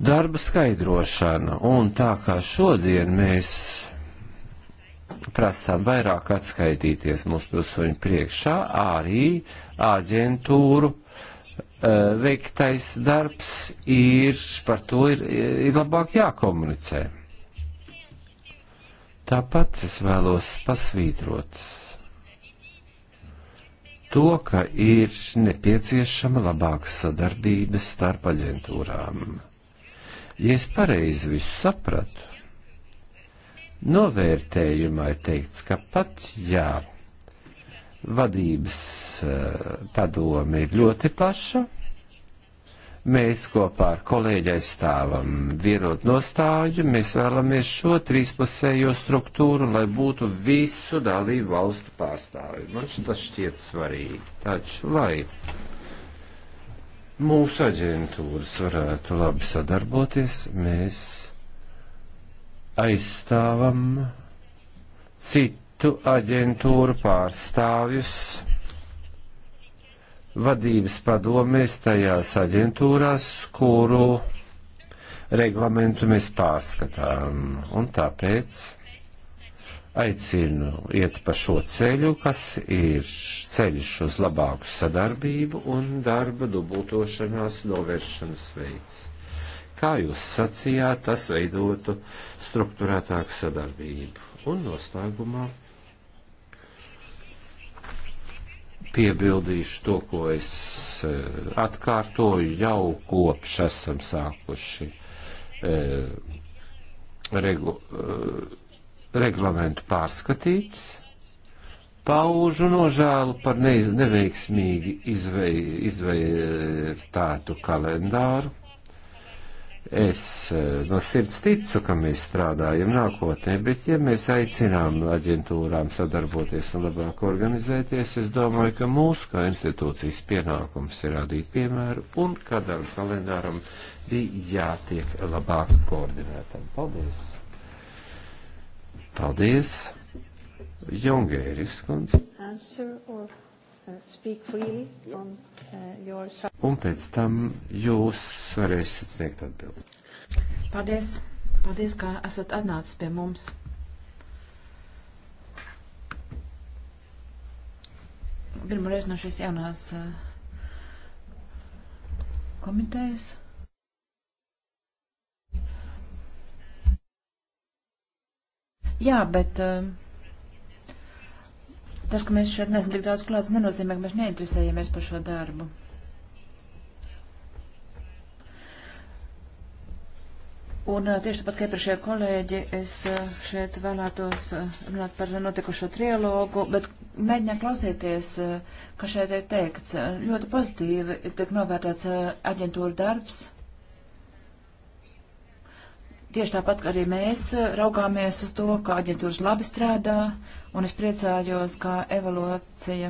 darba skaidrošana. Un tā kā šodien mēs prasām vairāk atskaitīties mūsu pilsoņu priekšā, arī aģentūru eh, veiktais darbs ir, par to ir, ir labāk jākomunicē. Tāpat es vēlos pasvītrot to, ka ir nepieciešama labāka sadarbība starp aģentūrām. Ja es pareizi visu sapratu, novērtējumā ir teikts, ka pat jā, vadības eh, padome ir ļoti plaša, mēs kopā ar kolēģi aizstāvam vienot nostāju, mēs vēlamies šo trīspusējo struktūru, lai būtu visu dalību valstu pārstāvi. Man tas šķiet svarīgi. Taču, lai mūsu aģentūras varētu labi sadarboties, mēs aizstāvam citu aģentūru pārstāvjus vadības padomēs tajās aģentūrās, kuru reglamentu mēs pārskatām. Un tāpēc aicinu iet pa šo ceļu, kas ir ceļš uz labāku sadarbību un darba dubultošanās novēršanas veids kā jūs sacījāt, tas veidotu struktūrētāku sadarbību. Un noslēgumā piebildīšu to, ko es e, atkārtoju jau kopš esam sākuši eh, regu, eh, reglamentu pārskatīts. Paužu nožēlu par neiz, neveiksmīgi izvei, izvērtātu kalendāru, Es eh, no sirds ticu, ka mēs strādājam nākotnē, bet ja mēs aicinām aģentūrām sadarboties un labāk organizēties, es domāju, ka mūsu kā institūcijas pienākums ir radīt piemēru un kādam kalendāram bija jātiek labāk koordinētam. Paldies! Paldies! Jongēris kundze. Uh, uh, Un pēc tam jūs varēsiet sniegt atbildi. Paldies! Paldies, ka esat atnācis pie mums. Pirmoreiz no šīs jaunās uh, komitejas. Jā, bet. Uh, Tas, ka mēs šeit nesam tik daudz klāts, nenozīmē, ka mēs neinteresējamies par šo darbu. Un tieši tāpat kā iepriekšējie kolēģi, es šeit vēlētos runāt par notikušo trilogu, bet mēģināt klausīties, kas šeit ir teikts. Ļoti pozitīvi tiek novērtēts aģentūra darbs. Tieši tāpat arī mēs raugāmies uz to, ka aģentūras labi strādā, un es priecājos, kā evolūcija.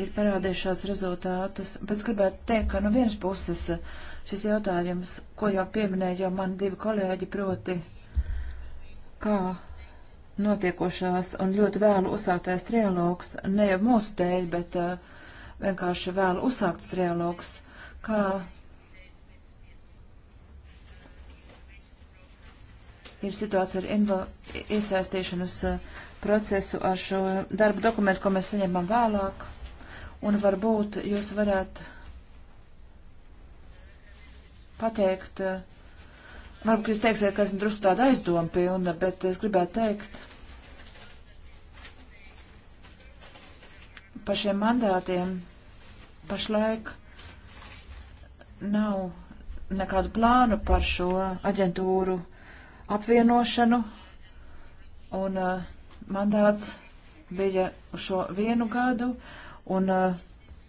Ir parādījuši šāds rezultātus, bet gribētu teikt, ka no nu vienas puses šis jautājums, ko jau pieminēja jau mani divi kolēģi, proti, kā notiekošās un ļoti vēlu uzsāktais trialogs, ne jau mūsu dēļ, bet uh, vienkārši vēlu uzsākts trialogs, kā ir situācija ar invo, iesaistīšanas eh, procesu ar šo darbu dokumentu, ko mēs saņemam vēlāk. Un varbūt jūs varētu pateikt, eh, varbūt jūs teiksiet, ka esmu drusku tāda aizdoma pilna, bet es gribētu teikt par šiem mandātiem pašlaik nav nekādu plānu par šo aģentūru apvienošanu, un uh, mandāts bija uz šo vienu gadu, un uh,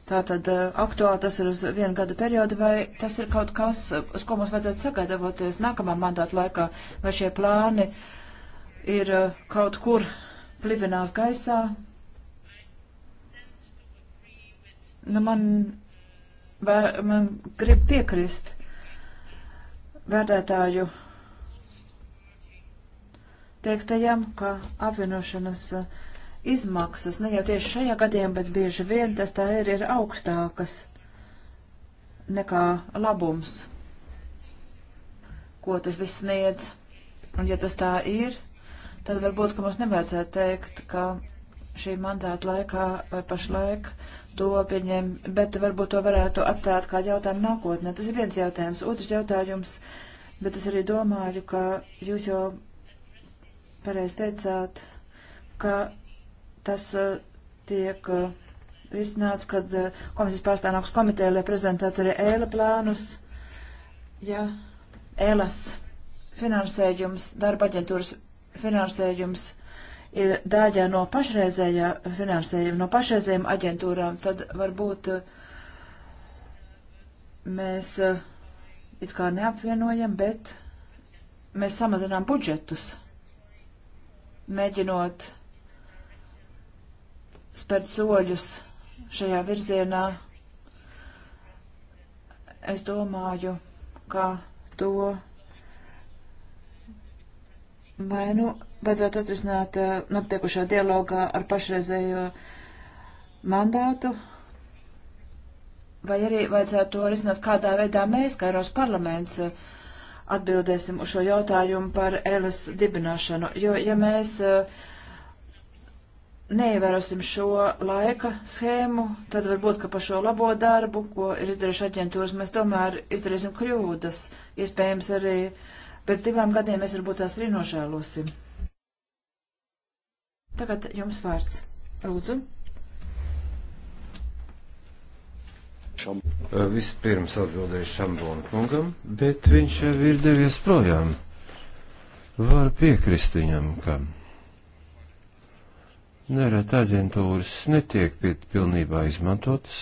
tātad uh, aktuāli tas ir uz vienu gada periodu, vai tas ir kaut kas, uh, uz ko mums vajadzētu sagatavoties nākamā mandāta laikā, vai šie plāni ir uh, kaut kur plivinās gaisā. Nu, man, vai, man grib piekrist vērtētāju teiktajam, ka apvienošanas uh, izmaksas ne jau tieši šajā gadījumā, bet bieži vien tas tā ir, ir augstākas nekā labums, ko tas viss sniedz. Un ja tas tā ir, tad varbūt, ka mums nevajadzētu teikt, ka šī mandāta laikā vai pašlaik to pieņem, bet varbūt to varētu atstāt kā jautājumu nākotnē. Tas ir viens jautājums. Otrs jautājums, bet es arī domāju, ka jūs jau pareiz teicāt, ka tas uh, tiek uh, risināts, kad uh, komisijas pārstāvnāks komiteja, lai prezentētu arī ēla plānus, ja ēlas finansējums, darba aģentūras finansējums ir daļā no pašreizējā finansējuma, no pašreizējām aģentūrām, tad varbūt mēs it kā neapvienojam, bet mēs samazinām budžetus mēģinot spērt soļus šajā virzienā, es domāju, ka to vai nu vajadzētu atrisināt eh, notiekušā dialogā ar pašreizējo mandātu, vai arī vajadzētu to risināt kādā veidā mēs, kā Eiros parlaments, uh, atbildēsim uz šo jautājumu par Elas dibināšanu, jo ja mēs e, neievērosim šo laika schēmu, tad varbūt, ka par šo labo darbu, ko ir izdarījuši aģentūras, mēs tomēr izdarīsim kļūdas. Iespējams, arī pēc divām gadiem mēs varbūt tās arī nožēlosim. Tagad jums vārds. Lūdzu. Vispirms atbildēju Šambona kungam, bet viņš jau ir devies projām. Var piekrist viņam, ka nereti aģentūras netiek piet pilnībā izmantotas,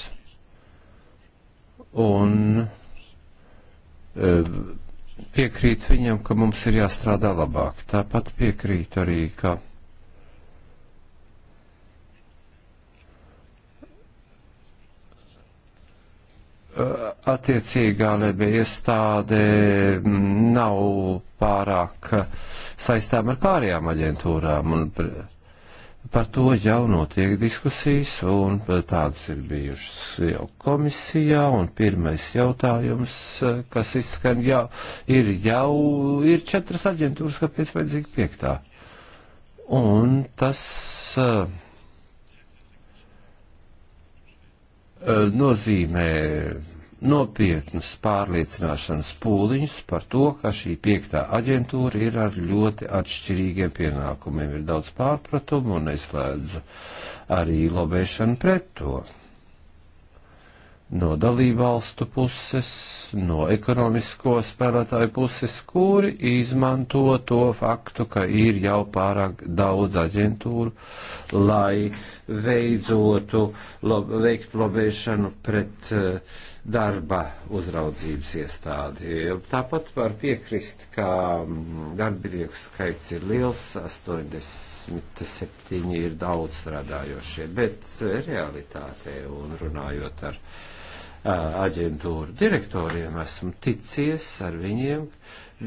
un e, piekrīt viņam, ka mums ir jāstrādā labāk. Tāpat piekrīt arī, ka Uh, attiecīgā LB iestāde mm, nav pārāk saistām ar pārējām aģentūrām. Un par to jau notiek diskusijas, un tādas ir bijušas jau komisijā. Un pirmais jautājums, uh, kas izskan, jau, ir jau ir četras aģentūras, kāpēc vajadzīga piektā. Un tas. Uh, E, nozīmē nopietnus pārliecināšanas pūliņus par to, ka šī piektā aģentūra ir ar ļoti atšķirīgiem pienākumiem. Ir daudz pārpratumu un es slēdzu arī lobēšanu pret to no dalībvalstu puses, no ekonomisko spēlētāju puses, kuri izmanto to faktu, ka ir jau pārāk daudz aģentūru, lai veidzotu, lob, veiktu lobēšanu pret uh, darba uzraudzības iestādi. Tāpat var piekrist, ka mm, darbinieku skaits ir liels, 87 ir daudz strādājošie, bet eh, realitātē un runājot ar uh, aģentūru direktoriem esmu ticies ar viņiem,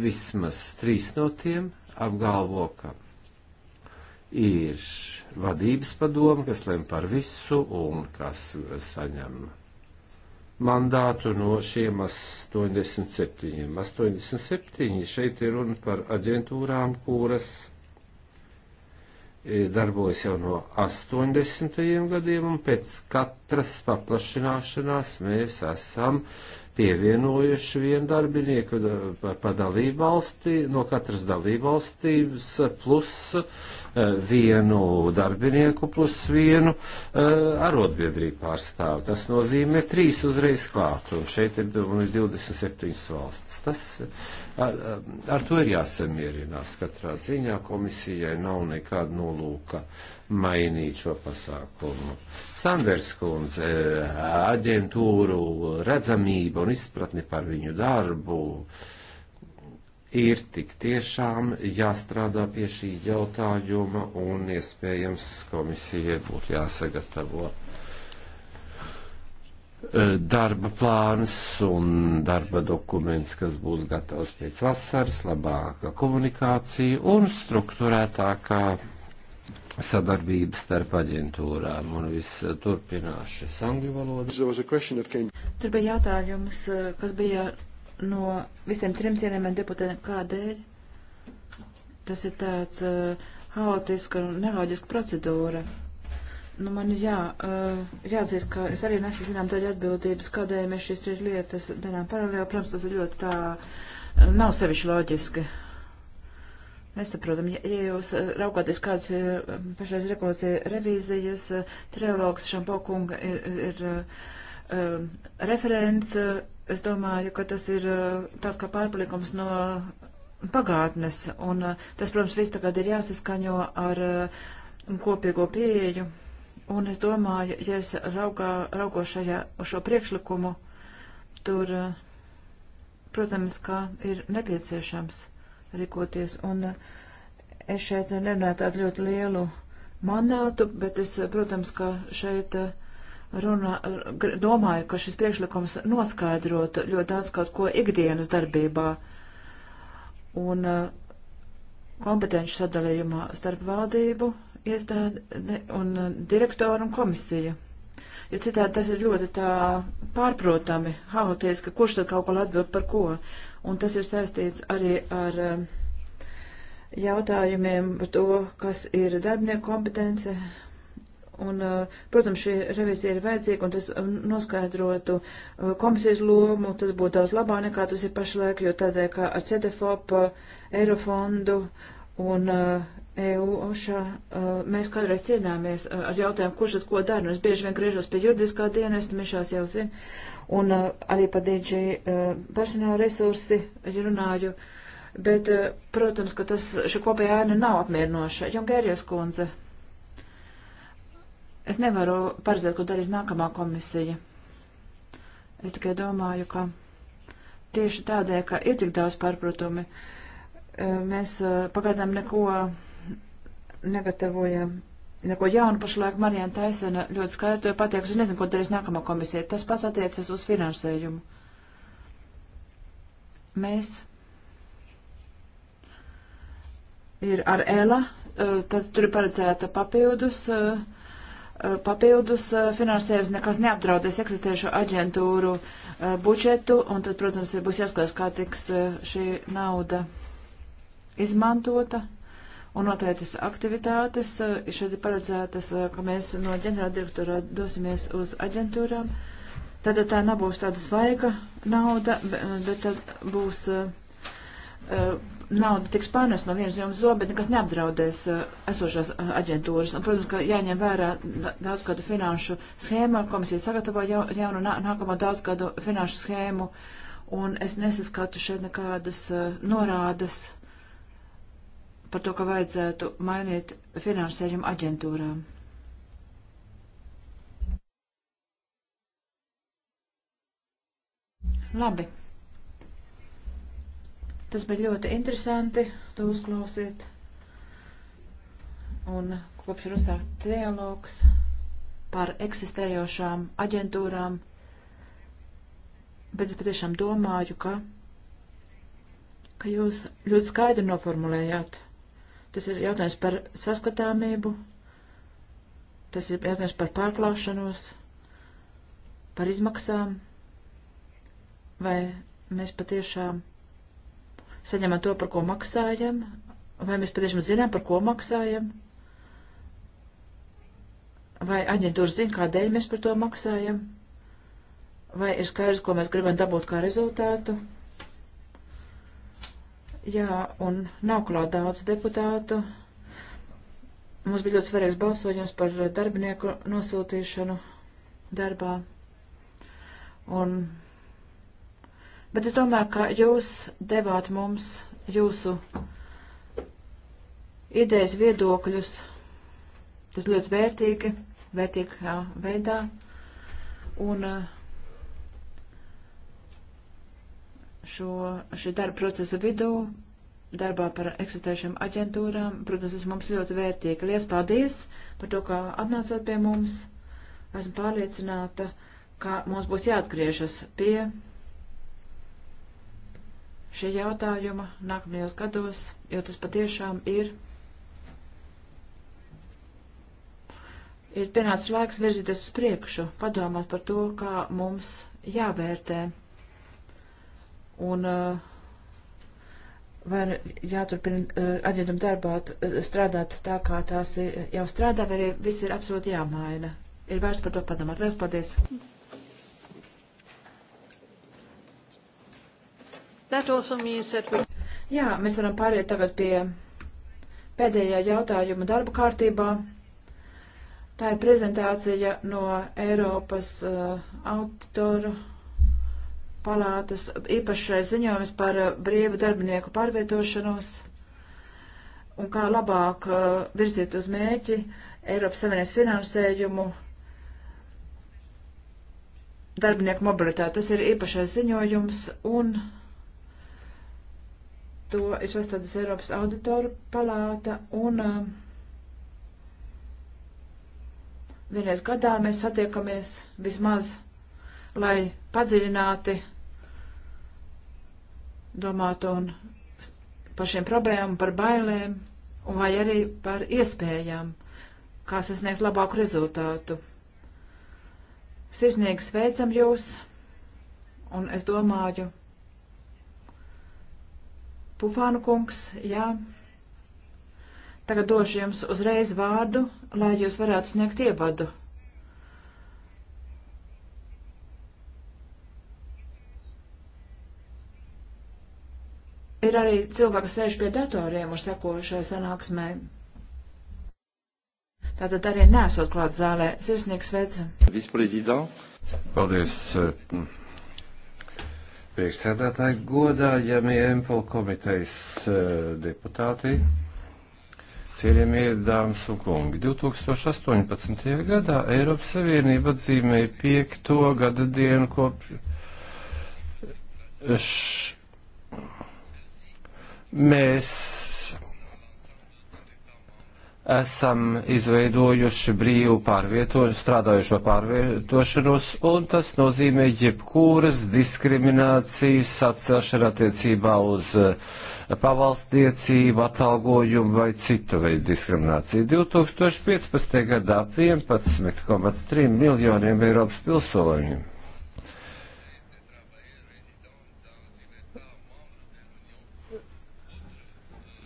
vismaz trīs no tiem apgalvo, ka ir vadības padoma, kas lem par visu un kas saņem mandātu no šiem 87. 87 šeit ir runa par aģentūrām, kuras E, darbojas jau no 80. gadiem, un pēc katras paplašināšanās mēs esam pievienojuši vienu darbinieku pa dalību valstī, no katras dalību valstības plus e, vienu darbinieku plus vienu e, arotbiedrību pārstāvu. Tas nozīmē trīs uzreiz klāt, un šeit ir 27 valsts. Tas Ar, eh, ar to ir jāsamierinās katrā ziņā. Komisijai nav nekāda nolūka mainīt šo pasākumu. Sanders kundze, aģentūru redzamība un izpratne par viņu darbu ir tik tiešām jāstrādā pie šī jautājuma un iespējams komisijai būtu jāsagatavo Eh, darba plāns un darba dokuments, kas būs gatavs pēc vasaras, labāka komunikācija un struktūrētākā sadarbība starp aģentūrām. Un viss eh, turpināšu angļu valodu. Tur bija jautājums, eh, kas bija no visiem trim cienījumiem deputētiem, kādēļ tas ir tāds haotiska un neloģiska procedūra. Nu, man jā, eh, jāatzīst, ka es arī nesu zinām daļu atbildības, kādēļ mēs šīs trīs lietas darām paralēli. Protams, tas ir ļoti tā, eh, nav sevišķi loģiski. Nesaprotam, ja, ja jūs eh, raugāties kādas ir pašreiz regulācija revīzijas, trilogs Šampokunga ir, ir, ir um, referents, es domāju, ka tas ir tāds kā pārpalikums no pagātnes, un tas, protams, viss tagad ir jāsaskaņo ar kopīgo pieeju. Un es domāju, ja es raugā, raugošajā uz šo priekšlikumu, tur, eh, protams, kā ir nepieciešams rīkoties. Un eh, es šeit nerunāju tādu ļoti lielu mandātu, bet es, eh, protams, ka šeit runā, domāju, ka šis priekšlikums noskaidrot ļoti daudz kaut ko ikdienas darbībā un kompetenci sadalījumā starp valdību iestāde un uh, direktora un komisija. Jo ja citādi tas ir ļoti tā pārprotami, haotiski, kurš tad kaut ko atbild par ko. Un tas ir saistīts arī ar uh, jautājumiem par to, kas ir darbinieku kompetence. Un, uh, protams, šī revizija ir vajadzīga, un tas um, noskaidrotu komisijas lomu, tas būtu daudz labāk nekā tas ir pašlaik, jo tādēļ, ka ar CDFOP, Eirofondu un uh, EU ošā, uh, mēs kādreiz cīnāmies uh, ar jautājumu, kurš tad ko dara. Nu, es bieži vien griežos pie juridiskā dienesta, Mišās jau zina, un uh, arī par DG personāla resursi runāju. Bet, protams, ka tas šī kopējā ēna nav apmierinoša. Junkērijas kundze, es nevaru paredzēt, ko darīs nākamā komisija. Es tikai domāju, ka tieši tādēļ, ka ir tik daudz pārpratumi, mēs pagaidām neko negatavojam neko jaunu pašlaik. Marijana Taisena ļoti skaidri to pateiks. Es nezinu, ko darīs nākamā komisija. Tas pats attiecas uz finansējumu. Mēs ir ar ELA, eh, tad tur ir paredzēta papildus, eh, eh, papildus finansējums, nekas neapdraudēs eksistējušo aģentūru budžetu, un tad, protams, būs jāskatās, kā tiks šī nauda izmantota un noteiktas aktivitātes. Eh, šeit ir paredzētas, eh, ka mēs no ģenerāldirektora dosimies uz aģentūrām. Tad tā nebūs tāda svaiga nauda, eh, bet tad būs nauda tiks pārnest no vienas jomas zobe, bet nekas neapdraudēs esošās aģentūras. Un, protams, ka jāņem vērā daudzgadu finanšu schēma, komisija sagatavo jaunu nākamo daudzgadu finanšu schēmu, un es nesaskatu šeit nekādas norādes. Uh, par to, ka vajadzētu mainīt finansējumu aģentūrām. Labi. Tas bija ļoti interesanti to uzklausīt. Un kopš ir uzsākts dialogs par eksistējošām aģentūrām, bet es patiešām domāju, ka, ka jūs ļoti skaidri noformulējāt Tas ir jautājums par saskatāmību, tas ir jautājums par pārklāšanos, par izmaksām, vai mēs patiešām saņemam to, par ko maksājam, vai mēs patiešām zinām, par ko maksājam, vai aģentūra zina, kādēļ mēs par to maksājam, vai ir skaidrs, ko mēs gribam dabūt kā rezultātu. Jā, un nav klāt daudz deputātu. Mums bija ļoti svarīgs balsojums par darbinieku nosūtīšanu darbā. Un, bet es domāju, ka jūs devāt mums jūsu idejas viedokļus. Tas ļoti vērtīgi, vērtīgā veidā. Un uh, šo, šī darba procesa vidū, darbā par eksistējušām aģentūrām. Protams, tas mums ļoti vērtīgi. Lies paldies par to, kā atnācāt pie mums. Esmu pārliecināta, ka mums būs jāatgriežas pie šī jautājuma nākamajos gados, jo tas patiešām ir. Ir pienācis laiks virzīties uz priekšu, padomāt par to, kā mums jāvērtē Un uh, vai nu jāturpina uh, aģentam darbā eh, strādāt tā, kā tās jau strādā, vai arī viss ir absolūti jāmaina. Ir vairs par to padomāt. Liels paldies! We... Jā, mēs varam pāriet tagad pie pēdējā jautājuma darba kārtībā. Tā ir prezentācija no Eiropas uh, autoru palātas īpašais ziņojums par eh, brīvu darbinieku pārvietošanos un kā labāk uh, virzīt uz mēķi Eiropas Savienības finansējumu darbinieku mobilitāti. Tas ir īpašais ziņojums un to ir sastādījis Eiropas auditoru palāta un uh, vienreiz gadā mēs satiekamies vismaz, lai padziļināti domāt un par šiem problēmām, par bailēm, un vai arī par iespējām, kā sasniegt labāku rezultātu. Sirsnīgi sveicam jūs, un es domāju, Pufānu kungs, jā, tagad došu jums uzreiz vārdu, lai jūs varētu sniegt ievadu ir arī cilvēki, kas sēž pie datoriem un seko šai sanāksmē. Tātad arī nesot klāt zālē. Sirsnīgs sveicam. Visprezidents. Paldies. Eh, priekšsēdētāji godājamie MPL komitejas eh, deputāti, cienījamie dāmas un kungi. 2018. gadā Eiropas Savienība atzīmēja piekto gada dienu kopš Mēs esam izveidojuši brīvu pārvietošanu, strādājušo pārvietošanos, un tas nozīmē jebkuras diskriminācijas atcelšana attiecībā uz eh, pavalstniecību, atalgojumu vai citu veidu diskrimināciju. 2015. gadā 11,3 miljoniem Eiropas pilsoņiem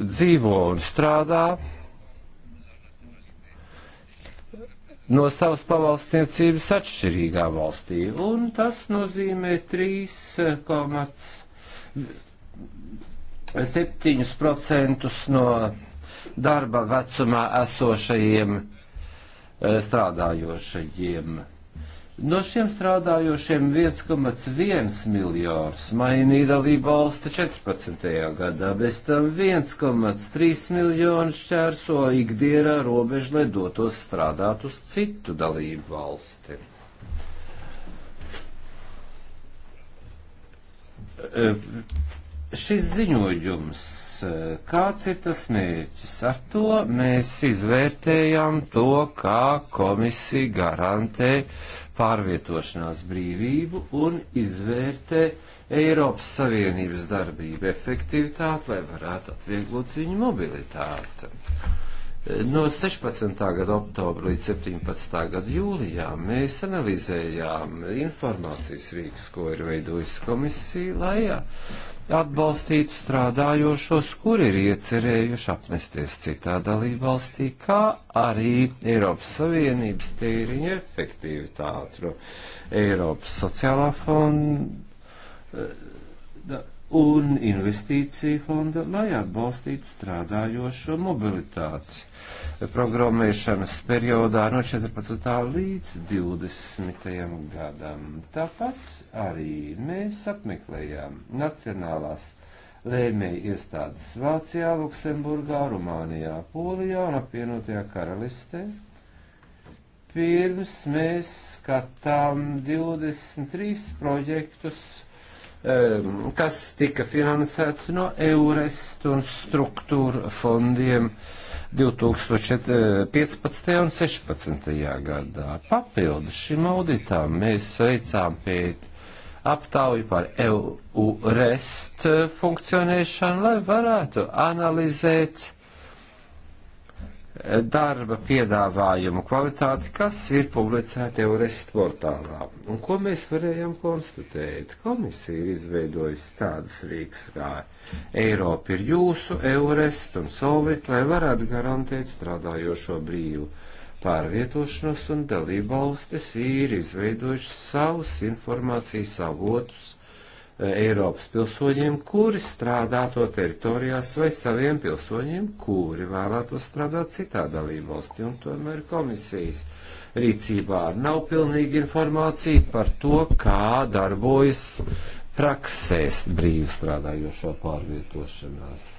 dzīvo un strādā no savas pavalstniecības atšķirīgā valstī. Un tas nozīmē 3,7% eh, no darba vecumā esošajiem eh, strādājošajiem. No šiem strādājošiem 1,1 miljārs mainīja dalību valsti 14. gadā, bez tam 1,3 miljonu šķērso ikdienā robežu, lai dotos strādāt uz citu dalību valsti. Šis ziņojums Eh, kāds ir tas mērķis. Ar to mēs izvērtējam to, kā komisija garantē pārvietošanās brīvību un izvērtē Eiropas Savienības darbību efektivitāti, lai varētu atvieglot viņu mobilitāti. Eh, no 16. gada oktobra līdz 17. gada jūlijā mēs analizējām informācijas rīkus, ko ir veidojusi komisija, lai atbalstītu strādājošos, kuri ir iecerējuši apmesties citā dalībvalstī, kā arī Eiropas Savienības tīriņa efektivitāti no Eiropas sociālā fonda un investīciju fonda, lai atbalstītu strādājošo mobilitāti. Programmēšanas periodā no 14. līdz 20. gadam. Tāpat arī mēs apmeklējām nacionālās lēmēju iestādes Vācijā, Luksemburgā, Rumānijā, Polijā un apvienotajā karalistē. Pirms mēs skatām 23 projektus Ehm, kas tika finansēts no Eurest un struktūra fondiem 2015. Eh, un 2016. gadā. Papildus šim auditām mēs veicām pētījumu aptauju par EU rest eh, funkcionēšanu, lai varētu analizēt darba piedāvājumu kvalitāti, kas ir publicēta Eurest portālā. Un ko mēs varējām konstatēt? Komisija ir izveidojusi tādus rīks kā Eiropa ir jūsu, Eurest un Solvit, lai varētu garantēt strādājošo brīvu pārvietošanos un dalībvalstis ir izveidojuši savus informācijas avotus Eh, Eiropas pilsoņiem, kuri strādā to teritorijās, vai saviem pilsoņiem, kuri vēlētos strādāt citā dalībvalstī. Un tomēr komisijas rīcībā nav pilnīga informācija par to, kā darbojas praksēs brīvi strādājošo pārvietošanās.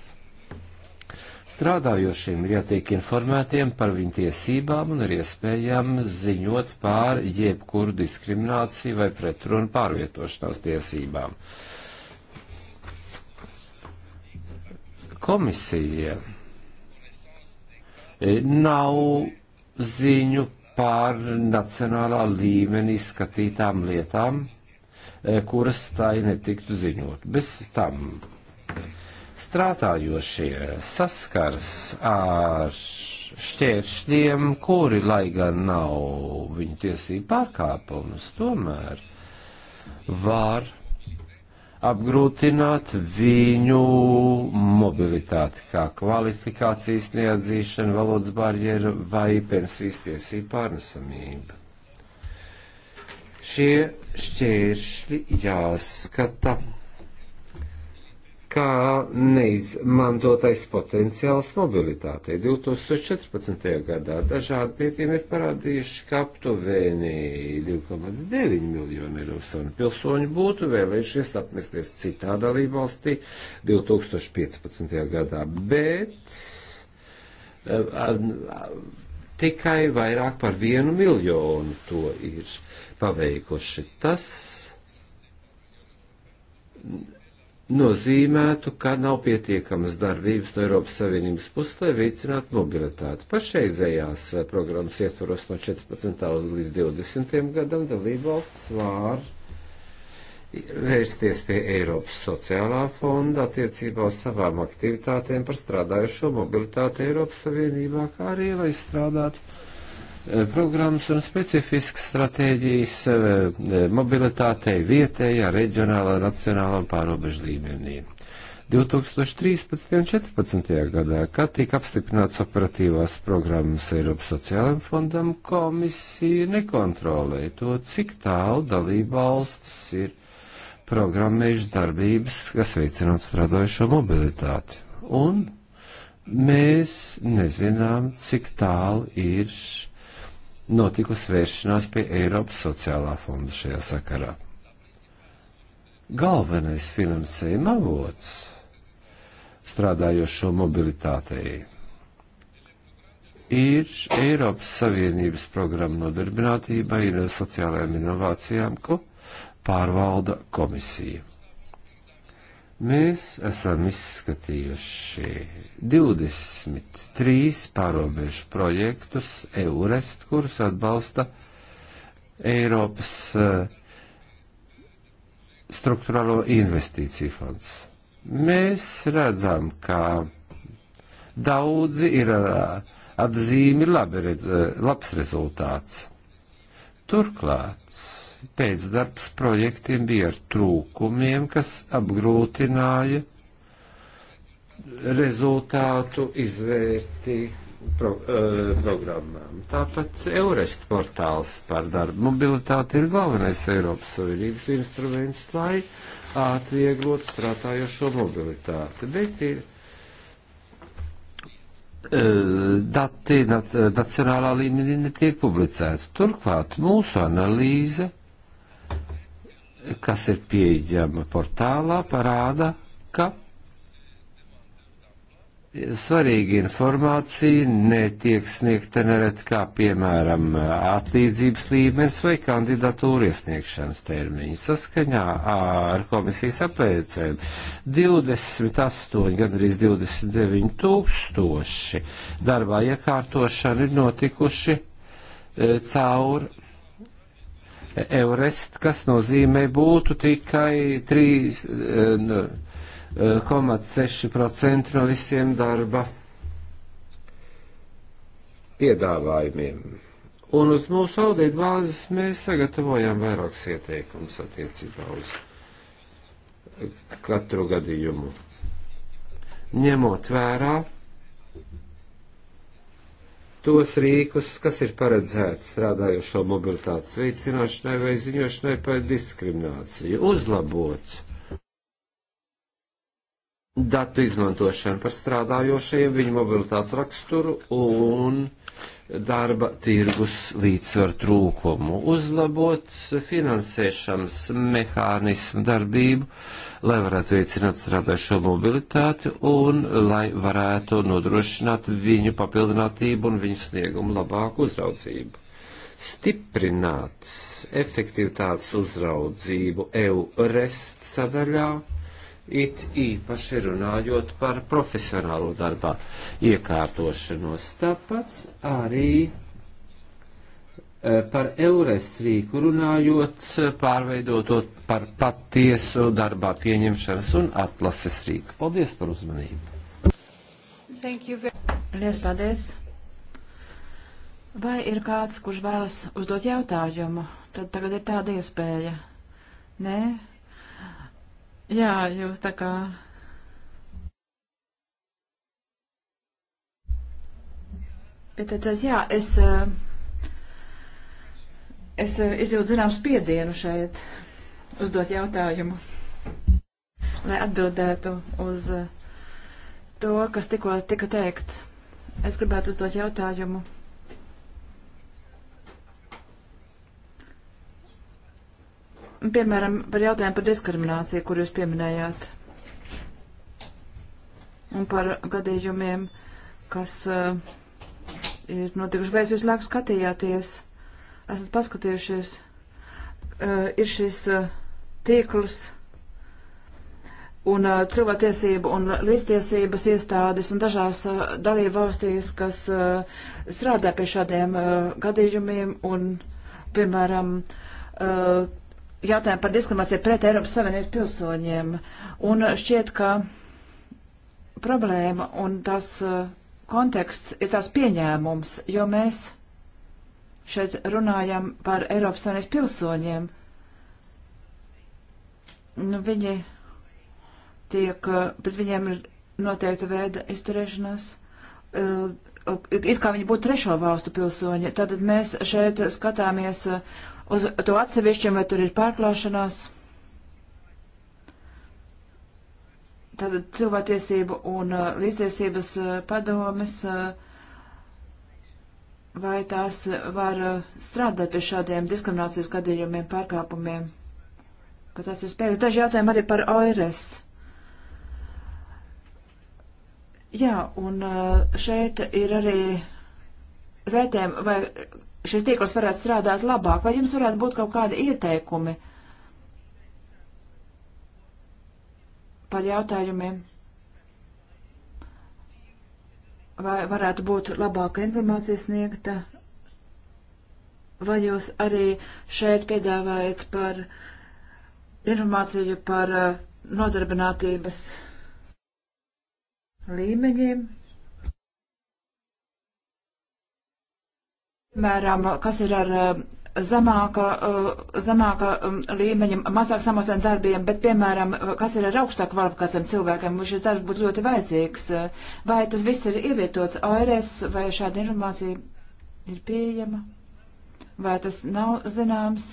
Strādājošiem ir jātiek informētiem par viņu tiesībām un ir iespējams ziņot pār jebkuru diskrimināciju vai pretrunu pārvietošanās tiesībām. Komisija e, nav ziņu pār nacionālā līmenī skatītām lietām, e, kuras tai netiktu ziņot. Bez tam strādājošie saskars ar šķēršļiem, kuri, lai gan nav viņu tiesību pārkāpumus, tomēr var apgrūtināt viņu mobilitāti, kā kvalifikācijas neatzīšana, valodas barjeru vai pensijas tiesību pārnesamība. Šie šķēršļi jāskata kā neizmantotais potenciāls mobilitātei. 2014. gadā dažādi pētījumi ir parādījuši, ka aptuveni 2,9 miljoni Eiropas pilsoņu būtu vēlējušies apmesties citā dalībvalstī 2015. gadā, bet eh, tikai vairāk par vienu miljonu to ir paveikuši. Tas nozīmētu, ka nav pietiekamas darbības no Eiropas Savienības puses, lai veicinātu mobilitāti. Pašreizējās eh, programmas ietvaros no 14. līdz 20. gadam dalībvalsts var vērsties pie Eiropas sociālā fonda attiecībā uz savām aktivitātēm par strādājušo mobilitāti Eiropas Savienībā, kā arī, lai strādātu Eh, programmas un specifiskas stratēģijas eh, eh, mobilitātei vietējā, reģionālā, nacionālā un pārobežu līmenī. 2013. un 2014. gadā, kad tika apstiprināts operatīvās programmas Eiropas sociālajiem fondam, komisija nekontrolēja to, cik tālu dalībvalstis ir programmējuši darbības, kas veicinātu strādājušo mobilitāti. Un mēs nezinām, cik tālu ir notikusi vēršanās pie Eiropas sociālā fonda šajā sakarā. Galvenais finansējuma avots strādājošo mobilitātei ir Eiropas Savienības programma nodarbinātībai un sociālajām inovācijām, ko pārvalda komisija. Mēs esam izskatījuši 23 pārobežu projektus EUREST, kurus atbalsta Eiropas eh, struktūrālo investīciju fonds. Mēs redzam, ka daudzi ir eh, atzīmi labi, redz, eh, labs rezultāts. Turklāt pēcdarbs projektiem bija ar trūkumiem, kas apgrūtināja rezultātu izvērti pro, uh, programmām. Tāpat Eurest portāls par darbu mobilitāti ir galvenais Eiropas Savienības instruments, lai atvieglot strādājošo mobilitāti. Bet ir eh, dati nacionālā līmenī netiek publicēti. Turklāt mūsu analīze kas ir pieejama portālā, parāda, ka svarīga informācija netiek sniegta neret kā, piemēram, atlīdzības līmenis vai kandidatūra iesniegšanas termiņi. Saskaņā ar komisijas aplēcēm 28, gandrīz 29 tūkstoši darbā iekārtošana ir notikuši eh, caur Eurest, kas nozīmē būtu tikai 3,6% eh, nu, eh, no visiem darba piedāvājumiem. Un uz mūsu audīta bāzes mēs sagatavojam vairākus ieteikumus attiecībā uz katru gadījumu. Ņemot vērā tos rīkus, kas ir paredzēti strādājošo mobilitātes veicināšanai vai ziņošanai par diskrimināciju, uzlabot datu izmantošanu par strādājošajiem, viņu mobilitātes raksturu un uh, darba tirgus līdzsvaru trūkumu, uzlabot finansēšanas mehānismu darbību, lai varētu veicināt strādājušo mobilitāti un lai varētu nodrošināt viņu papildinātību un viņu sniegumu labāku uzraudzību. Stiprināt efektivitātes uzraudzību EUREST sadaļā it īpaši runājot par profesionālo darbā iekārtošanos. Tāpat arī eh, par eures rīku runājot, eh, pārveidotot par patiesu darbā pieņemšanas un atlases rīku. Paldies par uzmanību. Lies paldies. Vai ir kāds, kurš vēlas uzdot jautājumu? Tad tagad ir tāda iespēja. Nē, Jā, jūs tā kā. Pieteicās, jā, es, eh, es eh, izjūtu zinām spiedienu šeit uzdot jautājumu, lai atbildētu uz eh, to, kas tikko tika teikts. Es gribētu uzdot jautājumu piemēram, par jautājumu par diskrimināciju, kur jūs pieminējāt, un par gadījumiem, kas uh, ir notikuši, vai es visu laiku skatījāties, esat paskatījušies, uh, ir šis uh, tīkls un uh, cilvēktiesību un līdztiesības iestādes un dažās uh, dalību valstīs, kas uh, strādā pie šādiem uh, gadījumiem un, piemēram, uh, jautājumu par diskrimināciju pret Eiropas Savienības pilsoņiem. Un šķiet, ka problēma un tas uh, konteksts ir tās pieņēmums, jo mēs šeit runājam par Eiropas Savienības pilsoņiem. Nu, viņi tiek, uh, pret viņiem ir noteikta veida izturēšanās uh, it kā viņi būtu trešo valstu pilsoņi. Tātad mēs šeit skatāmies uz to atsevišķiem, vai tur ir pārklāšanās. Tātad cilvēktiesību un uh, līdztiesības uh, padomes, uh, vai tās var uh, strādāt pie šādiem diskriminācijas gadījumiem, pārkāpumiem, ka tas ir spēks. Daži jautājumi arī par OIRES. Jā, un uh, šeit ir arī vērtējumi, vai šis tīkls varētu strādāt labāk, vai jums varētu būt kaut kādi ieteikumi par jautājumiem? Vai varētu būt labāka informācija sniegta? Vai jūs arī šeit piedāvājat par informāciju par eh, nodarbinātības līmeņiem? Piemēram, kas ir ar eh, zemāka, eh, zemāka eh, līmeņa, mazāk samazināt darbiem, bet, piemēram, kas ir ar augstāk kvalifikācijām cilvēkiem, mums šis darbs būtu ļoti vajadzīgs. Vai tas viss ir ievietots ARS, vai šāda informācija ir pieejama, vai tas nav zināms,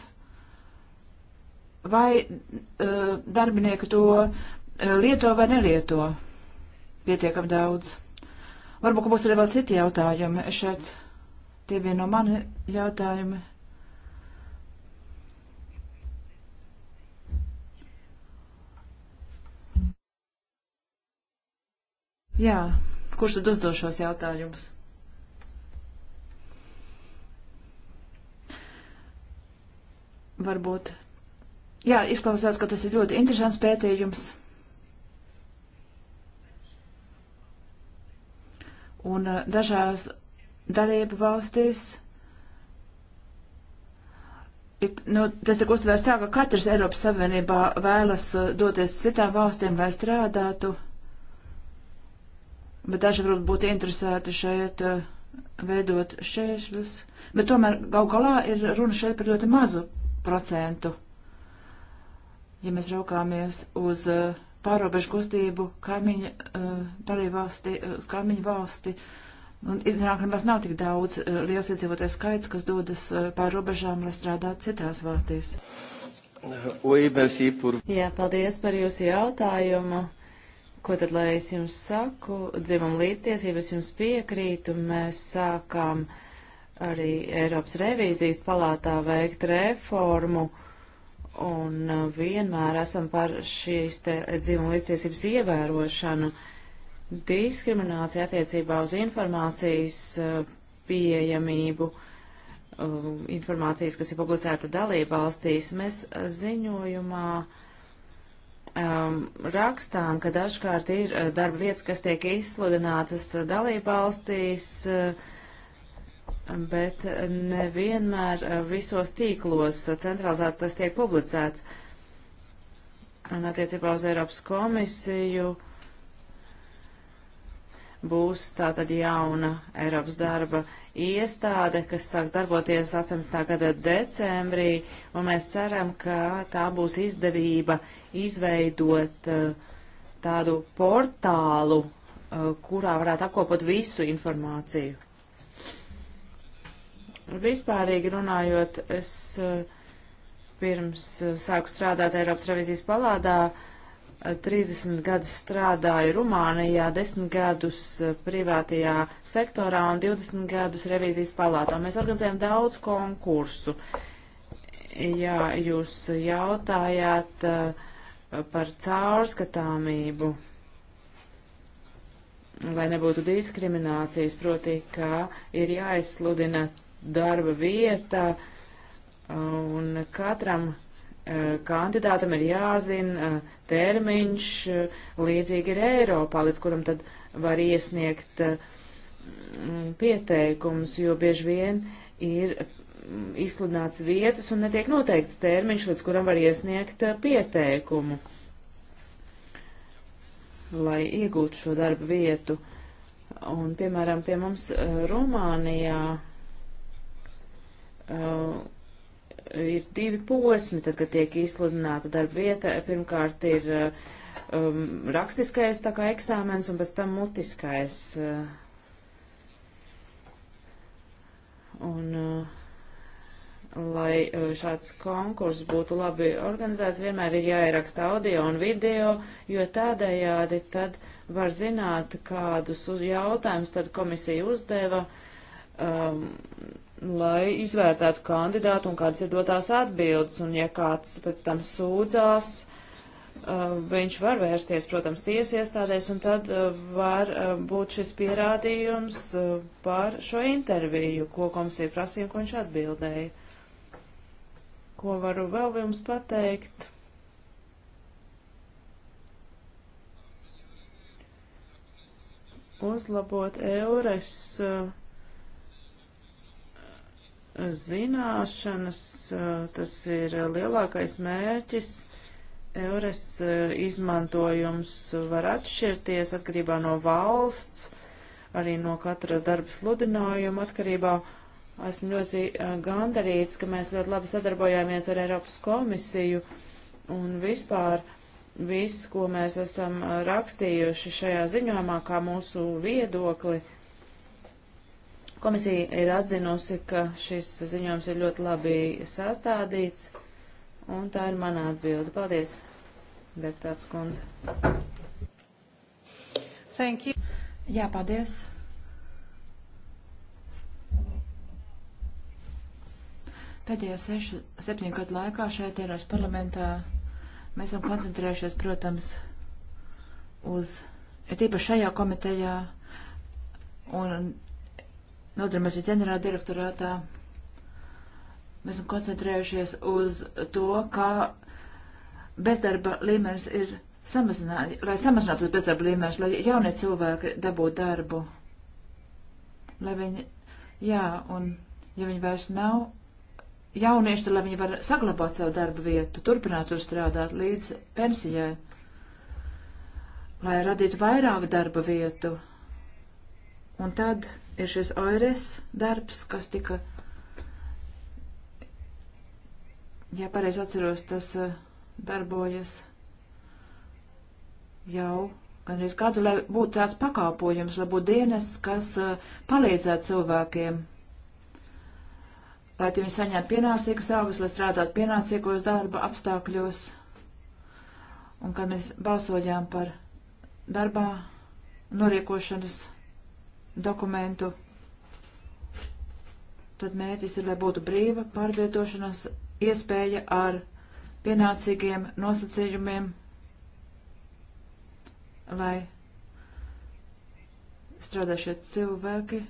vai darbinieki to lieto vai nelieto pietiekam daudz. Varbūt, ka būs arī vēl citi jautājumi šeit Tie bija no mani jautājumi. Jā, kurš tad uzdod šos jautājumus? Varbūt. Jā, izklausās, ka tas ir ļoti interesants pētījums. Un eh, dažās dalību valstīs. It, nu, tas tiek uztvērts tā, ka katrs Eiropas Savienībā vēlas uh, doties citām valstīm, lai strādātu, bet daži varbūt būtu interesēti šeit uh, veidot šķēršļus. Bet tomēr gal galā ir runa šeit par ļoti mazu procentu. Ja mēs raukāmies uz uh, pārobežu kustību kaimiņu uh, dalībvalsti, uh, kaimiņu valsti, uh, Un iznāk, nemaz nav tik daudz eh, liels iedzīvotājs skaits, kas dodas eh, pār robežām, lai strādātu citās valstīs. Jā, paldies par jūsu jautājumu. Ko tad, lai es jums saku? Dzimam līdztiesības jums piekrītu. Mēs sākām arī Eiropas revīzijas palātā veikt reformu un eh, vienmēr esam par šīs te dzimam līdztiesības ievērošanu. Uh, diskriminācija attiecībā uz informācijas eh, pieejamību, eh, informācijas, kas ir publicēta dalība valstīs. Mēs eh, ziņojumā um, rakstām, ka dažkārt ir darba vietas, kas tiek izsludinātas dalība valstīs, bet nevienmēr visos tīklos centralizēti tas tiek publicēts. Un attiecībā uz Eiropas komisiju. Uh, būs tātad jauna Eiropas darba iestāde, kas sāks darboties 18. gada decembrī, un mēs ceram, ka tā būs izdevība izveidot eh, tādu portālu, eh, kurā varētu apkopot visu informāciju. Vispārīgi runājot, es eh, pirms sāku strādāt Eiropas revizijas palādā, uh, 30 gadus strādāju Rumānijā, 10 gadus eh, privātajā sektorā un 20 gadus revīzijas palātā. Mēs organizējam daudz konkursu. Jā, jūs jautājāt eh, par caurskatāmību, lai nebūtu diskriminācijas, proti, ka ir jāizsludina darba vieta eh, un katram Eh, kandidātam ir jāzina eh, termiņš, eh, līdzīgi ir Eiropā, līdz kuram tad var iesniegt mm, pieteikums, jo bieži vien ir mm, izsludināts vietas un netiek noteikts termiņš, līdz kuram var iesniegt pieteikumu, lai iegūtu šo darbu vietu. Un, piemēram, pie mums Rumānijā ir divi posmi, tad, kad tiek izsludināta darba vieta. Pirmkārt ir um, rakstiskais tā kā eksāmens un pēc tam mutiskais. Uh, un, uh, lai uh, šāds konkurss būtu labi organizēts, vienmēr ir jāieraksta audio un video, jo tādējādi tad var zināt, kādus jautājumus tad komisija uzdeva. Um, lai izvērtētu kandidātu un kādas ir dotās atbildes, un ja kāds pēc tam sūdzās, uh, viņš var vērsties, protams, tiesu iestādēs, un tad uh, var uh, būt šis pierādījums uh, par šo interviju, ko komisija prasīja, ko viņš atbildēja. Ko varu vēl jums pateikt? Uzlabot eures. Uh, zināšanas, tas ir lielākais mērķis. Eures izmantojums var atšķirties atkarībā no valsts, arī no katra darba sludinājuma atkarībā. Esmu ļoti gandarīts, ka mēs ļoti labi sadarbojāmies ar Eiropas komisiju un vispār viss, ko mēs esam rakstījuši šajā ziņojumā, kā mūsu viedokli, uh, Komisija ir atzinusi, ka šis ziņojums ir ļoti labi sastādīts, un tā ir mana atbilde. Paldies, deputāts kundze. Thank you. Jā, paldies. Pēdējo sešu, septiņu gadu laikā šeit Eiropas parlamentā mēs esam koncentrējušies, protams, uz, ir tīpaši šajā komitejā, un nodarbojas ģenerāla direktorātā, mēs esam koncentrējušies uz to, kā bezdarba līmenis ir samazināts, lai samazinātu bezdarba līmenis, lai jaunie cilvēki dabūtu darbu. Lai viņi, jā, un ja viņi vairs nav jaunieši, tad lai viņi var saglabāt savu darbu vietu, turpināt tur strādāt līdz pensijai, lai radītu vairāk darba vietu. Un tad ir šis ORS darbs, kas tika, ja pareizi atceros, tas eh, darbojas jau gandrīz kādu, lai būtu tāds pakalpojums, lai būtu dienas, kas eh, palīdzētu cilvēkiem, lai viņi saņemtu pienācīgas algas, lai strādātu pienācīgos darba apstākļos. Un kad mēs balsojām par darbā noriekošanas dokumentu, tad mērķis ir, lai būtu brīva pārvietošanās iespēja ar pienācīgiem nosacījumiem, lai strādā šie cilvēki,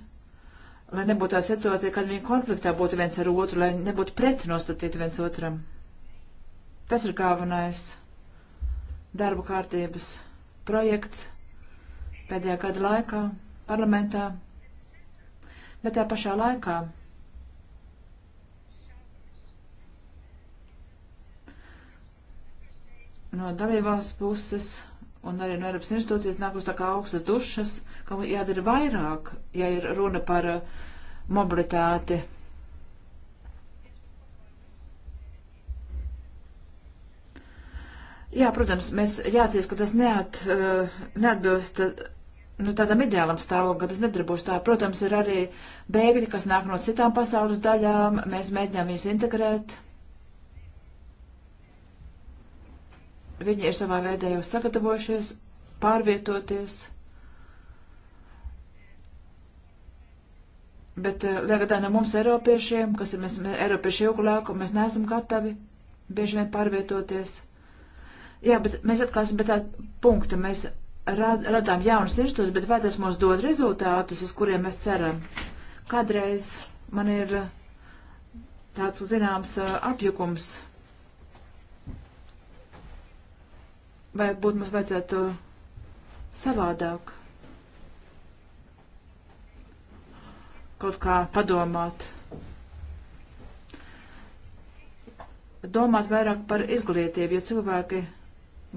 lai nebūtu tā situācija, kad viņi konfliktā būtu viens ar otru, lai nebūtu pretnostatīti viens otram. Tas ir galvenais darba kārtības projekts pēdējā gada laikā parlamentā, bet tā pašā laikā no dalībvalsts puses un arī no Eiropas institūcijas nāk uz tā kā augstas dušas, ka jādara vairāk, ja ir runa par uh, mobilitāti. Jā, protams, mēs jāatcerās, ka tas neat, uh, neatbilst nu, tādam ideālam stāvoklim, tas nedarbos tā. Protams, ir arī bēgļi, kas nāk no citām pasaules daļām, mēs mēģinām viņus integrēt. Viņi ir savā veidā jau sagatavojušies, pārvietoties. Bet tagad eh, no mums, Eiropiešiem, kas ir mēs, Eiropieši ilgulēku, mēs neesam gatavi bieži vien pārvietoties. Jā, bet mēs atklāsim pie tāda punkta. Mēs rad, radām jaunas institūcijas, bet vai tas mums dod rezultātus, uz kuriem mēs ceram? Kādreiz man ir eh, tāds zināms eh, apjukums. Vai būtu mums vajadzētu savādāk kaut kā padomāt? Domāt vairāk par izglītību, ja cilvēki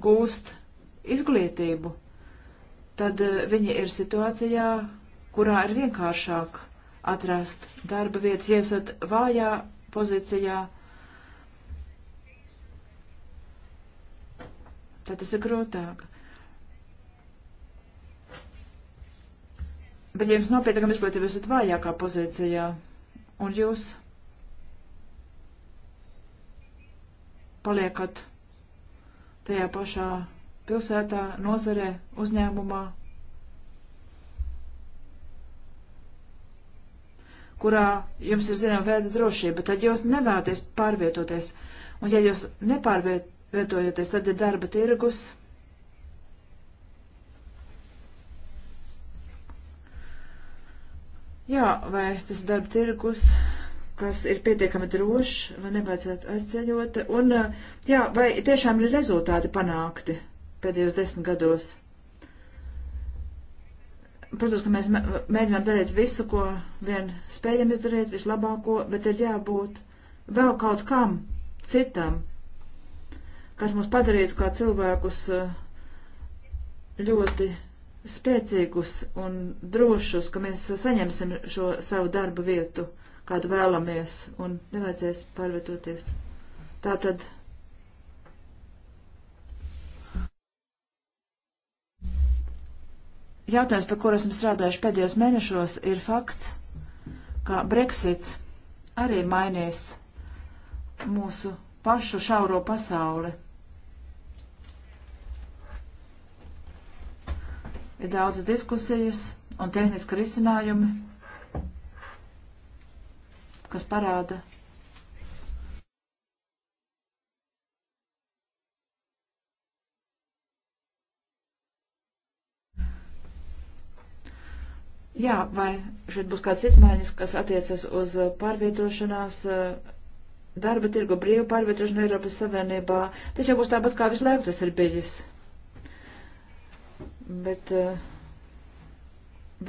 gūst izglītību, tad eh, viņi ir situācijā, kurā ir vienkāršāk atrast darba vietas, ja esat vājā pozīcijā. Tad tas ir grūtāk. Bet, ja jums nopietnākam izglītība esat vājākā pozīcijā, un jūs paliekat tajā pašā pilsētā, nozarē, uzņēmumā, kurā jums ir zinām veida drošība, tad jūs nevēlaties pārvietoties. Un ja jūs nepārvietojaties, tad ir darba tirgus. Jā, vai tas darba tirgus, kas ir pietiekami drošs, vai nevajadzētu aizceļot, un jā, vai tiešām ir rezultāti panākti pēdējos desmit gados. Protams, ka mēs mēģinām darīt visu, ko vien spējam izdarīt, vislabāko, bet ir jābūt vēl kaut kam citam, kas mums padarītu kā cilvēkus eh, ļoti spēcīgus un drošus, ka mēs saņemsim šo savu darbu vietu, kādu vēlamies, un nevajadzēs pārvietoties. Tā tad jautājums, par kuru esam strādājuši pēdējos mēnešos, ir fakts, ka Brexits arī mainīs mūsu pašu šauro pasauli. Ir daudz diskusijas un tehniski risinājumi, kas parāda, Jā, vai šeit būs kādas izmaiņas, kas attiecas uz pārvietošanās eh, darba tirgu brīvu pārvietošanu Eiropas Savienībā? Tas jau būs tāpat kā visu laiku tas ir bijis. Bet uh,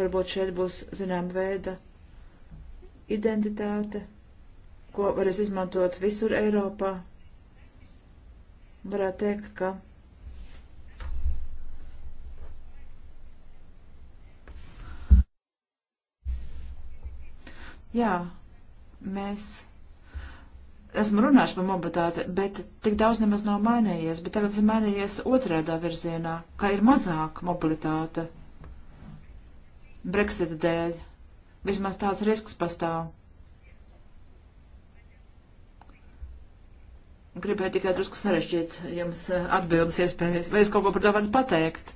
varbūt šeit būs zinām veida identitāte, ko varēs izmantot visur Eiropā. Varētu teikt, ka Jā, mēs esmu runājuši par mobilitāti, bet tik daudz nemaz nav mainījies, bet tagad ir mainījies otrādā virzienā, ka ir mazāk mobilitāte Brexita dēļ. Vismaz tāds risks pastāv. Gribēju tikai drusku sarežģīt jums eh, atbildes iespējas, vai es kaut ko par to varu pateikt.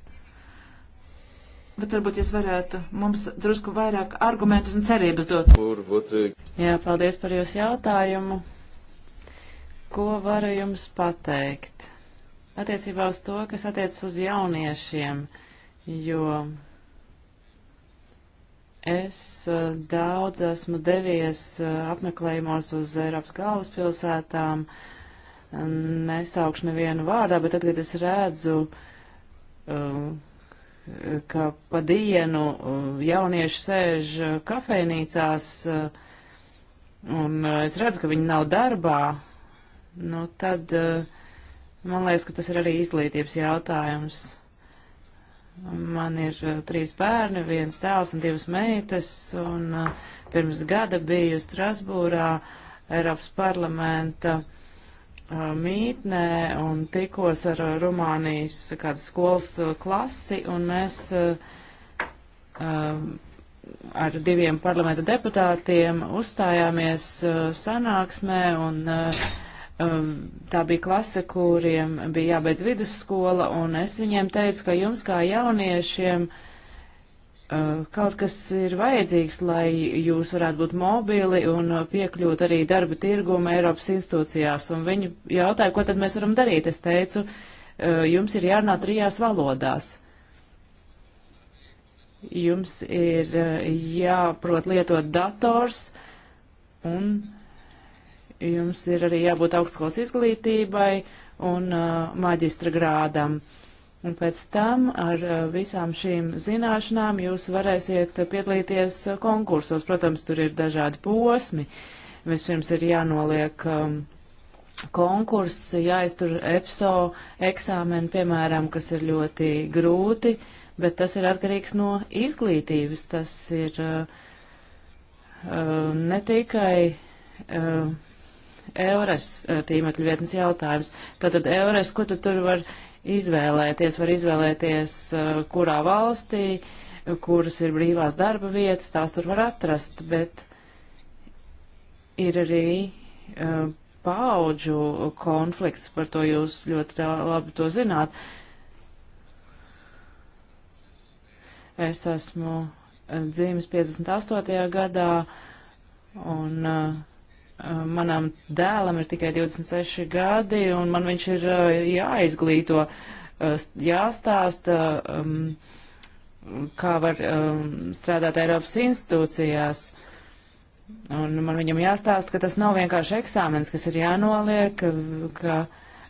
Bet varbūt jūs varētu mums drusku vairāk argumentus un cerības dot. Eh, Jā, paldies par jūsu jautājumu. Ko varu jums pateikt? Attiecībā uz to, kas attiec uz jauniešiem, jo Es uh, daudz esmu devies uh, apmeklējumos uz Eiropas galvaspilsētām. Nesaukšu nevienu vārdā, bet tad, kad es redzu, uh, ka pa dienu uh, jaunieši sēž uh, kafejnīcās uh, un es redzu, ka viņi nav darbā, nu tad man liekas, ka tas ir arī izglītības jautājums. Man ir trīs bērni, viens tēls un divas meitas, un pirms gada biju Strasbūrā Eiropas parlamenta uh, Uh, mītnē un tikos ar Rumānijas kādas skolas uh, klasi, un mēs uh, ar diviem parlamenta deputātiem uzstājāmies sanāksmē, un um, tā bija klase, kuriem bija jābeidz vidusskola, un es viņiem teicu, ka jums kā jauniešiem, Eh, kaut kas ir vajadzīgs, lai jūs varētu būt mobili un piekļūt arī darba tirguma Eiropas institūcijās. Un viņi jautāja, ko tad mēs varam darīt. Es teicu, eh, jums ir jārunā trijās valodās. Jums ir eh, jāprot lietot dators un jums ir arī jābūt augstskolas izglītībai un maģistra grādam. Uh, Un pēc tam ar eh, visām šīm zināšanām jūs varēsiet piedalīties eh, konkursos. Protams, tur ir dažādi posmi. Vispirms ir jānoliek um, konkurss, jāiztur EPSO eksāmeni, piemēram, kas ir ļoti grūti, bet tas ir atkarīgs no izglītības. Tas ir uh, ne tikai uh, Eures tīmekļa vietnes jautājums. Tātad Eures, ko tad tur var izvēlēties, var izvēlēties, eh, kurā valstī, kuras ir brīvās darba vietas, tās tur var atrast, bet ir arī eh, paudžu konflikts, par to jūs ļoti labi to zināt. Es esmu eh, dzimis 58. gadā un uh, Eh, manam dēlam ir tikai 26 gadi, un man viņš ir eh, jāizglīto, eh, jāstāsta, um, kā var um, strādāt Eiropas institūcijās. Un man viņam jāstāsta, ka tas nav vienkārši eksāmens, kas ir jānoliek, ka,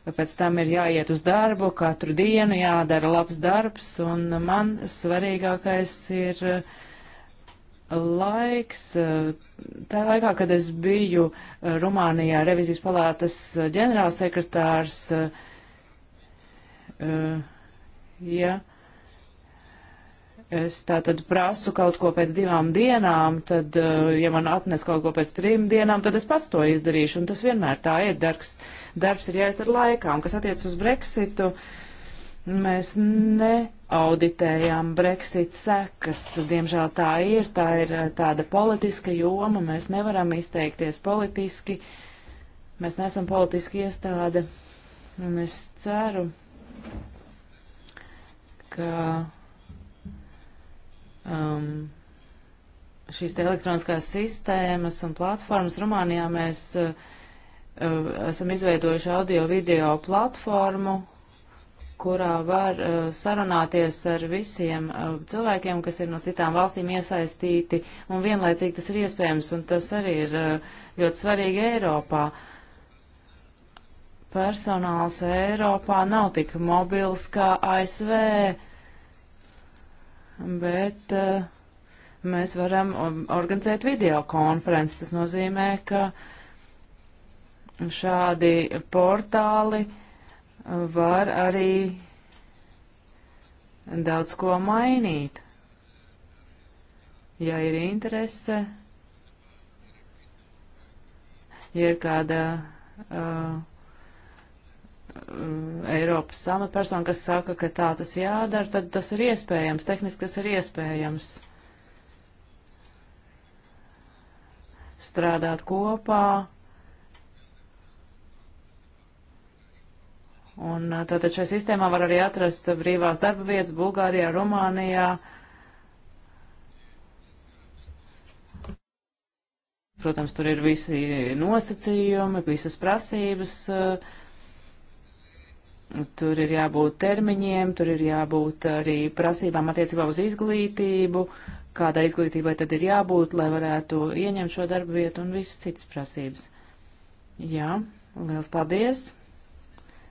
ka pēc tam ir jāiet uz darbu, katru dienu jādara labs darbs, un man svarīgākais ir uh, laiks, eh, tā laikā, kad es biju eh, Rumānijā revizijas palātas eh, ģenerālsekretārs, ja es tā tad prasu kaut ko pēc divām dienām, tad, ja man atnes kaut ko pēc trim dienām, tad es pats to izdarīšu, un tas vienmēr tā ir, darbs, darbs ir jāizdara laikā, un kas attiec uz Brexitu, mēs ne auditējām Brexit sekas. Diemžēl tā ir, tā ir eh, tāda politiska joma, mēs nevaram izteikties politiski, mēs nesam politiski iestāde, un es ceru, ka um, šīs elektroniskās sistēmas un platformas Rumānijā mēs uh, esam izveidojuši audio-video platformu, kurā var uh, sarunāties ar visiem uh, cilvēkiem, kas ir no citām valstīm iesaistīti, un vienlaicīgi tas ir iespējams, un tas arī ir uh, ļoti svarīgi Eiropā. Personāls Eiropā nav tik mobils kā ASV, bet uh, mēs varam um, organizēt videokonferences. Tas nozīmē, ka šādi portāli uh, var arī daudz ko mainīt. Ja ir interese, ja ir kāda uh, uh Eiropas samatpersona, kas saka, ka tā tas jādara, tad tas ir iespējams, tehniski tas ir iespējams. Strādāt kopā, Un tātad šajā sistēmā var arī atrast brīvās darba vietas Bulgārijā, Rumānijā. Protams, tur ir visi nosacījumi, visas prasības. Tur ir jābūt termiņiem, tur ir jābūt arī prasībām attiecībā uz izglītību, kādai izglītībai tad ir jābūt, lai varētu ieņemt šo darbu vietu un visas citas prasības. Jā, liels paldies!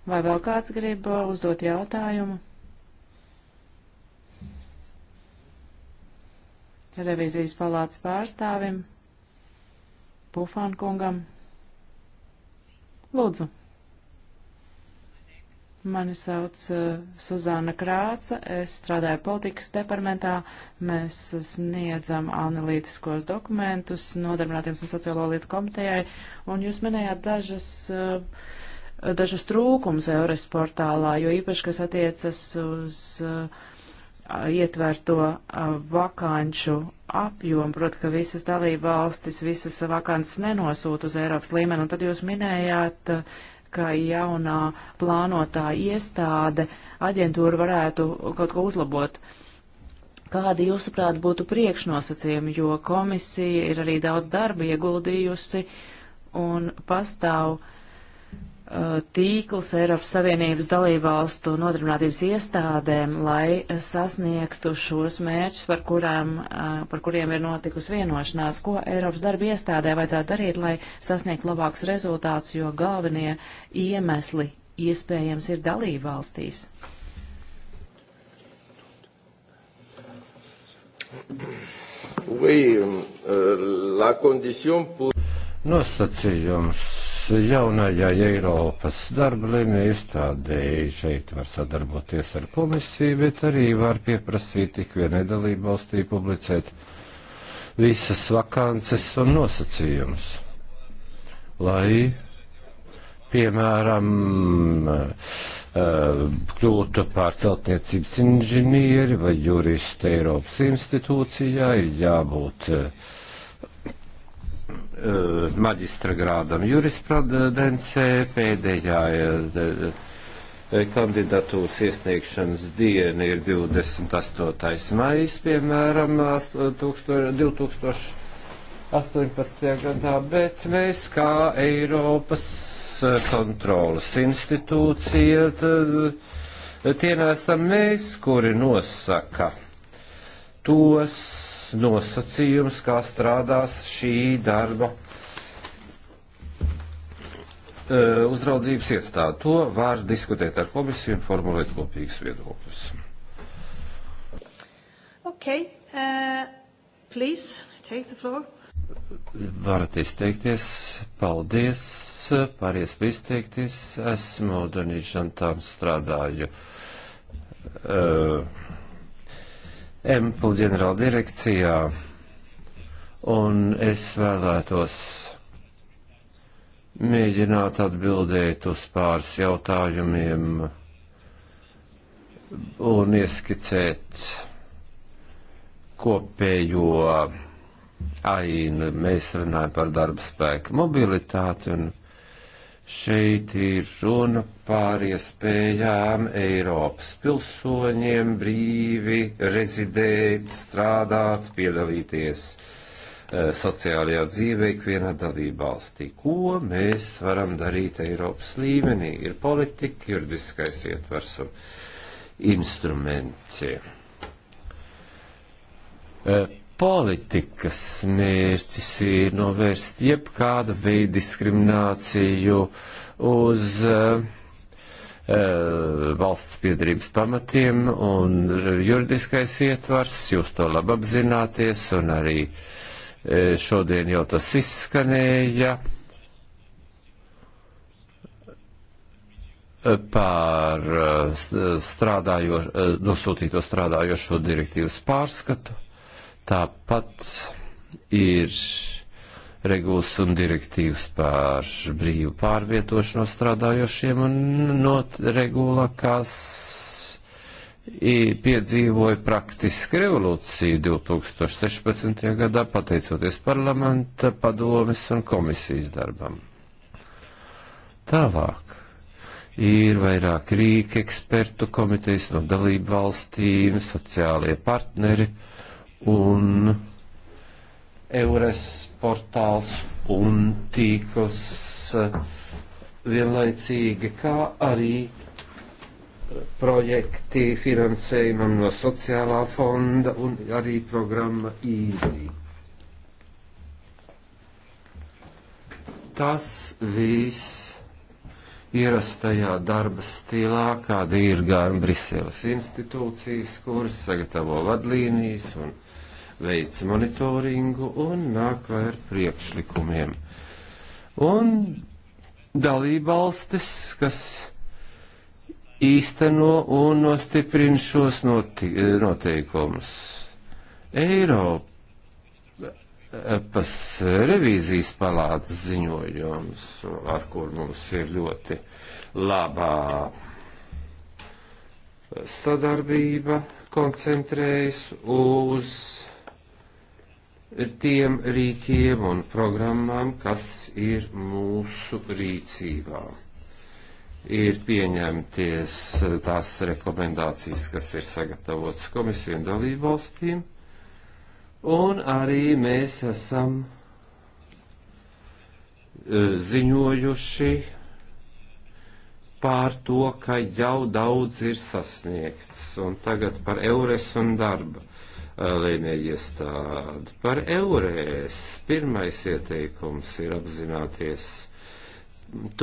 Vai vēl kāds grib uh, uzdot jautājumu? Revizijas palātas pārstāvim, Pufankungam. Lūdzu. Mani sauc uh, Suzāna Krāca, es strādāju politikas departamentā, mēs sniedzam analītiskos dokumentus nodarbinātības un sociālo lietu komitejai, un jūs minējāt dažas uh, dažus trūkums Eures portālā, jo īpaši, kas attiecas uz uh, ietvērto uh, vakanču apjomu, proti, ka visas dalība valstis visas vakances nenosūta uz Eiropas līmeni, un tad jūs minējāt, uh, ka jaunā plānotā iestāde aģentūra varētu kaut ko uzlabot. Kādi, jūsuprāt, būtu priekšnosacījumi, jo komisija ir arī daudz darba ieguldījusi un pastāv uh, Uh, tīkls Eiropas Savienības dalībvalstu nodarbinātības iestādēm, lai sasniegtu šos mērķus, par, kurām, uh, par kuriem ir notikusi vienošanās. Ko Eiropas darba iestādē vajadzētu darīt, lai sasniegtu labākus rezultātus, jo galvenie iemesli iespējams ir dalībvalstīs? Oui, euh, la condition pour... Nosacījums jaunajai Eiropas darba lēmēju izstādēji šeit var sadarboties ar komisiju, bet arī var pieprasīt tik vienai dalību valstī publicēt visas vakances un nosacījumus, lai, piemēram, eh, kļūtu par celtniecības inženieri vai juristu Eiropas institūcijā, ir jābūt uh, Eh, maģistra grādam jurisprudencē, pēdējā eh, eh, kandidatūras iesniegšanas diena ir 28. maijas, piemēram, 2018. gadā, bet mēs kā Eiropas kontrolas institūcija, tad tie nesam mēs, kuri nosaka tos nosacījums, kā strādās šī darba e, uzraudzības iestāde. To var diskutēt ar komisiju un formulēt kopīgus viedokļus. Okay, uh, please, take the floor. Varat izteikties. Paldies. Pāries bija izteikties. Esmu Donīts Žantāns strādāju. Uh, MPU ģenerāla direkcijā, un es vēlētos mēģināt atbildēt uz pāris jautājumiem un ieskicēt kopējo ainu. Mēs runājam par darba spēku mobilitāti un Šeit ir runa par iespējām Eiropas pilsoņiem brīvi rezidēt, strādāt, piedalīties e, sociālajā dzīvē ikvienā dalībvalstī. Ko mēs varam darīt Eiropas līmenī? Ir politika, juridiskais ietvers un instrumenti. E, politikas mērķis ir novērst jebkāda veida diskrimināciju uz uh, valsts piedarības pamatiem un juridiskais ietvars, jūs to labi apzināties, un arī eh, šodien jau tas izskanēja par strādājošo, nosūtīto strādājošo direktīvas pārskatu. Tāpat ir regulas un direktīvas pār brīvu pārvietošanos strādājošiem un not regula, kas piedzīvoja praktiski revolūciju 2016. gadā, pateicoties parlamenta, padomes un komisijas darbam. Tālāk ir vairāk rīka ekspertu komitejas no dalību valstīm, sociālie partneri un Eures portāls un tīkls eh, vienlaicīgi, kā arī projekti finansējumam no sociālā fonda un arī programma īzī. E Tas viss ierastajā darba stilā, kāda ir gan Briseles institūcijas, kuras sagatavo vadlīnijas un veic monitoringu un nāk vai ar priekšlikumiem. Un dalībvalstis, kas īsteno un nostiprina šos noteikumus. Eiropas revīzijas palātas ziņojums, ar kur mums ir ļoti labā sadarbība, koncentrējas uz tiem rīkiem un programmām, kas ir mūsu rīcībā. Ir pieņemties tās rekomendācijas, kas ir sagatavotas komisiju un dalību valstīm, un arī mēs esam e, ziņojuši pār to, ka jau daudz ir sasniegts, un tagad par eures un darba uh, lēmēji iestādi. Par eirēs pirmais ieteikums ir apzināties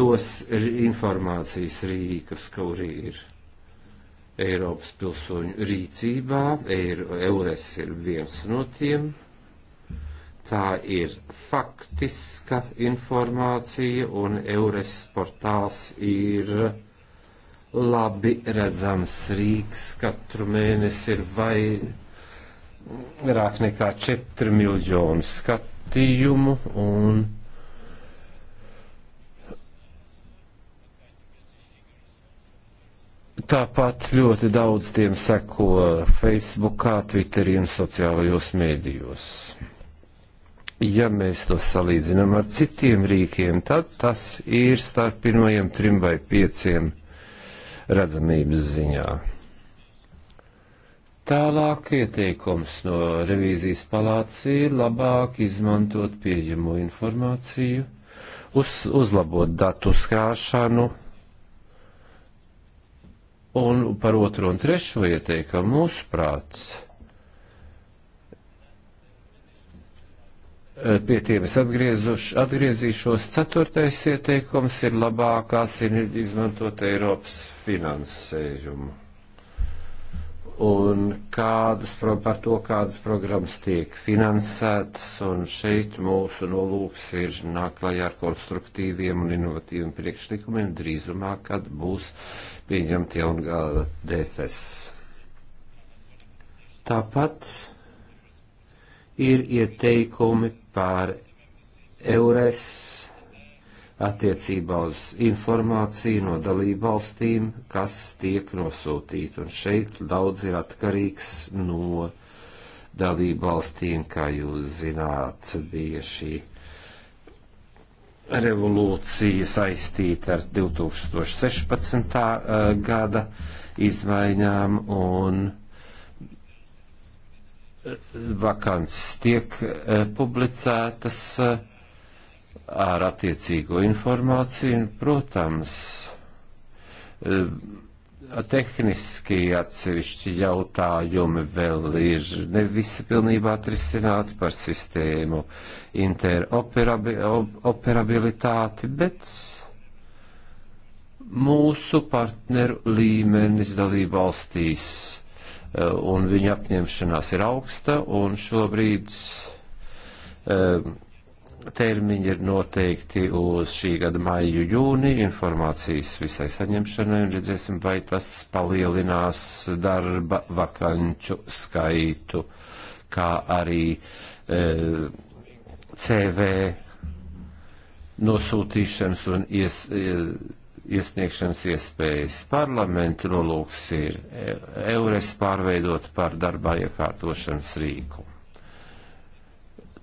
tos informācijas rīkus, kuri ir Eiropas pilsoņu rīcībā. Eures ir viens no tiem. Tā ir faktiska informācija, un Eures portāls ir labi redzams rīks. Katru mēnesi ir vai vairāk nekā 4 miljonu skatījumu un tāpat ļoti daudz tiem seko Facebookā, Twitterī un sociālajos mēdījos. Ja mēs to salīdzinām ar citiem rīkiem, tad tas ir starp pirmajiem trim vai pieciem redzamības ziņā. Tālāk ieteikums no revīzijas palātas ir labāk izmantot pieejamo informāciju, uz, uzlabot datu uzkrāšanu, un par otro un trešo ieteikumu mūsu prāts. Pie tiem es atgriezīšos. Ceturtais ieteikums ir labākās ir izmantot Eiropas finansējumu un kādas, par to, kādas programmas tiek finansētas, un šeit mūsu nolūks ir nāklājā ar konstruktīviem un inovatīviem priekšlikumiem drīzumā, kad būs pieņemtie un gala DFS. Tāpat ir ieteikumi par Eures attiecībā uz informāciju no dalību valstīm, kas tiek nosūtīta. Un šeit daudz ir atkarīgs no dalību valstīm, kā jūs zināt, bija šī revolūcija saistīta ar 2016. Eh, gada izmaiņām un eh, vakants tiek eh, publicētas. Uh, ar attiecīgo informāciju, un, protams, e, tehniski atsevišķi jautājumi vēl ir ne visi pilnībā atrisināti par sistēmu interoperabilitāti, bet mūsu partneru līmenis dalība valstīs e, un viņa apņemšanās ir augsta, un šobrīd um, termiņi ir noteikti uz šī gada maiju jūniju informācijas visai saņemšanai un redzēsim, vai tas palielinās darba vakanču skaitu, kā arī e, CV nosūtīšanas un ies, e, iesniegšanas iespējas. Parlamentu nolūks ir e, eures pārveidot par darbā iekārtošanas rīku.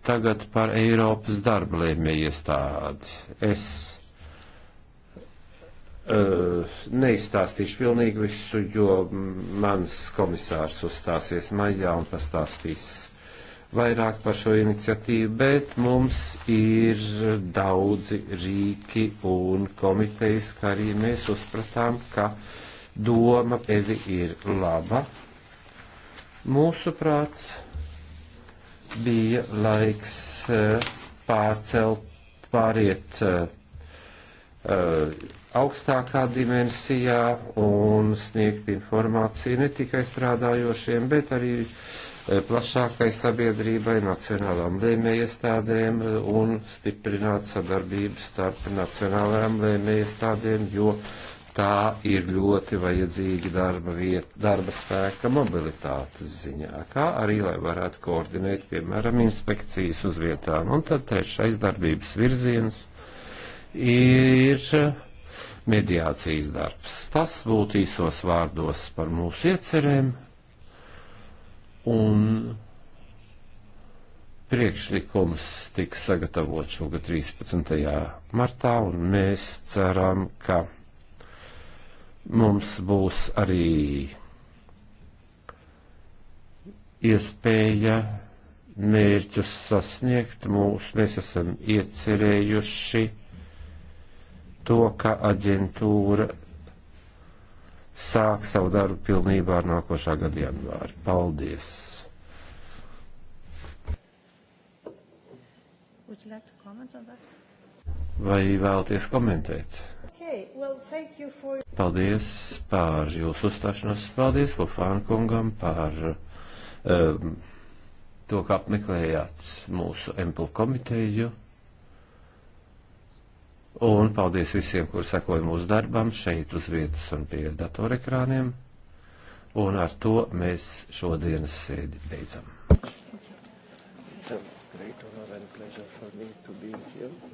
Tagad par Eiropas darba lēmēju iestādi. Es Uh, neizstāstīšu pilnīgi visu, jo mans komisārs uzstāsies maijā un pastāstīs vairāk par šo iniciatīvu, bet mums ir daudzi rīki un komitejas, kā arī mēs uzpratām, ka doma tevi ir laba. Mūsu prāts bija laiks eh, pārcelt, pāriet eh, eh, augstākā dimensijā un sniegt informāciju ne tikai strādājošiem, bet arī plašākai sabiedrībai, nacionālām lēmējiestādēm un stiprināt sadarbību starp nacionālajām lēmējiestādēm, jo uh, tā ir ļoti vajadzīga darba, viet, darba spēka mobilitātes ziņā, kā arī, lai varētu koordinēt, piemēram, inspekcijas uz vietām. Un tad trešais darbības virziens ir mediācijas darbs. Tas būtu īsos vārdos par mūsu iecerēm un priekšlikums tiks sagatavot šogad 13. martā, un mēs ceram, ka Mums būs arī iespēja mērķus sasniegt. Mūs, mēs esam iecerējuši to, ka aģentūra sāk savu darbu pilnībā ar nākošā gada janvāri. Paldies! Vai vēlaties komentēt? Okay, well, for... Paldies par jūsu uzstāšanos, paldies Lufāna kungam par um, to, ka apmeklējāt mūsu emplu komiteju. Un paldies visiem, kur sekoja mūsu darbam šeit uz vietas un pie datorekrāniem. Un ar to mēs šodienas sēdi beidzam.